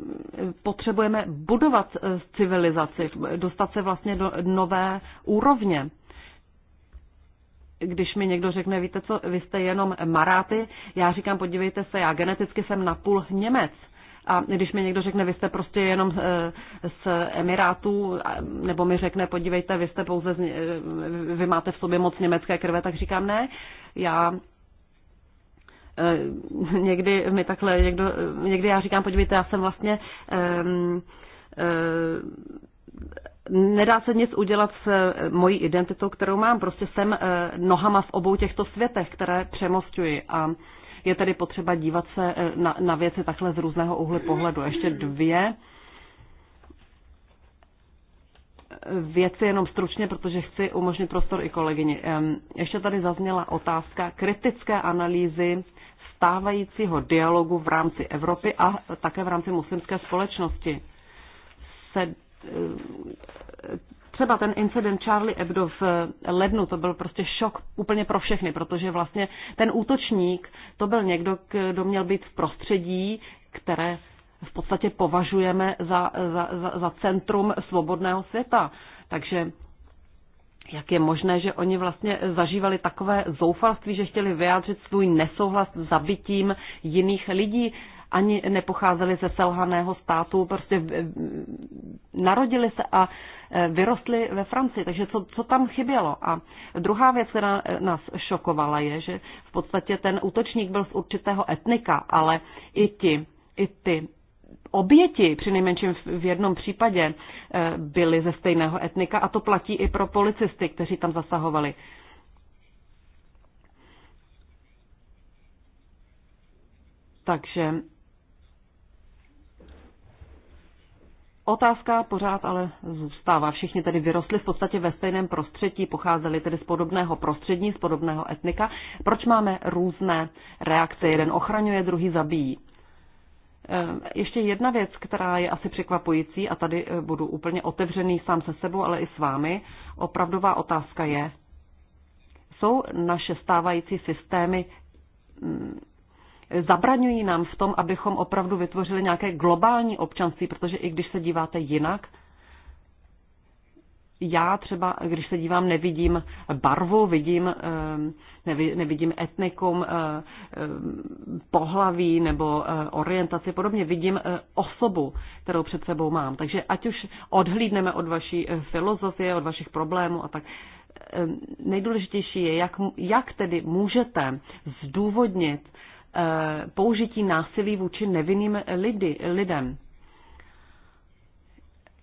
potřebujeme budovat eh, civilizaci, dostat se vlastně do nové úrovně když mi někdo řekne, víte co, vy jste jenom Maráty, já říkám, podívejte se, já geneticky jsem napůl Němec. A když mi někdo řekne, vy jste prostě jenom eh, z Emirátů, nebo mi řekne, podívejte, vy jste pouze, z, eh, vy máte v sobě moc německé krve, tak říkám ne. Já eh, někdy mi takhle někdo, někdy já říkám, podívejte, já jsem vlastně um, nedá se nic udělat s mojí identitou, kterou mám. Prostě jsem nohama v obou těchto světech, které přemostuji. A je tedy potřeba dívat se eh, na, na věci takhle z různého úhlu pohledu. Ještě dvě věci jenom stručně, protože chci umožnit prostor i kolegyni. Ještě tady zazněla otázka kritické analýzy stávajícího dialogu v rámci Evropy a také v rámci muslimské společnosti. Se, eh, třeba ten incident Charlie Hebdo v eh, lednu, to byl prostě šok úplně pro všechny, protože vlastně ten útočník, to byl někdo, kdo měl být v prostředí, které v podstatě považujeme za, za, za, za centrum svobodného světa. Takže jak je možné, že oni vlastně zažívali takové zoufalství, že chtěli vyjádřit svůj nesouhlas s zabitím jiných lidí, ani nepocházeli ze selhaného státu, prostě narodili se a Eh, vyrostli ve Francii. Takže co, co tam chybělo? A druhá věc, která eh, nás šokovala, je, že v podstatě ten útočník byl z určitého etnika, ale i ti, i ty oběti, při nejmenším v jednom případě, eh, byly ze stejného etnika a to platí i pro policisty, kteří tam zasahovali. Takže Otázka pořád ale zůstává. Všichni tedy vyrostli v podstatě ve stejném prostředí, pocházeli tedy z podobného prostředí, z podobného etnika. Proč máme různé reakce? Jeden ochraňuje, druhý zabíjí. Ehm, ještě jedna věc, která je asi překvapující, a tady eh, budu úplně otevřený sám se sebou, ale i s vámi, opravdová otázka je, jsou naše stávající systémy mm, zabraňují nám v tom, abychom opravdu vytvořili nějaké globální občanství, protože i když se díváte jinak, já třeba, když se dívám, nevidím barvu, vidím, ehm, nevidím etnikum, eh, ehm, pohlaví nebo eh, orientaci, podobně vidím eh, osobu, kterou před sebou mám. Takže ať už odhlídneme od vaší filozofie, od vašich problémů a tak, ehm, nejdůležitější je, jak, jak tedy můžete zdůvodnit Eh, použití násilí vůči nevinným lidi, lidem.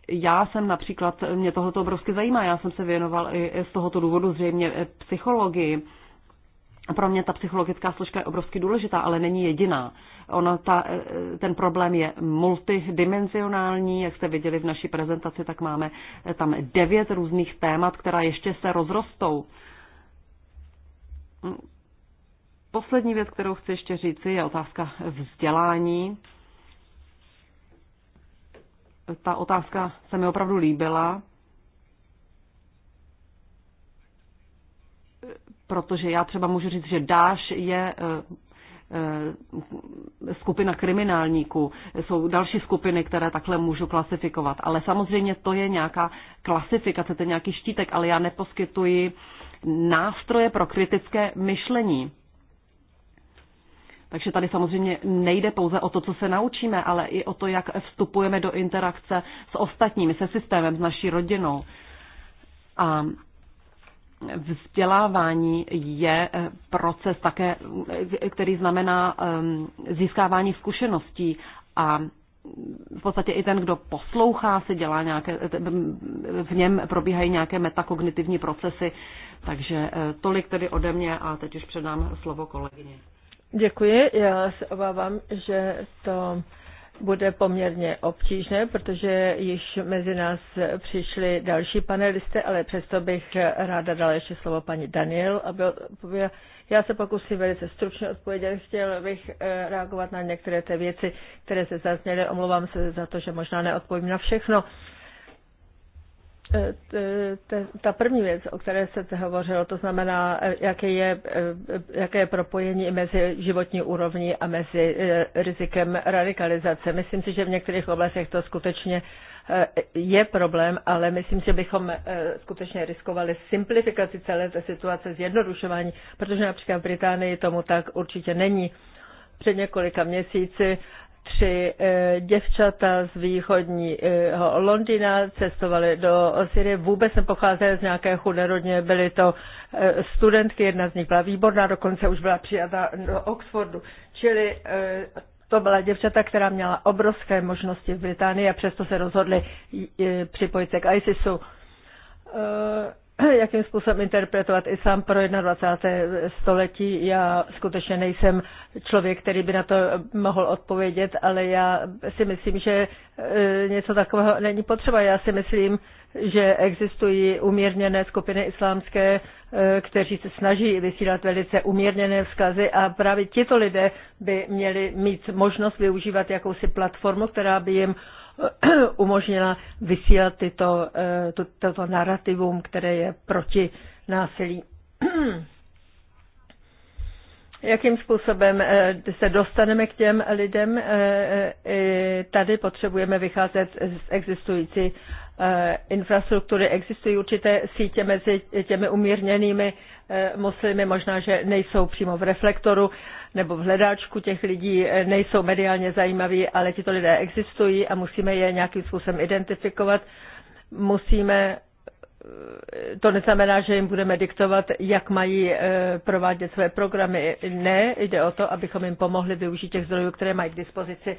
Já jsem například, mě tohoto obrovsky zajímá, já jsem se věnoval i z tohoto důvodu zřejmě eh, psychologii. Pro mě ta psychologická složka je obrovsky důležitá, ale není jediná. Ono ta, eh, ten problém je multidimenzionální, jak jste viděli v naší prezentaci, tak máme tam devět různých témat, která ještě se rozrostou Poslední věc, kterou chci ještě říci, je otázka vzdělání. Ta otázka se mi opravdu líbila, protože já třeba můžu říct, že Dáš je eh, eh, skupina kriminálníků, jsou další skupiny, které takhle můžu klasifikovat. Ale samozřejmě to je nějaká klasifikace, to je nějaký štítek, ale já neposkytuji nástroje pro kritické myšlení. Takže tady samozřejmě nejde pouze o to, co se naučíme, ale i o to, jak vstupujeme do interakce s ostatními, se systémem, s naší rodinou. A vzdělávání je eh, proces také, eh, který znamená ehm, získávání zkušeností a v podstatě i ten, kdo poslouchá, si dělá nějaké, eh, mm, v něm probíhají nějaké metakognitivní procesy, takže tolik tedy ode mě a teď už předám slovo kolegyně. Děkuji. Já se obávám, že to bude poměrně obtížné, protože již mezi nás přišli další panelisté, ale přesto bych ráda dala ještě slovo paní Daniel. Aby Já se pokusím velice stručně odpovědět. Chtěl bych eh, reagovat na některé ty věci, které se zazněly. Omlouvám se za to, že možná neodpovím na všechno. Eh, ta první věc, o které se hovořilo, to znamená, eh, jaké je, eh, jaké je propojení mezi životní úrovní a mezi rizikem radikalizace. Myslím si, že v některých oblastech to skutečně je problém, ale myslím, že bychom skutečně riskovali simplifikaci celé té situace, zjednodušování, protože například v Británii tomu tak určitě není. Před několika měsíci tři eh, děvčata z východního Londýna cestovaly do Syrie. Vůbec nepocházeli z nějaké chudé rodiny, byly to eh, studentky, jedna z nich byla výborná, dokonce už byla přijata do Oxfordu. Čili eh, to byla děvčata, která měla obrovské možnosti v Británii a přesto se rozhodly připojit se k ISISu. jakým způsobem interpretovat i sám pro 21. století. Já skutečně nejsem člověk, který by na to mohl odpovědět, ale já si myslím, že e, něco takového není potřeba. Já si myslím, že existují umírněné skupiny islámské, e, kteří se snaží vysílat velice umírněné vzkazy a právě tito lidé by měli mít možnost využívat jakousi platformu, která by jim Eh, umožnila vysílat tyto, eh, toto narrativum, které je proti násilí. Jakým způsobem eh, se dostaneme k těm lidem? Tady potřebujeme vycházet z existující Eh, infrastruktury. Existují určité sítě mezi těmi umírněnými eh, muslimy, možná, že nejsou přímo v reflektoru nebo v hledáčku těch lidí, eh, nejsou mediálně zajímaví, ale tito lidé existují a musíme je nějakým způsobem identifikovat. Musíme to neznamená, že jim budeme diktovat, jak mají provádět své programy. Ne, jde o to, abychom jim pomohli využít těch zdrojů, které mají k dispozici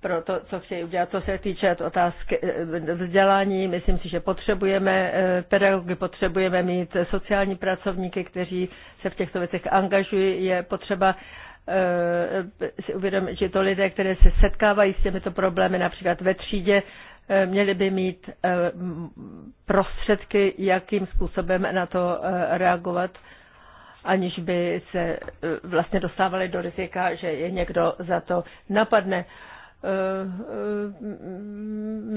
pro to, co chtějí udělat. To se týče otázky eh, vzdělání, myslím si, že potřebujeme eh, pedagogy, potřebujeme mít sociální pracovníky, kteří se v těchto věcech angažují. Je potřeba eh, si uvědomit, že to lidé, které se setkávají s těmito problémy, například ve třídě, měli by mít prostředky, jakým způsobem na to reagovat, aniž by se vlastně dostávali do rizika, že je někdo za to napadne. Eh, eh,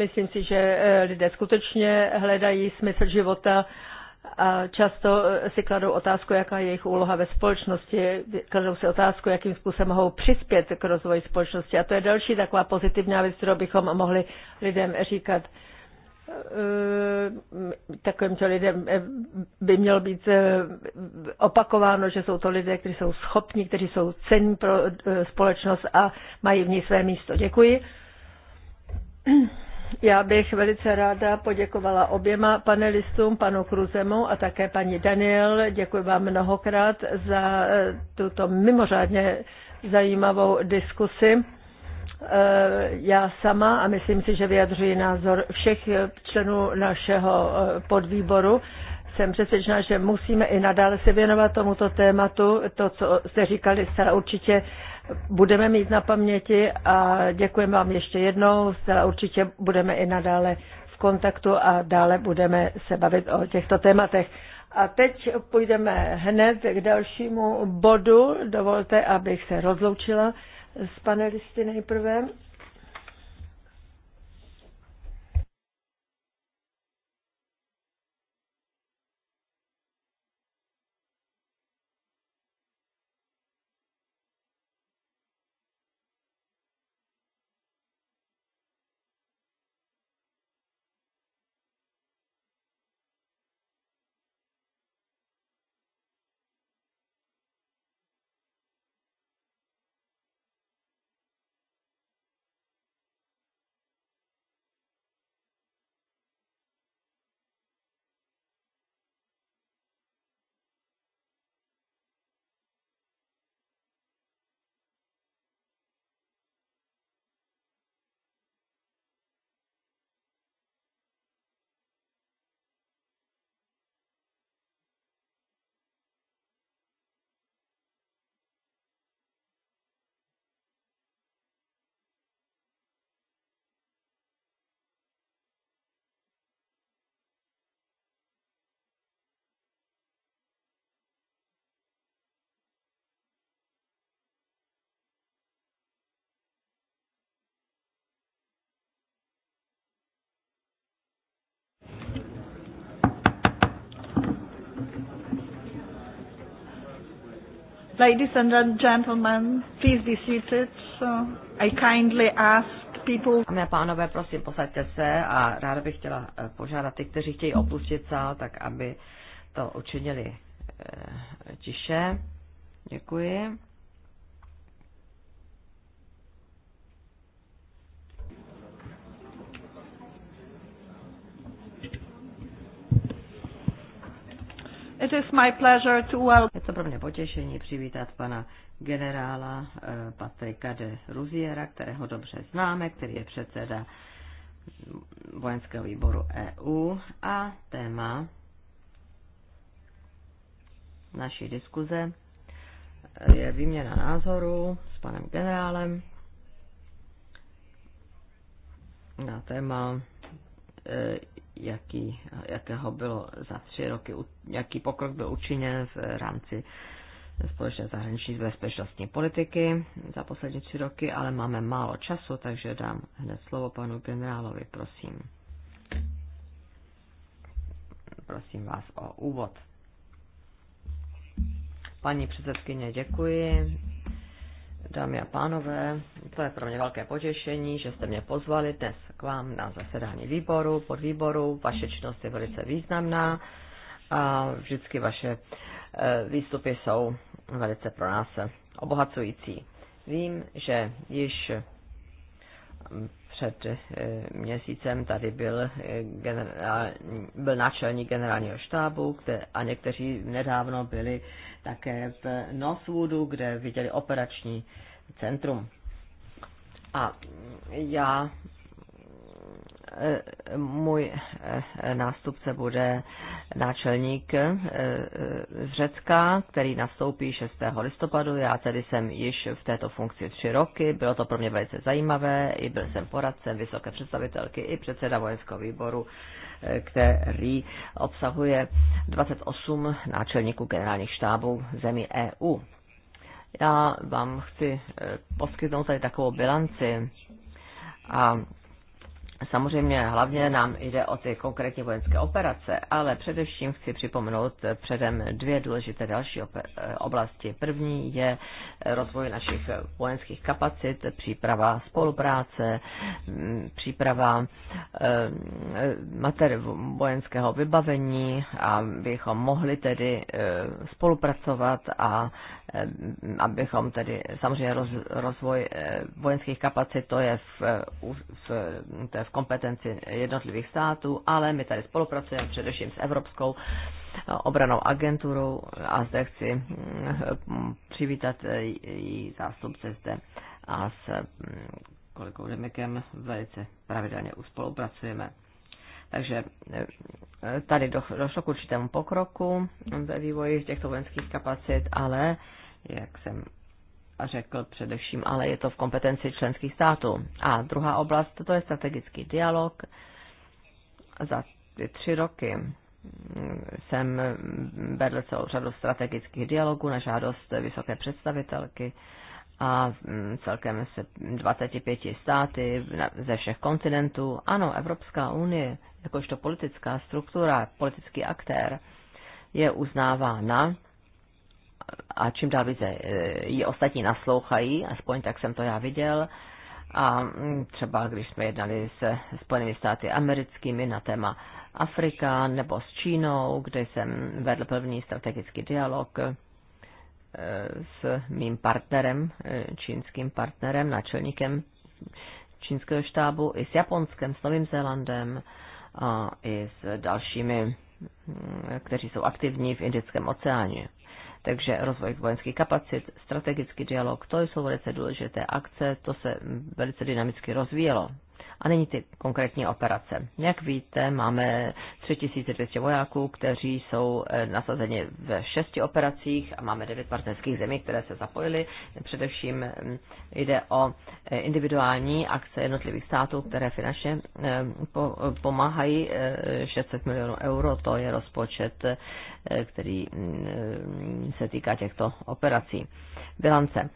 myslím si, že eh, lidé skutečně hledají smysl života a často si kladou otázku, jaká je jejich úloha ve společnosti, kladou si otázku, jakým způsobem mohou přispět k rozvoji společnosti. A to je další taková pozitivní věc, kterou bychom mohli lidem říkat. Eh, takovýmto lidem eh, by mělo být eh, opakováno, že jsou to lidé, kteří jsou schopní, kteří jsou cenní pro společnost a mají v ní své místo. Děkuji. Já bych velice ráda poděkovala oběma panelistům, panu Kruzemu a také paní Daniel. Děkuji vám mnohokrát za tuto mimořádně zajímavou diskusi. Eh, já sama a myslím si, že vyjadřuji názor všech členů našeho eh, podvýboru. Jsem přesvědčena, že musíme i nadále se věnovat tomuto tématu. To, co jste říkali, zcela určitě budeme mít na paměti a děkujeme vám ještě jednou. Zcela určitě budeme i nadále v kontaktu a dále budeme se bavit o těchto tématech. A teď půjdeme hned k dalšímu bodu. Dovolte, abych se rozloučila s panelisty nejprve. Ladies and gentlemen, please be seated. I kindly ask people... Dámy a pánové, prosím, posaďte se a ráda bych chtěla eh, požádat ty, kteří chtějí opustit sál, tak aby to učinili eh, tiše. Děkuji. It is my pleasure to well... Je to pro mě potěšení přivítat pana generála eh, Patrika de Ruziera, kterého dobře známe, který je předseda vojenského výboru EU a téma naší diskuze je výměna názorů s panem generálem na téma eh, jaký, jakého bylo za tři roky, jaký pokrok byl učiněn v rámci společné zahraniční bezpečnostní politiky za poslední tři roky, ale máme málo času, takže dám hned slovo panu generálovi, prosím. Prosím vás o úvod. Paní předsedkyně, děkuji dámy a pánové, to je pro mě velké potěšení, že jste mě pozvali dnes k vám na zasedání výboru, podvýboru. Vaše činnost je velice významná a vždycky vaše eh, výstupy jsou velice pro nás obohacující. Vím, že již před eh, měsícem tady byl, eh, generál, byl náčelník generálního štábu a někteří nedávno byli také v Northwoodu, kde viděli operační centrum. A já můj eh, nástupce bude náčelník eh, eh, z Řecka, který nastoupí 6. listopadu. Já tedy jsem již v této funkci tři roky. Bylo to pro mě velice zajímavé. I byl jsem poradcem vysoké představitelky i předseda vojenského výboru, který obsahuje 28 náčelníků generálních štábů zemí EU. Já vám chci poskytnout tady takovou bilanci a Samozřejmě hlavně nám jde o ty konkrétní vojenské operace, ale především chci připomenout předem dvě důležité další oblasti. První je rozvoj našich vojenských kapacit, příprava spolupráce, mm, příprava eh, materi- vojenského vybavení, abychom mohli tedy eh, spolupracovat a eh, abychom tedy samozřejmě rozvoj vojenských kapacit, to je v, v, to je v kompetenci jednotlivých států, ale my tady spolupracujeme především s Evropskou eh, obranou agenturou a zde chci mm, eh, přivítat eh, její zástupce zde a s mm, kolegou Demikem velice pravidelně spolupracujeme. Takže tady došlo k určitému pokroku ve vývoji těchto vojenských kapacit, ale jak jsem řekl především, ale je to v kompetenci členských států. A druhá oblast, to je strategický dialog. Za ty tři roky jsem vedl celou řadu strategických dialogů na žádost vysoké představitelky a celkem se 25 státy ze všech kontinentů. Ano, Evropská unie, jakožto politická struktura, politický aktér, je uznávána a čím dál více eh, ji ostatní naslouchají, aspoň tak jsem to já viděl. A mm, třeba když jsme jednali se Spojenými státy americkými na téma Afrika nebo s Čínou, kde jsem vedl první strategický dialog eh, s mým partnerem, eh, čínským partnerem, náčelníkem čínského štábu, i s Japonskem, s Novým Zélandem a i s dalšími, mm, kteří jsou aktivní v Indickém oceáně. Takže rozvoj vojenských kapacit, strategický dialog, to jsou velice důležité akce, to se mm, velice dynamicky rozvíjelo a není ty konkrétní operace. Jak víte, máme 3200 vojáků, kteří jsou eh, nasazeni v šesti operacích a máme devět partnerských zemí, které se zapojily. Především hm, jde o eh, individuální akce jednotlivých států, které finančně eh, pomáhají 600 milionů euro. To je rozpočet, který hm, se týká těchto operací. Bilance.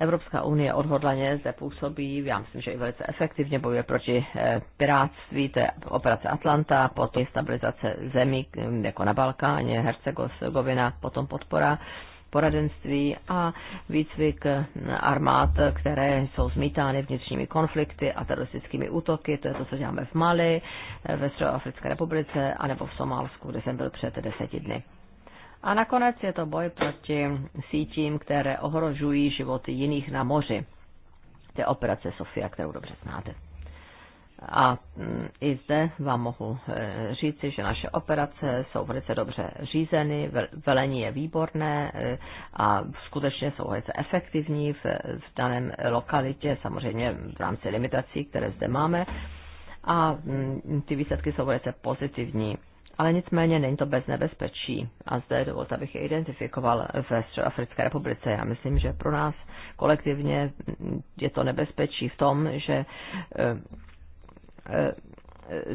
Evropská unie odhodlaně zde působí, já myslím, že i velice efektivně bojuje proti eh, piráctví, to je operace Atlanta, potom stabilizace zemí hm, jako na Balkáně, Hercegovina, potom podpora poradenství a výcvik hm, armád, které jsou zmítány vnitřními konflikty a teroristickými útoky. To je to, co děláme v Mali, eh, ve Středoafrické republice anebo v Somálsku, kde jsem byl před deseti dny. A nakonec je to boj proti sítím, které ohrožují životy jiných na moři. To je operace Sofia, kterou dobře znáte. A mm, i zde vám mohu eh, říci, že naše operace jsou velice dobře řízeny, velení je výborné eh, a skutečně jsou velice efektivní v, v daném lokalitě, samozřejmě v rámci limitací, které zde máme. A mm, ty výsledky jsou velice pozitivní ale nicméně není to bez nebezpečí. A zde dovolte, abych je identifikoval ve Středoafrické republice. Já myslím, že pro nás kolektivně je to nebezpečí v tom, že eh, eh,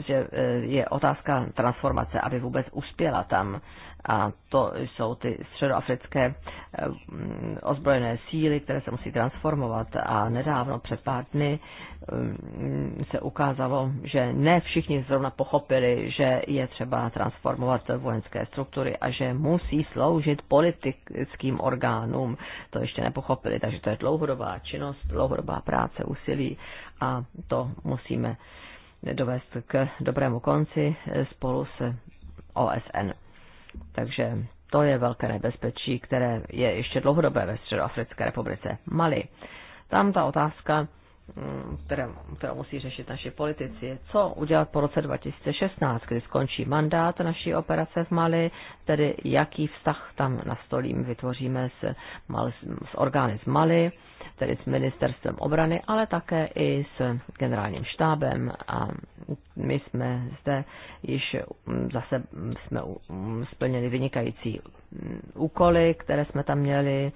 že eh, je otázka transformace, aby vůbec uspěla tam. A to jsou ty středoafrické eh, mm, ozbrojené síly, které se musí transformovat. A nedávno, před pár dny, mm, se ukázalo, že ne všichni zrovna pochopili, že je třeba transformovat vojenské struktury a že musí sloužit politickým orgánům. To ještě nepochopili, takže to je dlouhodobá činnost, dlouhodobá práce, úsilí a to musíme dovést k dobrému konci spolu s OSN. Takže to je velké nebezpečí, které je ještě dlouhodobé ve Středoafrické republice. Mali. Tam ta otázka, mm, kterou, kterou musí řešit naši politici, je, co udělat po roce 2016, kdy skončí mandát naší operace v Mali, tedy jaký vztah tam nastolím, vytvoříme s, s orgány z Mali tedy s ministerstvem obrany, ale také i s generálním štábem a my jsme zde již mm, zase jsme mm, splnili vynikající mm, úkoly, které jsme tam měli,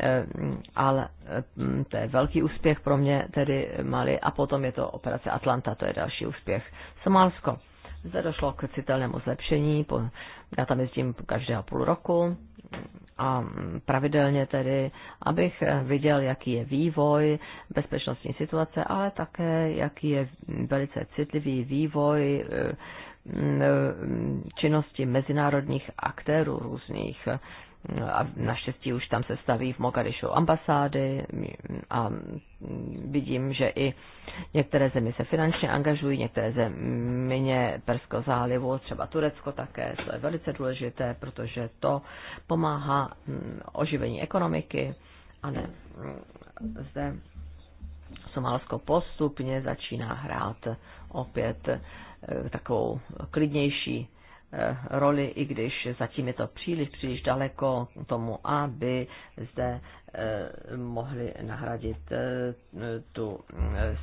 eh, ale to je velký úspěch pro mě, tedy Mali, a potom je to operace Atlanta, to je další úspěch. Somálsko. Zde došlo k citelnému zlepšení, já tam jezdím každého půl roku, a pravidelně tedy, abych viděl, jaký je vývoj bezpečnostní situace, ale také, jaký je velice citlivý vývoj eh, mm, eh, činnosti mezinárodních aktérů různých a naštěstí už tam se staví v Mogadišu ambasády a vidím, že i některé země se finančně angažují, některé země Perského zálivu, třeba Turecko také, to je velice důležité, protože to pomáhá mm, oživení ekonomiky, ne, mm, zde Somálsko postupně začíná hrát opět eh, takovou klidnější Eh, roli, i když zatím je to příliš, příliš daleko tomu, aby zde eh, mohli nahradit eh, tu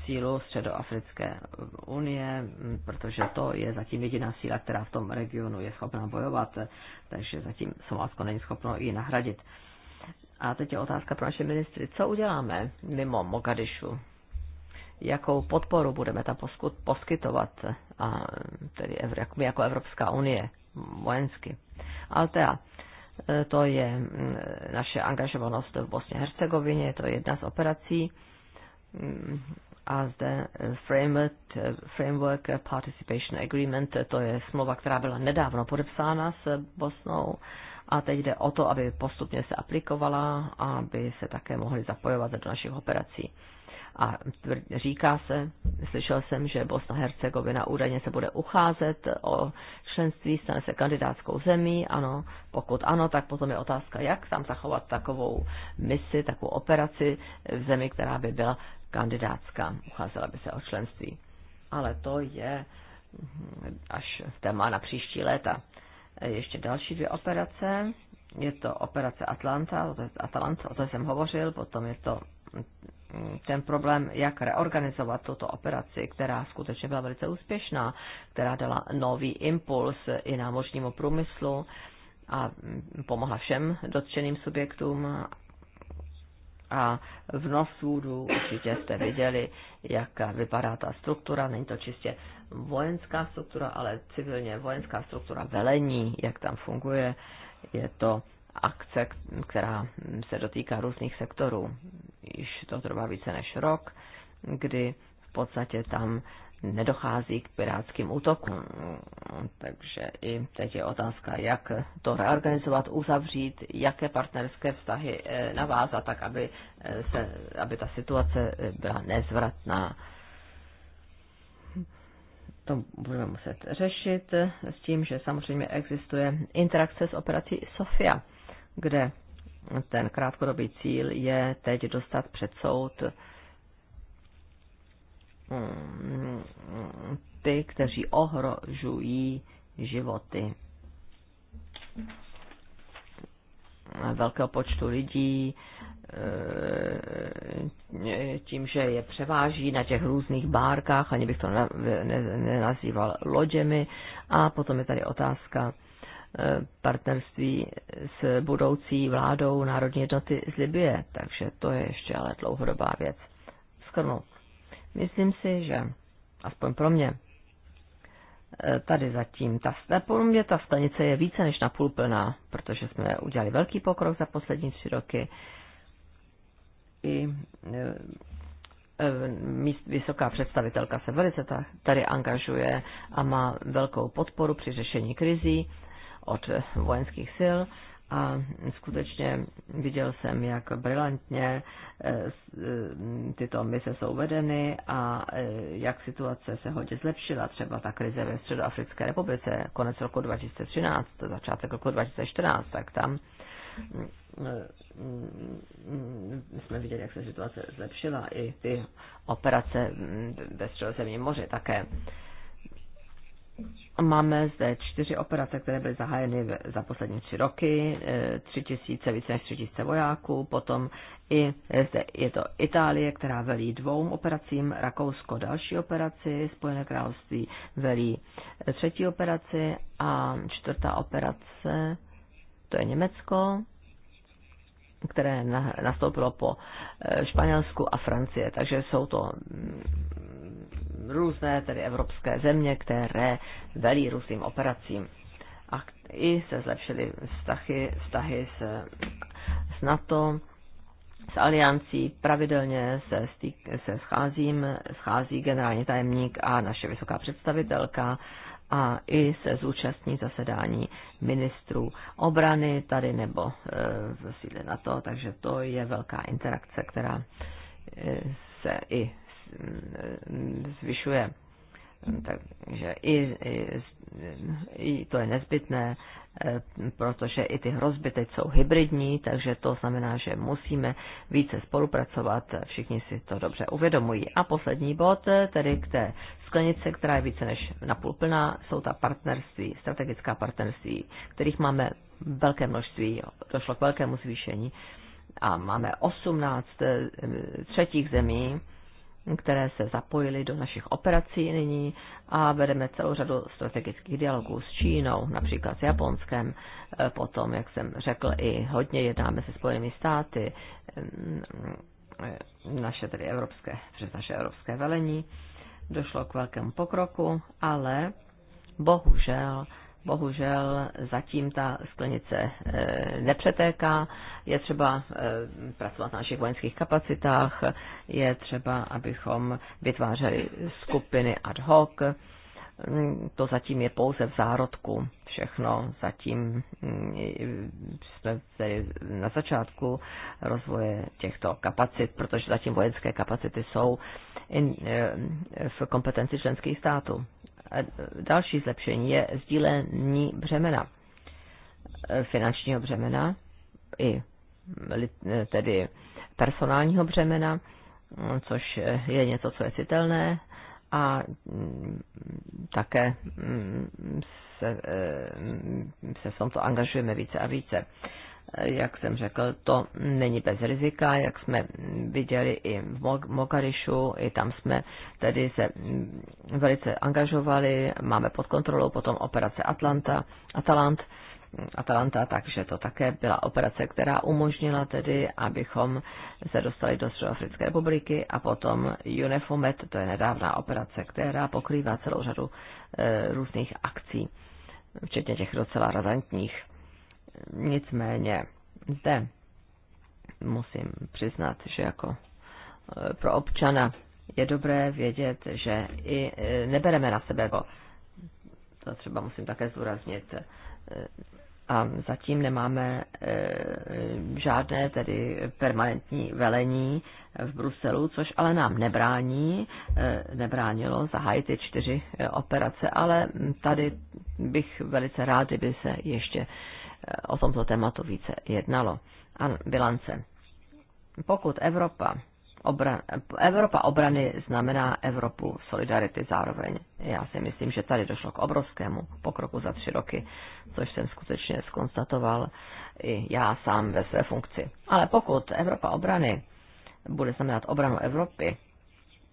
sílu Středoafrické unie, mm, protože to je zatím jediná síla, která v tom regionu je schopná bojovat, takže zatím Somálsko není schopno ji nahradit. A teď je otázka pro naše ministry. Co uděláme mimo Mogadišu? jakou podporu budeme tam poskytovat, a, tedy my jako Evropská unie vojensky. Altea, e, to je naše angažovanost v Bosně a Hercegovině, to je jedna z operací a zde framework, framework Participation Agreement, to je smlouva, která byla nedávno podepsána s Bosnou a teď jde o to, aby postupně se aplikovala a aby se také mohli zapojovat do našich operací. A říká se, slyšel jsem, že Bosna Hercegovina údajně se bude ucházet o členství, stane se kandidátskou zemí, ano, pokud ano, tak potom je otázka, jak tam zachovat takovou misi, takovou operaci v zemi, která by byla kandidátská, ucházela by se o členství. Ale to je hm, až téma na příští léta. Ještě další dvě operace. Je to operace Atlanta, o té, Atalanta, o té jsem hovořil, potom je to ten problém, jak reorganizovat tuto operaci, která skutečně byla velice úspěšná, která dala nový impuls i námořnímu průmyslu a pomohla všem dotčeným subjektům. A v Nosůdu určitě jste viděli, jak vypadá ta struktura. Není to čistě vojenská struktura, ale civilně vojenská struktura velení, jak tam funguje. Je to akce, která se dotýká různých sektorů již to trvá více než rok, kdy v podstatě tam nedochází k pirátským útokům. Takže i teď je otázka, jak to reorganizovat, uzavřít, jaké partnerské vztahy eh, navázat, tak aby, eh, se, aby ta situace eh, byla nezvratná. To budeme muset řešit s tím, že samozřejmě existuje interakce s operací SOFIA, kde ten krátkodobý cíl je teď dostat před soud mm, ty, kteří ohrožují životy velkého počtu lidí, eh, tím, že je převáží na těch různých bárkách, ani bych to nenazýval loděmi. A potom je tady otázka Eh, partnerství s budoucí vládou Národní jednoty z Libie, takže to je ještě ale dlouhodobá věc. Skrnu. Myslím si, že aspoň pro mě eh, tady zatím ta, pro mě ta stanice je více než napůl plná, protože jsme udělali velký pokrok za poslední tři roky. I eh, vysoká představitelka se velice tady angažuje a má velkou podporu při řešení krizí od vojenských sil a skutečně viděl jsem, jak brilantně eh, eh, tyto mise jsou vedeny a eh, jak situace se hodně zlepšila, třeba ta krize ve Středoafrické republice, konec roku 2013, začátek roku 2014, tak tam jsme viděli, jak se situace zlepšila i ty operace ve Středozemním moři také. Máme zde čtyři operace, které byly zahájeny za poslední tři roky, eh, tři tisíce, více než tři tisíce vojáků, potom i eh, zde je to Itálie, která velí dvou operacím, Rakousko další operaci, Spojené království velí eh, třetí operaci a čtvrtá operace, to je Německo, které nastoupilo po Španělsku a Francie. Takže jsou to mm, různé tedy evropské země, které velí různým operacím. A i se zlepšily vztahy, vztahy s, s NATO, s aliancí pravidelně se, stýk, se scházím, schází generální tajemník a naše vysoká představitelka a i se zúčastní zasedání ministrů obrany tady nebo e, v sídle NATO, takže to je velká interakce, která e, se i zvyšuje. Takže i, i, i to je nezbytné, e, protože i ty hrozby teď jsou hybridní, takže to znamená, že musíme více spolupracovat, všichni si to dobře uvědomují. A poslední bod, e, tedy k té sklenice, která je více než napůl plná, jsou ta partnerství, strategická partnerství, kterých máme velké množství, došlo k velkému zvýšení a máme 18 e, třetích zemí, které se zapojily do našich operací nyní a vedeme celou řadu strategických dialogů s Čínou, například s Japonskem, e, potom, jak jsem řekl, i hodně jednáme se Spojenými státy, mm, e, naše tedy evropské, přes naše evropské velení. Došlo k velkému pokroku, ale bohužel bohužel zatím ta sklenice eh, nepřetéká. Je třeba eh, pracovat na našich vojenských kapacitách, je třeba, abychom vytvářeli skupiny ad hoc. Mm, to zatím je pouze v zárodku. Všechno zatím mm, jsme tady na začátku rozvoje těchto kapacit, protože zatím vojenské kapacity jsou in, eh, v kompetenci členských států. Další zlepšení je sdílení břemena, e, finančního břemena i e, tedy personálního břemena, což je něco, co je citelné a také se, e, se v tomto angažujeme více a více jak jsem řekl, to není bez rizika, jak jsme viděli i v Mokarišu, i tam jsme tedy se velice angažovali, máme pod kontrolou potom operace Atlanta, Atalant, Atalanta, takže to také byla operace, která umožnila tedy, abychom se dostali do Středoafrické republiky a potom UNEFOMET, to je nedávná operace, která pokrývá celou řadu e, různých akcí, včetně těch docela razantních. Nicméně zde musím přiznat, že jako e, pro občana je dobré vědět, že i e, nebereme na sebe, bo to třeba musím také zúraznit, e, a zatím nemáme žádné tedy permanentní velení v Bruselu, což ale nám nebrání, nebránilo zahájit ty čtyři operace, ale tady bych velice rád, kdyby se ještě o tomto tématu více jednalo. a bilance. Pokud Evropa, obra, Evropa obrany znamená Evropu solidarity zároveň. Já si myslím, že tady došlo k obrovskému pokroku za tři roky, což jsem skutečně skonstatoval i já sám ve své funkci. Ale pokud Evropa obrany bude znamenat obranu Evropy,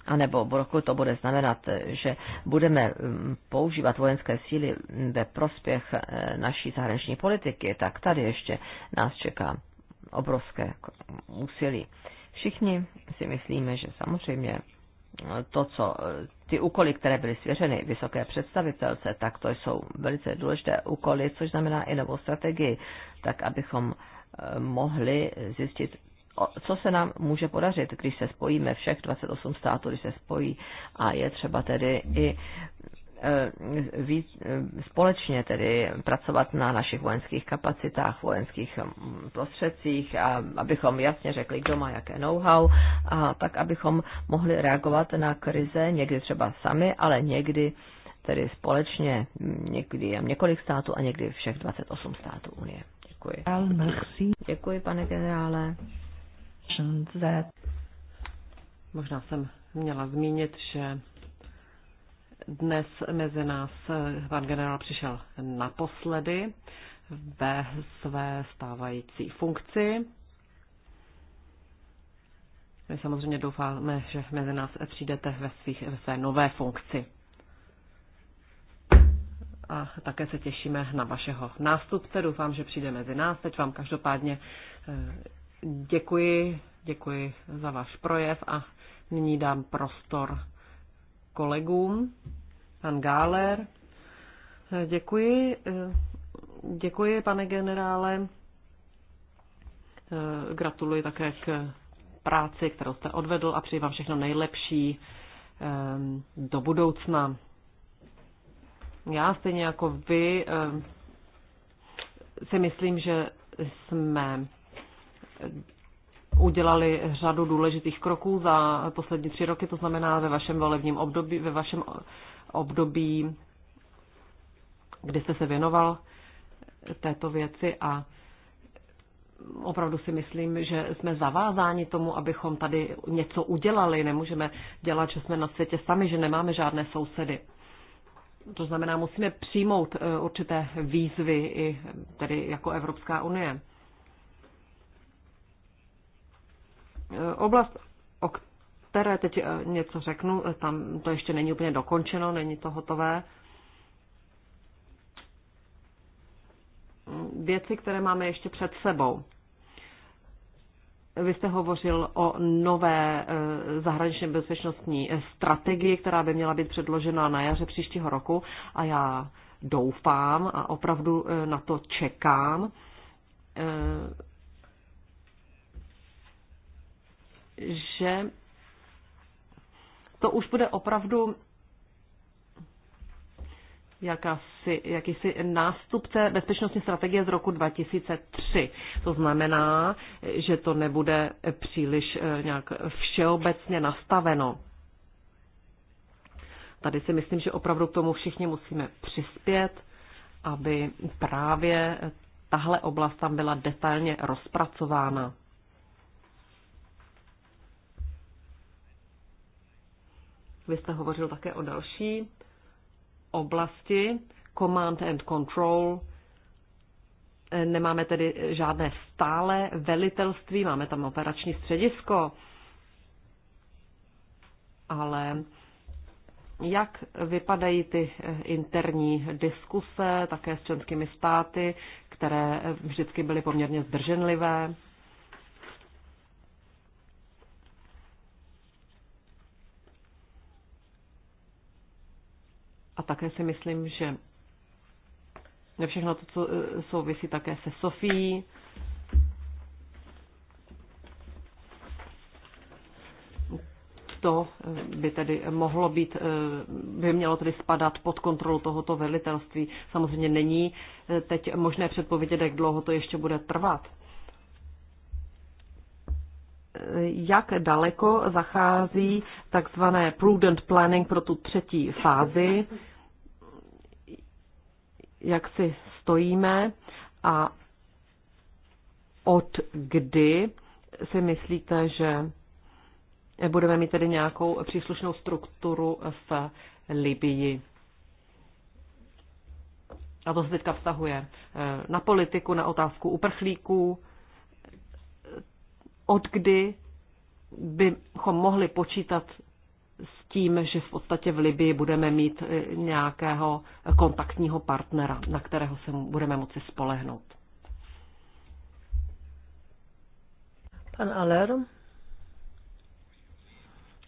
anebo roku to bude znamenat, že budeme mm, používat vojenské síly ve prospěch eh, naší zahraniční politiky, tak tady ještě nás čeká obrovské úsilí. Všichni si myslíme, že samozřejmě eh, to, co eh, ty úkoly, které byly svěřeny vysoké představitelce, tak to jsou velice důležité úkoly, což znamená i novou strategii, tak abychom mohli zjistit, co se nám může podařit, když se spojíme všech 28 států, když se spojí a je třeba tedy i e, víc, e, společně tedy pracovat na našich vojenských kapacitách, vojenských prostředcích, a abychom jasně řekli, kdo má jaké know-how, a tak, abychom mohli reagovat na krize, někdy třeba sami, ale někdy tedy společně, někdy jen několik států a někdy všech 28 států Unie. Děkuji. Děkuji, pane generále mentioned that Možná jsem měla zmínit, že dnes mezi nás pan generál přišel naposledy ve své stávající funkci. My samozřejmě doufáme, že mezi nás přijdete ve, svých, ve své nové funkci. A také se těšíme na vašeho nástupce. Doufám, že přijde mezi nás. Teď vám každopádně eh, Děkuji, děkuji za váš projev a nyní dám prostor kolegům. Pan Gáler. Děkuji. Děkuji, pane generále. Gratuluji také k práci, kterou jste odvedl a přeji vám všechno nejlepší do budoucna. Já stejně jako vy si myslím, že jsme udělali řadu důležitých kroků za poslední tři roky, to znamená ve vašem volebním období, ve vašem období, kdy jste se věnoval této věci a opravdu si myslím, že jsme zavázáni tomu, abychom tady něco udělali. Nemůžeme dělat, že jsme na světě sami, že nemáme žádné sousedy. To znamená, musíme přijmout eh, určité výzvy i tedy jako Evropská unie. Eh, oblast, o které teď eh, něco řeknu, eh, tam to ještě není úplně dokončeno, není to hotové. Mm, věci, které máme ještě před sebou. Vy jste hovořil o nové zahraničně bezpečnostní strategii, která by měla být předložena na jaře příštího roku a já doufám a opravdu na to čekám že to už bude opravdu jakási, jakýsi nástupce bezpečnostní strategie z roku 2003. To znamená, že to nebude příliš eh, nějak všeobecně nastaveno. Tady si myslím, že opravdu k tomu všichni musíme přispět, aby právě tahle oblast tam byla detailně rozpracována. Vy jste hovořil také o další oblasti, command and control. E, nemáme tedy žádné stále velitelství, máme tam operační středisko, ale jak vypadají ty e, interní diskuse také s členskými státy, které vždycky byly poměrně zdrženlivé? také si myslím, že všechno to, co eh, souvisí také se Sofií, to eh, by tedy mohlo být, eh, by mělo tedy spadat pod kontrolu tohoto velitelství. Samozřejmě není teď možné předpovědět, jak dlouho to ještě bude trvat. Jak daleko zachází takzvané prudent planning pro tu třetí fázi? jak si stojíme a od kdy si myslíte, že budeme mít tedy nějakou příslušnou strukturu v Libii. A to se teďka vztahuje eh, na politiku, na otázku uprchlíků, od kdy bychom mohli počítat s tím, že v podstatě v Libii budeme mít eh, nějakého kontaktního partnera, na kterého se budeme moci spolehnout. Pan Aler,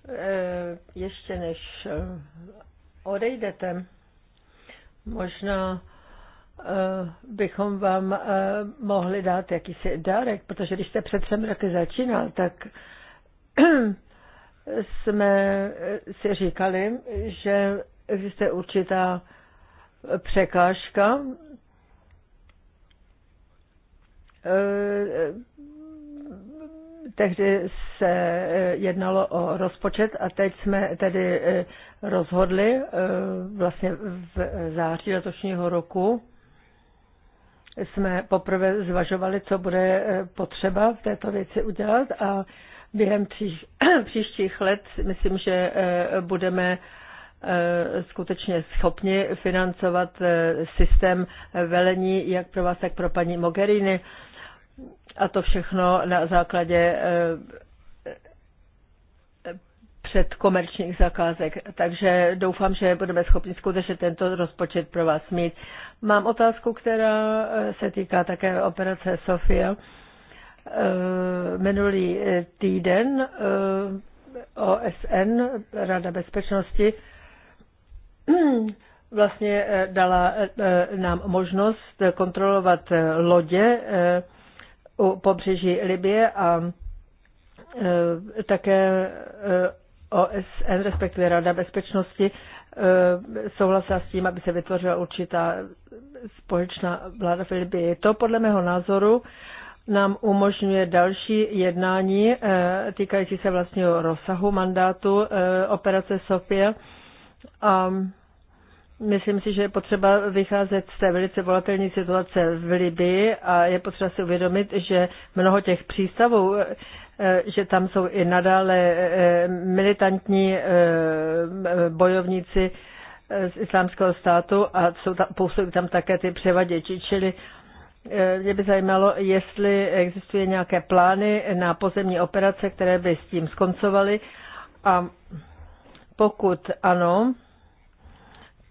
eh, ještě než eh, odejdete, možná bychom vám mohli dát jakýsi dárek, protože když jste před třemi roky začínal, tak jsme si říkali, že existuje určitá překážka eh, tehdy se jednalo o rozpočet a teď jsme tedy eh, rozhodli eh, vlastně v září letošního roku jsme poprvé zvažovali, co bude potřeba v této věci udělat a Během příš, příštích let myslím, že eh, budeme eh, skutečně schopni financovat eh, systém velení jak pro vás, tak pro paní Mogherini. A to všechno na základě předkomerčních zakázek. Takže doufám, že budeme schopni skutečně tento rozpočet pro vás mít. Mám otázku, která se týká také operace Sofia. Eh, minulý eh, týden eh, OSN, Rada bezpečnosti, vlastně dala nám možnost kontrolovat lodě u pobřeží Libie a také OSN, respektive Rada bezpečnosti, souhlasila s tím, aby se vytvořila určitá společná vláda v Libii. To podle mého názoru nám umožňuje další jednání eh, týkající se vlastního rozsahu mandátu eh, operace SOFIA. A myslím si, že je potřeba vycházet z té velice volatilní situace v Libii a je potřeba si uvědomit, že mnoho těch přístavů, eh, že tam jsou i nadále militantní bojovníci z islámského státu a jsou tam, působí tam také ty převaděči, čili Eh, mě by zajímalo, jestli existuje nějaké plány na pozemní operace, které by s tím skoncovaly. A pokud ano,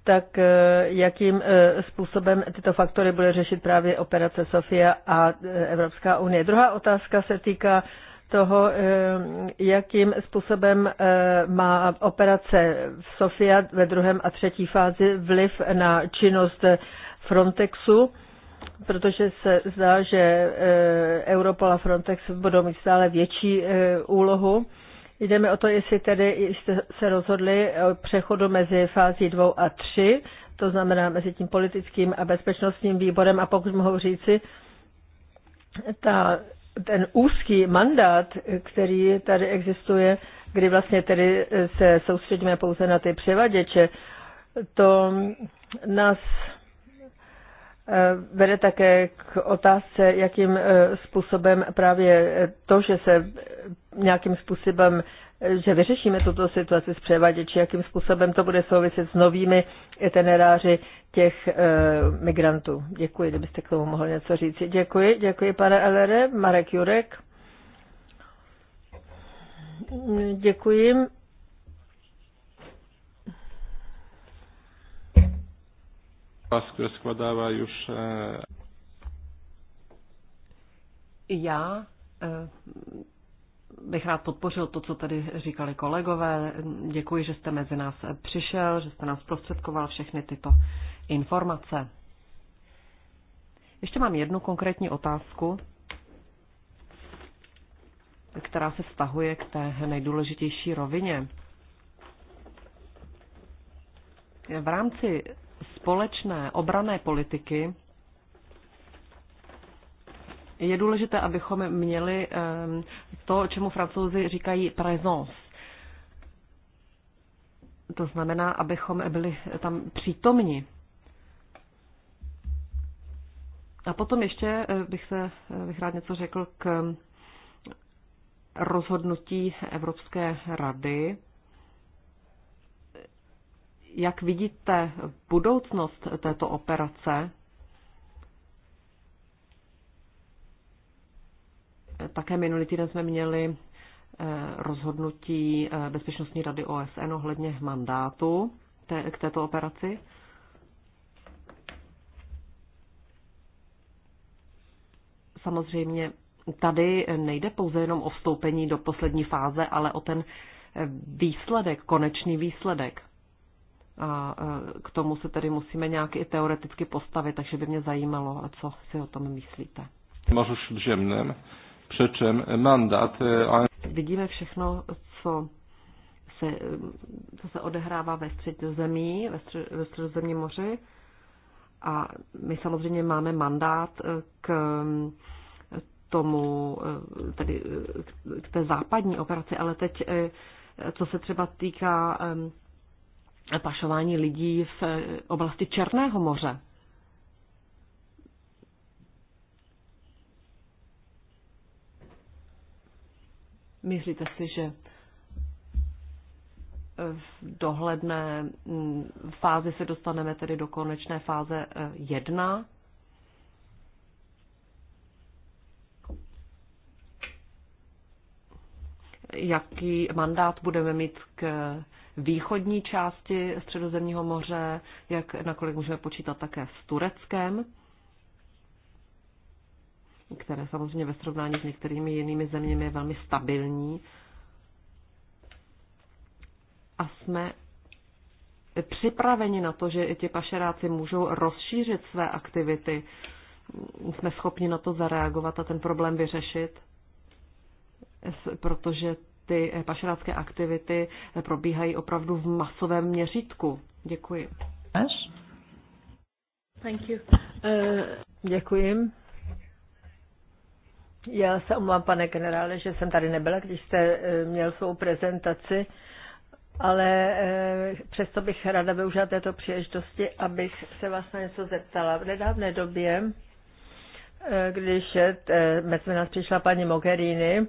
tak eh, jakým eh, způsobem tyto faktory bude řešit právě operace Sofia a Evropská unie. Druhá otázka se týká toho, jakým způsobem má operace Sofia ve druhém a třetí fázi vliv na činnost Frontexu protože se zdá, že eh, Europol a Frontex budou mít stále větší eh, úlohu. Jde mi o to, jestli tedy jste se rozhodli o přechodu mezi fází 2 a 3, to znamená mezi tím politickým a bezpečnostním výborem a pokud mohu říci, ta, ten úzký mandát, který tady existuje, kdy vlastně tedy eh, se soustředíme pouze na ty převaděče, to nás Eh, vede také k otázce, jakým eh, způsobem právě eh, to, že se nějakým způsobem že vyřešíme tuto situaci s převaděči, jakým způsobem to bude souviset s novými itineráři těch e, migrantů. Děkuji, kdybyste k tomu mohl něco říct. Děkuji, děkuji pane Elere, Marek Jurek. Děkuji. skladává už... Uh... Já eh, bych rád podpořil to, co tady říkali kolegové. Děkuji, že jste mezi nás přišel, že jste nás prostředkoval všechny tyto informace. Ještě mám jednu konkrétní otázku, která se vztahuje k té nejdůležitější rovině. V rámci společné obrané politiky je důležité, abychom měli to, čemu francouzi říkají présence. To znamená, abychom byli tam přítomni. A potom ještě eh, bych, se, eh, bych rád něco řekl k rozhodnutí Evropské rady jak vidíte budoucnost této operace? Také minulý týden jsme měli eh, rozhodnutí eh, Bezpečnostní rady OSN ohledně mandátu k této operaci. Samozřejmě tady nejde pouze jenom o vstoupení do poslední fáze, ale o ten eh, výsledek, konečný výsledek. A e, k tomu se tedy musíme nějak i teoreticky postavit, takže by mě zajímalo, co si o tom myslíte. Možu šudziemnym, přičem mandát... E, Vidíme všechno, co se, co se odehrává ve středozemí, ve, střed, ve středozemním moři. A my samozřejmě máme mandát e, k tomu, tedy k té západní operaci, ale teď, co se třeba týká pašování lidí v eh, oblasti Černého moře. Myslíte si, že eh, v dohledné mm, fázi se dostaneme tedy do konečné fáze eh, jedna, Jaký mandát budeme mít k východní části Středozemního moře, jak nakolik můžeme počítat také s Tureckem, které samozřejmě ve srovnání s některými jinými zeměmi je velmi stabilní. A jsme připraveni na to, že ti pašeráci můžou rozšířit své aktivity. Jsme schopni na to zareagovat a ten problém vyřešit, protože ty pašerácké aktivity probíhají opravdu v masovém měřítku. Děkuji. Thank you. Uh, děkuji. Já se omlám, pane generále, že jsem tady nebyla, když jste eh, měl svou prezentaci, ale eh, přesto bych ráda využila této příležitosti, abych se vás na něco zeptala. V nedávné době, když mezi nás přišla paní Mogherini,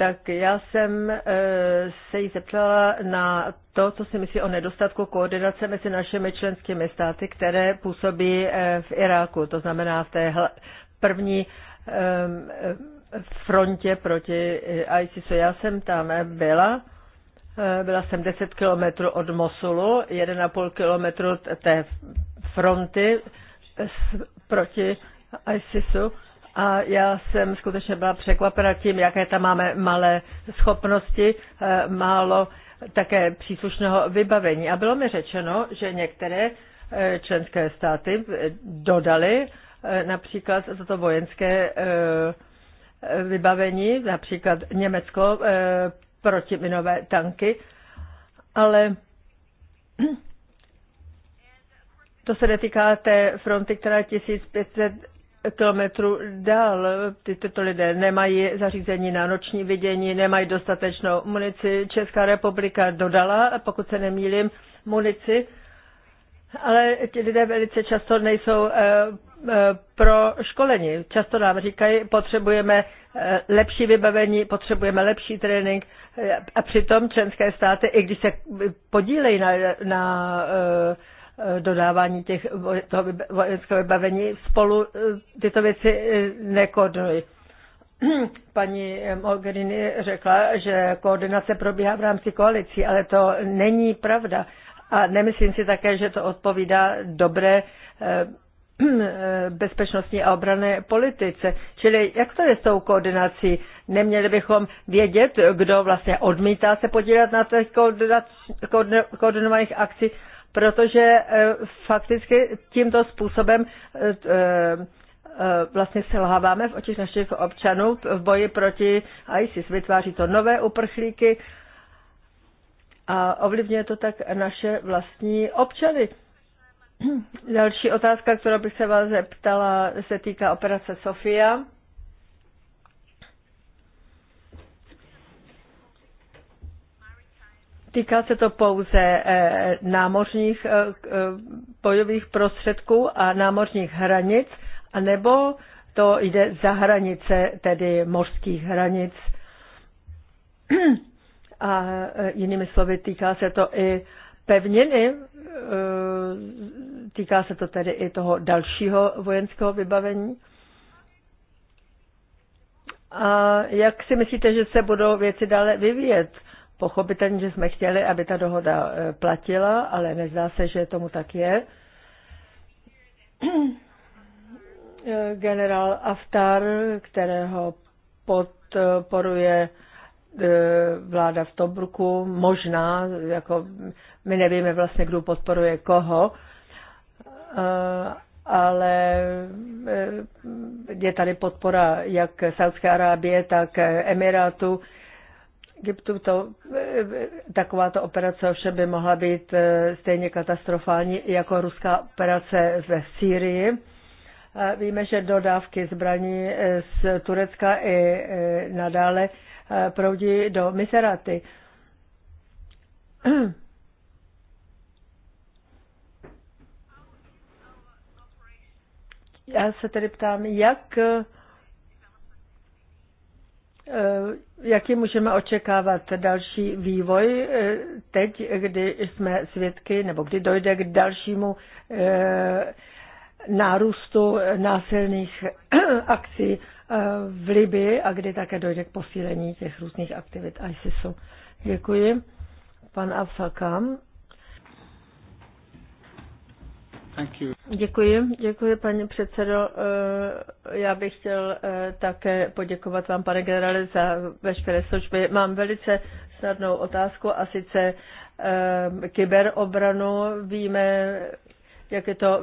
tak já jsem eh, se jí zeptala na to, co si myslí o nedostatku koordinace mezi našimi členskými státy, které působí eh, v Iráku, to znamená v té první ehm, eh, frontě proti ISISu. Já jsem tam byla, byla jsem 10 kilometrů od Mosulu, 1,5 kilometru té fronty proti ISISu a já jsem skutečně byla překvapena tím, jaké tam máme malé schopnosti, eh, málo také příslušného vybavení. A bylo mi řečeno, že některé eh, členské státy eh, dodaly například za to vojenské vybavení, například Německo protiminové tanky, ale to se netýká té fronty, která je 1500 kilometrů dál. Tyto lidé nemají zařízení na noční vidění, nemají dostatečnou munici. Česká republika dodala, pokud se nemýlím, munici, ale ti lidé velice často nejsou eh, eh, pro školení. Často nám říkají, potřebujeme eh, lepší vybavení, potřebujeme lepší trénink a přitom členské státy, i když se podílejí na, na Eh, dodávání těch toho vojenského vybavení spolu eh, tyto věci eh, nekoordinují. Paní Mogherini řekla, že koordinace probíhá v rámci koalicí, ale to není pravda. A nemyslím si také, že to odpovídá dobré bezpečnostní a obrané politice. Čili jak to je s tou koordinací? Neměli bychom vědět, kdo vlastně odmítá se podílet na těch koordinovaných akcích protože eh, fakticky tímto způsobem eh, eh, vlastně selháváme v očích našich občanů v boji proti ISIS. Vytváří to nové uprchlíky a ovlivňuje to tak naše vlastní občany. Další otázka, kterou bych se vás zeptala, se týká operace Sofia. Týká se to pouze eh, námořních eh, eh, bojových prostředků a námořních hranic, anebo to jde za hranice, tedy mořských hranic. A jinými slovy, týká se to i pevniny, týká se to tedy i toho dalšího vojenského vybavení. A jak si myslíte, že se budou věci dále vyvíjet? Pochopitelně, že jsme chtěli, aby ta dohoda eh, platila, ale nezdá se, že tomu tak je. Eh, generál Aftar, kterého podporuje eh, vláda v Tobruku, možná, jako my nevíme vlastně, kdo podporuje koho, ale je tady podpora jak Saudské Arábie, tak Emirátu, Egyptu to, takováto operace ovšem by mohla být eh, stejně katastrofální jako ruská operace ve Sýrii. Eh, víme, že dodávky zbraní eh, z Turecka i nadále proudí do Miseraty. Já se tedy ptám, jak Eh, jaký můžeme očekávat další vývoj eh, teď, kdy jsme svědky, nebo kdy dojde k dalšímu eh, nárůstu násilných akcí v Libii a kdy také dojde k posílení těch různých aktivit ISISu. Děkuji. Pan Afakam. Thank you. Děkuji, děkuji paní předsedo. Eh, já bych chtěl eh, také poděkovat vám, pane generále, za veškeré služby. Mám velice snadnou otázku a sice eh, kyberobranu. Víme, jak je to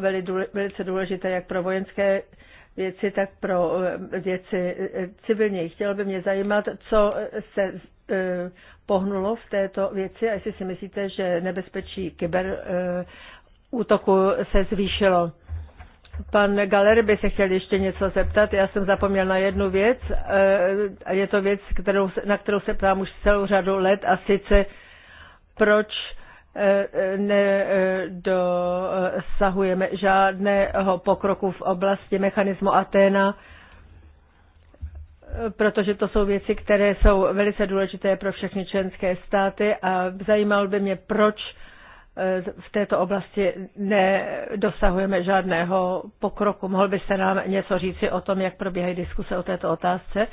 velice důležité jak pro vojenské věci, tak pro věci civilní. Chtěl by mě zajímat, co se pohnulo v této věci a jestli si myslíte, že nebezpečí kyber útoku se zvýšilo. Pan Galer by se chtěl ještě něco zeptat. Já jsem zapomněl na jednu věc. Eh, je to věc, kterou, na kterou se ptám už celou řadu let a sice proč eh, eh, nedosahujeme žádného pokroku v oblasti mechanismu Aténa, protože to jsou věci, které jsou velice důležité pro všechny členské státy a zajímalo by mě, proč v této oblasti nedosahujeme žádného pokroku. Mohl byste nám něco říci o tom, jak probíhají diskuse o této otázce?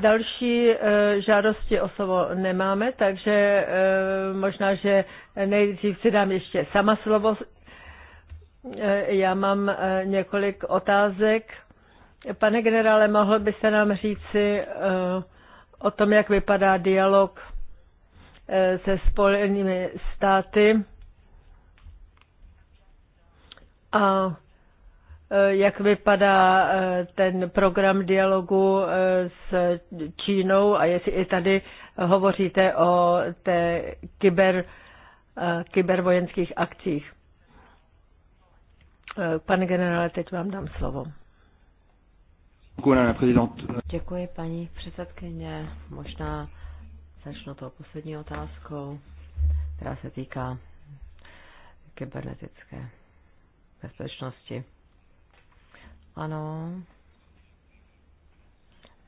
Další e, žádosti o slovo nemáme, takže e, možná, že nejdřív si dám ještě sama slovo. E, já mám několik otázek. Pane generále, mohl byste nám říci o tom, jak vypadá dialog Eh, se spojenými státy a eh, jak vypadá eh, ten program dialogu s Čínou a jestli i tady hovoříte o té kyber, kybervojenských akcích. Pane generále, teď vám dám slovo. Děkuji, paní předsedkyně. Možná Začnu tou poslední otázkou, která se týká kybernetické bezpečnosti. Ano,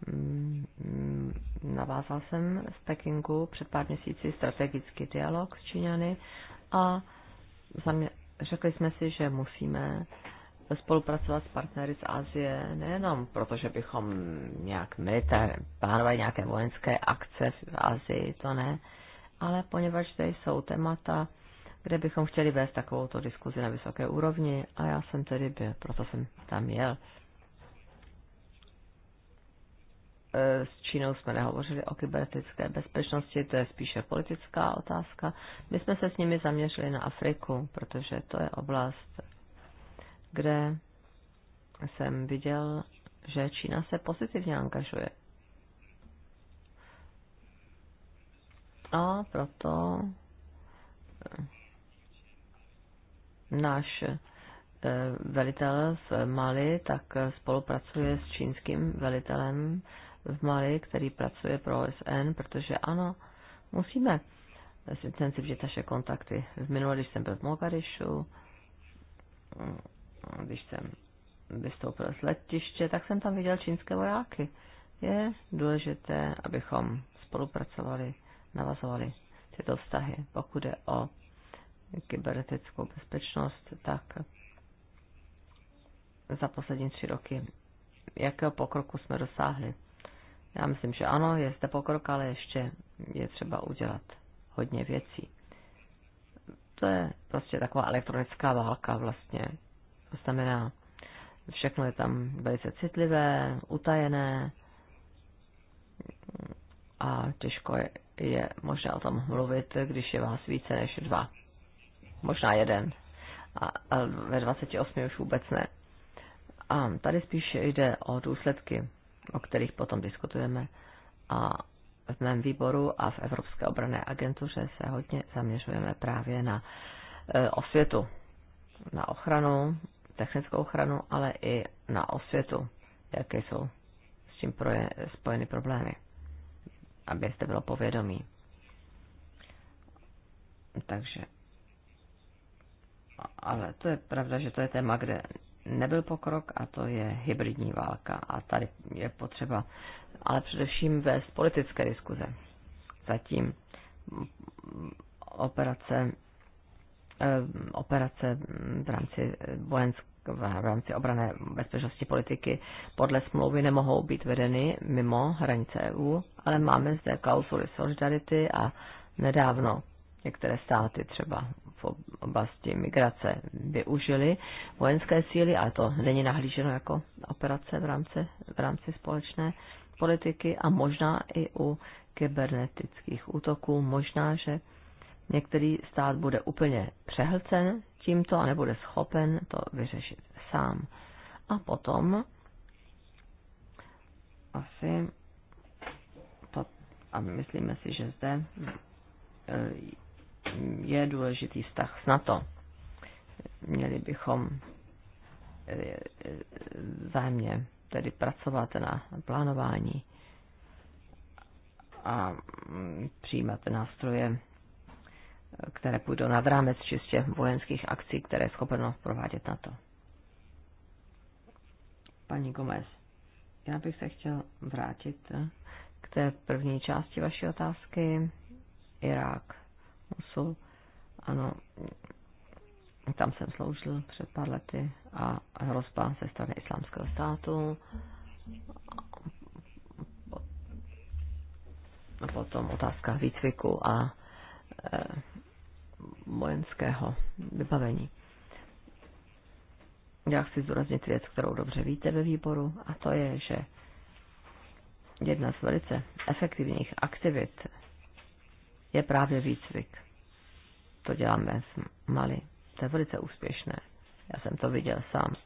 mm, navázal jsem z Pekingu před pár měsíci strategický dialog s Číňany a řekli jsme si, že musíme spolupracovat s partnery z Asie, nejenom protože bychom nějak militár, plánovali nějaké vojenské akce v Asii, to ne, ale poněvadž tady jsou témata, kde bychom chtěli vést takovou diskuzi na vysoké úrovni a já jsem tedy byl, proto jsem tam jel. E, s Čínou jsme nehovořili o kybernetické bezpečnosti, to je spíše politická otázka. My jsme se s nimi zaměřili na Afriku, protože to je oblast, kde jsem viděl, že Čína se pozitivně angažuje. A proto eh, náš eh, velitel v Mali tak spolupracuje s čínským velitelem v Mali, který pracuje pro OSN, protože ano, musíme zintenzivnit naše kontakty. V minulosti jsem byl v Mogadišu, když jsem vystoupil z letiště, tak jsem tam viděl čínské vojáky. Je důležité, abychom spolupracovali, navazovali tyto vztahy. Pokud je o kybernetickou bezpečnost, tak za poslední tři roky, jakého pokroku jsme dosáhli. Já myslím, že ano, je zde pokrok, ale ještě je třeba udělat hodně věcí. To je prostě taková elektronická válka vlastně, to znamená, všechno je tam velice citlivé, utajené a těžko je, je možné o tom mluvit, když je vás více než dva. Možná jeden. A, a ve 28 už vůbec ne. A tady spíš jde o důsledky, o kterých potom diskutujeme. A v mém výboru a v Evropské obrané agentuře se hodně zaměřujeme právě na e, osvětu, na ochranu technickou ochranu, ale i na osvětu, jaké jsou s tím proje, spojeny problémy, abyste bylo povědomí. Takže, ale to je pravda, že to je téma, kde nebyl pokrok a to je hybridní válka a tady je potřeba, ale především vést politické diskuze. Zatím operace Eh, operace v rámci vojenské v rámci obrané bezpečnosti politiky podle smlouvy nemohou být vedeny mimo hranice EU, ale máme zde klausuly solidarity a nedávno některé státy třeba v oblasti migrace využili vojenské síly, ale to není nahlíženo jako operace v rámci, v rámci společné politiky a možná i u kybernetických útoků, možná, že některý stát bude úplně přehlcen tímto a nebude schopen to vyřešit sám. A potom asi to, a myslíme si, že zde eh, je důležitý vztah s NATO. Měli bychom eh, zájemně tedy pracovat na plánování a mm, přijímat nástroje které půjdou nad rámec čistě vojenských akcí, které je schopno provádět na to. Paní Gomez, já bych se chtěl vrátit k té první části vaší otázky. Irák, Mosul, ano, tam jsem sloužil před pár lety a hrozba se strany islámského státu. potom otázka výcviku a eh, vojenského vybavení. Já chci zdůraznit věc, kterou dobře víte ve výboru, a to je, že jedna z velice efektivních aktivit je právě výcvik. To děláme s Mali. To je velice úspěšné. Já jsem to viděl sám.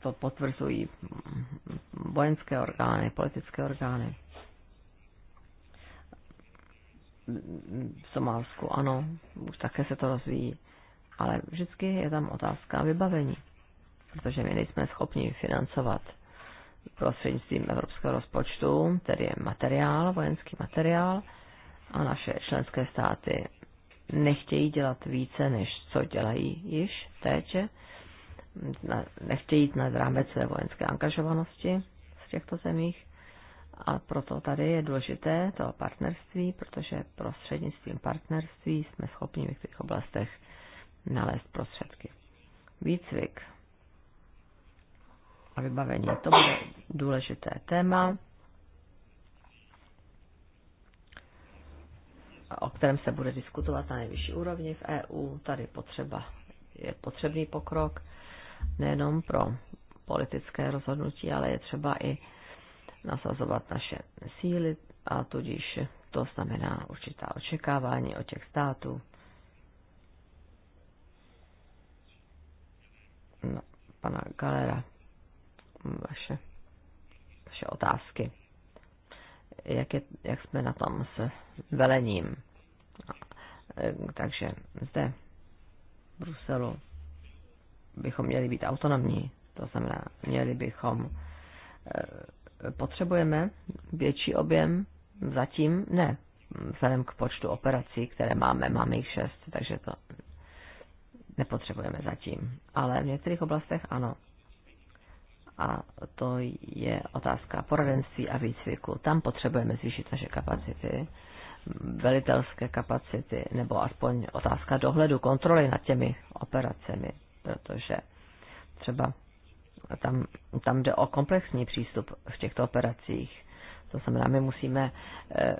To potvrzují vojenské orgány, politické orgány v Somálsku, ano, už také se to rozvíjí. Ale vždycky je tam otázka vybavení, protože my nejsme schopni financovat prostřednictvím evropského rozpočtu, tedy je materiál, vojenský materiál, a naše členské státy nechtějí dělat více, než co dělají již teď, nechtějí jít nad rámec své vojenské angažovanosti v těchto zemích a proto tady je důležité to partnerství, protože prostřednictvím partnerství jsme schopni v některých oblastech nalézt prostředky. Výcvik a vybavení. To bude důležité téma, o kterém se bude diskutovat na nejvyšší úrovni v EU. Tady potřeba, je potřebný pokrok nejenom pro politické rozhodnutí, ale je třeba i nasazovat naše síly a tudíž to znamená určitá očekávání od těch států. No, pana Galera, vaše, vaše otázky. Jak, je, jak jsme na tom s velením? No, eh, takže zde v Bruselu bychom měli být autonomní, to znamená, měli bychom eh, potřebujeme větší objem? Zatím ne. Vzhledem k počtu operací, které máme, máme jich šest, takže to nepotřebujeme zatím. Ale v některých oblastech ano. A to je otázka poradenství a výcviku. Tam potřebujeme zvýšit naše kapacity, velitelské kapacity, nebo aspoň otázka dohledu, kontroly nad těmi operacemi, protože třeba a tam, tam jde o komplexní přístup v těchto operacích. To znamená, my musíme eh,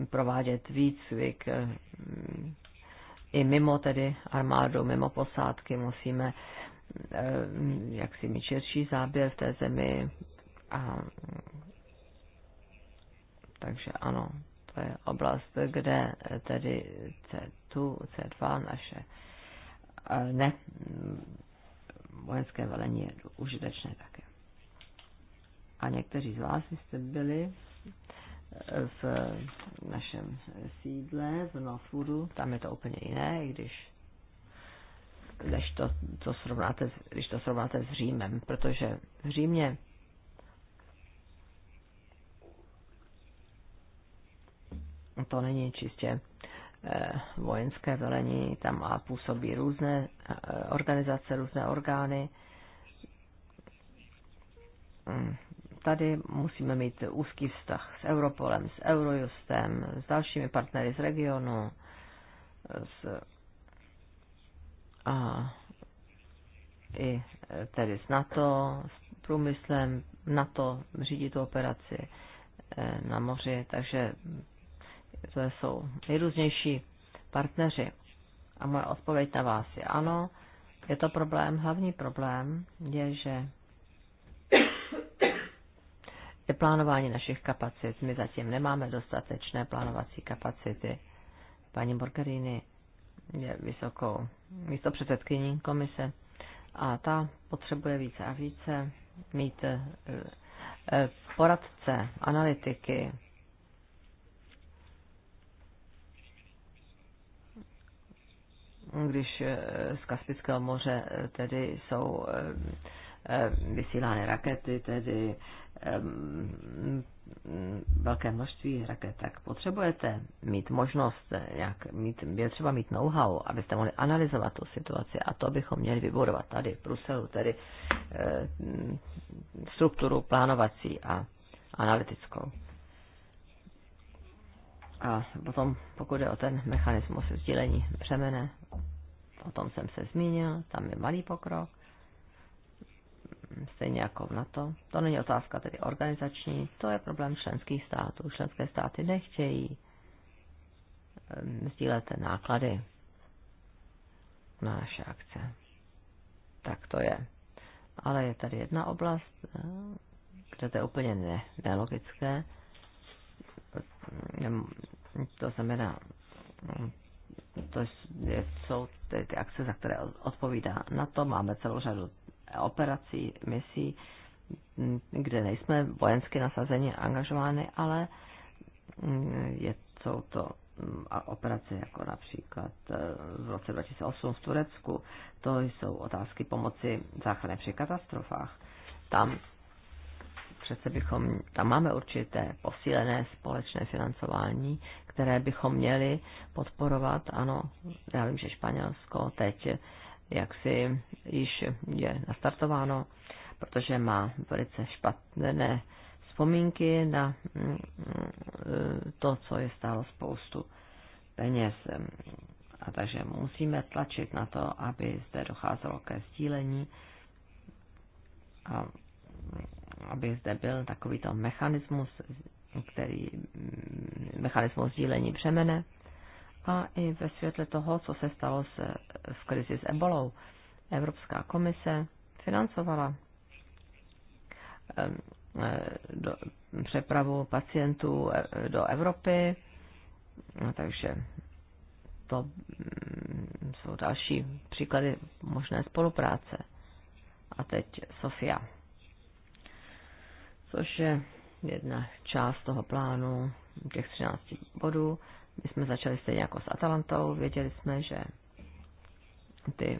eh, provádět výcvik eh, i mimo tedy armádu, mimo posádky, musíme jak si mít širší záběr v té zemi. A, takže ano, to je oblast, kde tedy C2, C2 naše ne, vojenské velení je užitečné také. A někteří z vás jste byli eh, v našem sídle v Nofuru, tam je to úplně jiné, i když než to, co srovnáte, když to srovnáte s Římem, protože v Římě to není čistě Eh, vojenské velení tam a působí různé eh, organizace, různé orgány. Mm, tady musíme mít úzký vztah s Europolem, s Eurojustem, s dalšími partnery z regionu, s, a i eh, tedy s NATO, s průmyslem NATO řídí tu operaci na moři, takže to jsou nejrůznější partneři. A moje odpověď na vás je ano, je to problém. Hlavní problém je, že je plánování našich kapacit. My zatím nemáme dostatečné plánovací kapacity. Paní Borgerini je vysokou místo předsedkyní komise a ta potřebuje více a více mít eh, eh, poradce, analytiky, když eh, z Kaspického moře eh, tedy jsou eh, vysílány rakety, tedy velké množství raket, tak potřebujete mít možnost, jak mít, je třeba mít know-how, abyste mohli analyzovat tu situaci a to bychom měli vybudovat tady v Bruselu, tedy strukturu plánovací a analytickou. A potom, pokud je o ten mechanismus sdílení břemene, o tom jsem se zmínil, tam je malý pokrok, stejně jako v NATO. To není otázka tedy organizační, to je problém členských států. Členské státy nechtějí sdílet náklady na naše akce. Tak to je. Ale je tady jedna oblast, eh, kde to je úplně ne, nelogické to znamená, to jsou ty, ty akce, za které odpovídá na to. Máme celou řadu operací, misí, kde nejsme vojensky nasazeni, angažovány, ale mm, je, jsou to mm, operace jako například e, v roce 2008 v Turecku. To jsou otázky pomoci záchrany při katastrofách. Tam přece bychom, tam máme určité posílené společné financování, které bychom měli podporovat. Ano, já vím, že Španělsko teď jaksi již je nastartováno, protože má velice špatné vzpomínky na mm, mm, to, co je stálo spoustu peněz. A takže musíme tlačit na to, aby zde docházelo ke sdílení a aby zde byl takovýto mechanismus, který mechanismus sdílení přemene. a i ve světle toho, co se stalo s, v krizi s ebolou. Evropská komise financovala e, do, přepravu pacientů e, do Evropy, no, takže to mm, jsou další příklady možné spolupráce. A teď Sofia což je jedna část toho plánu těch 13 bodů. My jsme začali stejně jako s Atalantou, věděli jsme, že ty,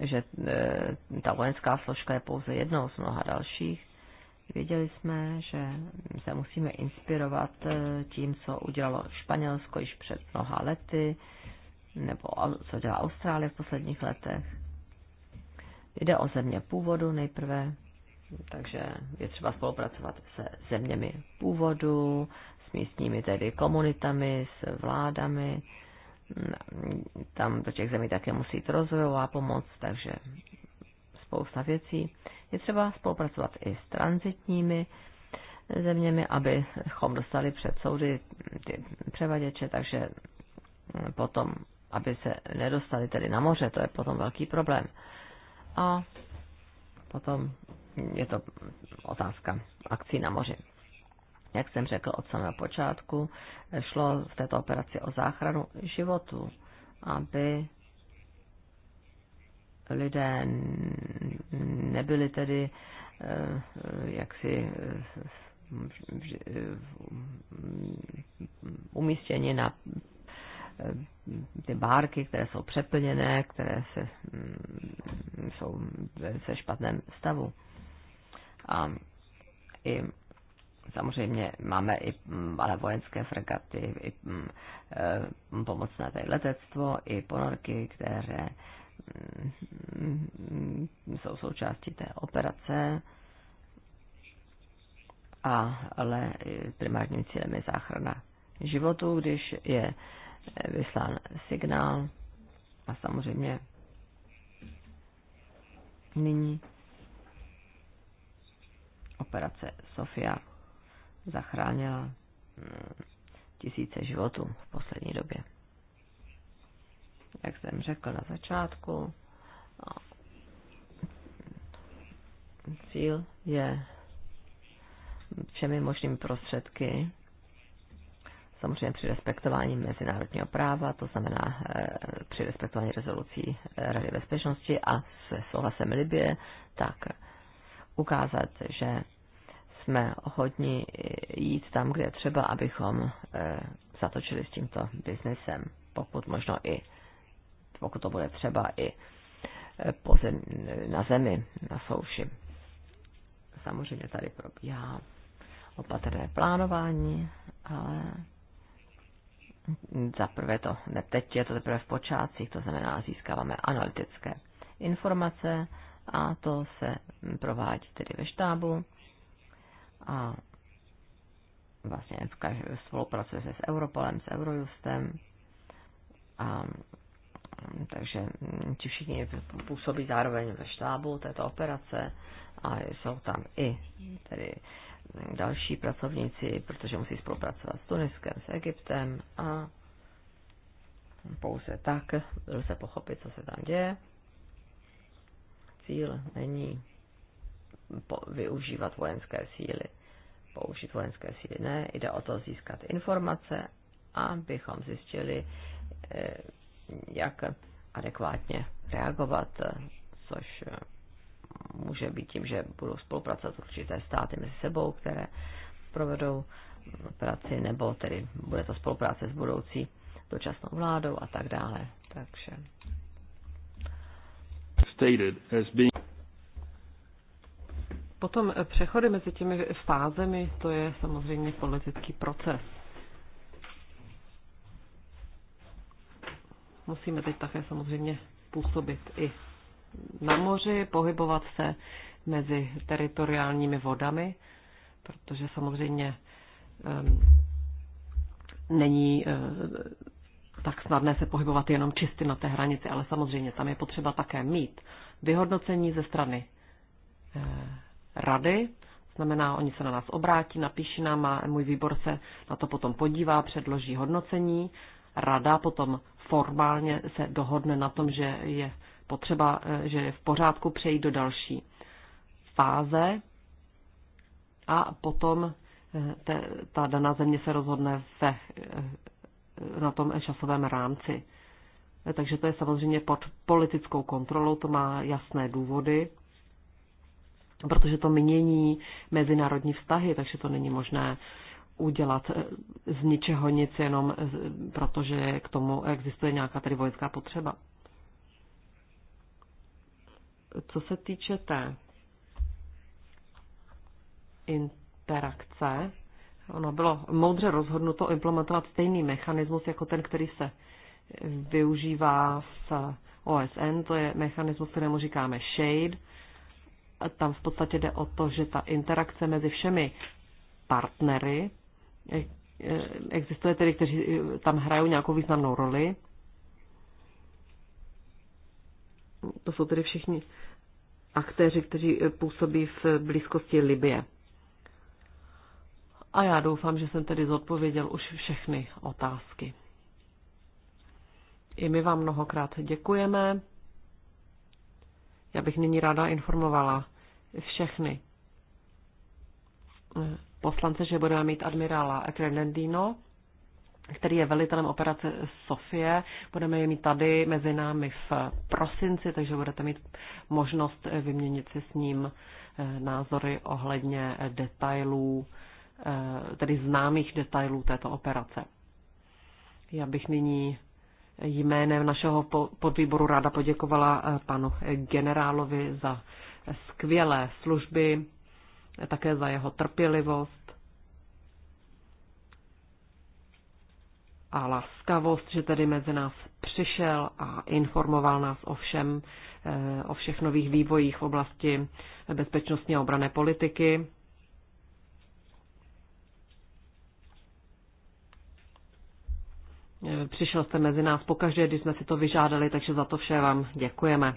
že e, ta vojenská složka je pouze jednou z mnoha dalších. Věděli jsme, že se musíme inspirovat e, tím, co udělalo Španělsko již před mnoha lety, nebo co dělá Austrálie v posledních letech. Jde o země původu nejprve, takže je třeba spolupracovat se zeměmi původu, s místními tedy komunitami, s vládami. Tam do těch zemí také musí jít rozvojová pomoc, takže spousta věcí. Je třeba spolupracovat i s transitními zeměmi, abychom dostali před soudy ty převaděče, takže potom, aby se nedostali tedy na moře, to je potom velký problém. A potom je to otázka akcí na moři. Jak jsem řekl od samého počátku, šlo v této operaci o záchranu životu, aby lidé nebyli tedy eh, jaksi eh, umístěni na eh, ty bárky, které jsou přeplněné, které se, mm, jsou ve špatném stavu. A i samozřejmě máme i mm, ale vojenské fregaty, i mm, eh, pomocné tady letectvo, i ponorky, které mm, jsou součástí té operace. A, ale primárním cílem je záchrana životu, když je eh, vyslán signál a samozřejmě nyní operace Sofia zachránila mm, tisíce životů v poslední době. Jak jsem řekl na začátku, no, cíl je všemi možnými prostředky, samozřejmě při respektování mezinárodního práva, to znamená eh, při respektování rezolucí eh, Rady bezpečnosti a se souhlasem Libie, tak ukázat, že jsme ochotni jít tam, kde třeba, abychom eh, zatočili s tímto biznesem, pokud možno i, pokud to bude třeba i eh, pozem, na zemi, na souši. Samozřejmě tady probíhá opatrné plánování, ale za prvé to, ne teď je to teprve v počátcích, to znamená získáváme analytické informace a to se provádí tedy ve štábu a vlastně v každé, spolupracuje se s Europolem, s Eurojustem a takže ti všichni působí zároveň ve štábu této operace a jsou tam i tedy další pracovníci, protože musí spolupracovat s Tuniskem, s Egyptem a pouze tak lze pochopit, co se tam děje. Cíl není po, využívat vojenské síly, použít vojenské síly. Ne, jde o to získat informace, abychom zjistili, eh, jak adekvátně reagovat, což eh, může být tím, že budou spolupracovat určité státy mezi sebou, které provedou práci, nebo tedy bude to spolupráce s budoucí dočasnou vládou a tak dále. Takže. Stated as being Potom eh, přechody mezi těmi fázemi, to je samozřejmě politický proces. Musíme teď také samozřejmě působit i na moři, pohybovat se mezi teritoriálními vodami, protože samozřejmě um, není uh, tak snadné se pohybovat jenom čistě na té hranici, ale samozřejmě tam je potřeba také mít vyhodnocení ze strany uh, rady, znamená, oni se na nás obrátí, napíší nám a můj výbor se na to potom podívá, předloží hodnocení. Rada potom formálně se dohodne na tom, že je potřeba, eh, že je v pořádku přejít do další fáze a potom eh, te, ta daná země se rozhodne ve, eh, na tom časovém rámci. Takže to je samozřejmě pod politickou kontrolou, to má jasné důvody protože to mění mezinárodní vztahy, takže to není možné udělat eh, z ničeho nic jenom eh, protože k tomu existuje nějaká tedy vojenská potřeba. Co se týče té interakce, ono bylo moudře rozhodnuto implementovat stejný mechanismus jako ten, který se využívá v OSN, to je mechanismus, kterému říkáme SHADE, tam v podstatě jde o to, že ta interakce mezi všemi partnery, eh, eh, existuje tedy, kteří eh, tam hrajou nějakou významnou roli. To jsou tedy všichni aktéři, kteří působí v blízkosti Libie. A já doufám, že jsem tedy zodpověděl už všechny otázky. I my vám mnohokrát děkujeme. Já bych nyní ráda informovala všechny eh, poslance, že budeme mít admirála Ekrenendino, který je velitelem operace Sofie. Budeme je mít tady mezi námi v prosinci, takže budete mít možnost eh, vyměnit si s ním eh, názory ohledně detailů, tedy známých detailů této operace. Já bych nyní jménem našeho podvýboru ráda poděkovala eh, panu generálovi za skvělé služby, také za jeho trpělivost a laskavost, že tedy mezi nás přišel a informoval nás o všem, eh, o všech nových vývojích v oblasti bezpečnostní a obrané politiky. Přišel jste mezi nás pokaždé, když jsme si to vyžádali, takže za to vše vám děkujeme.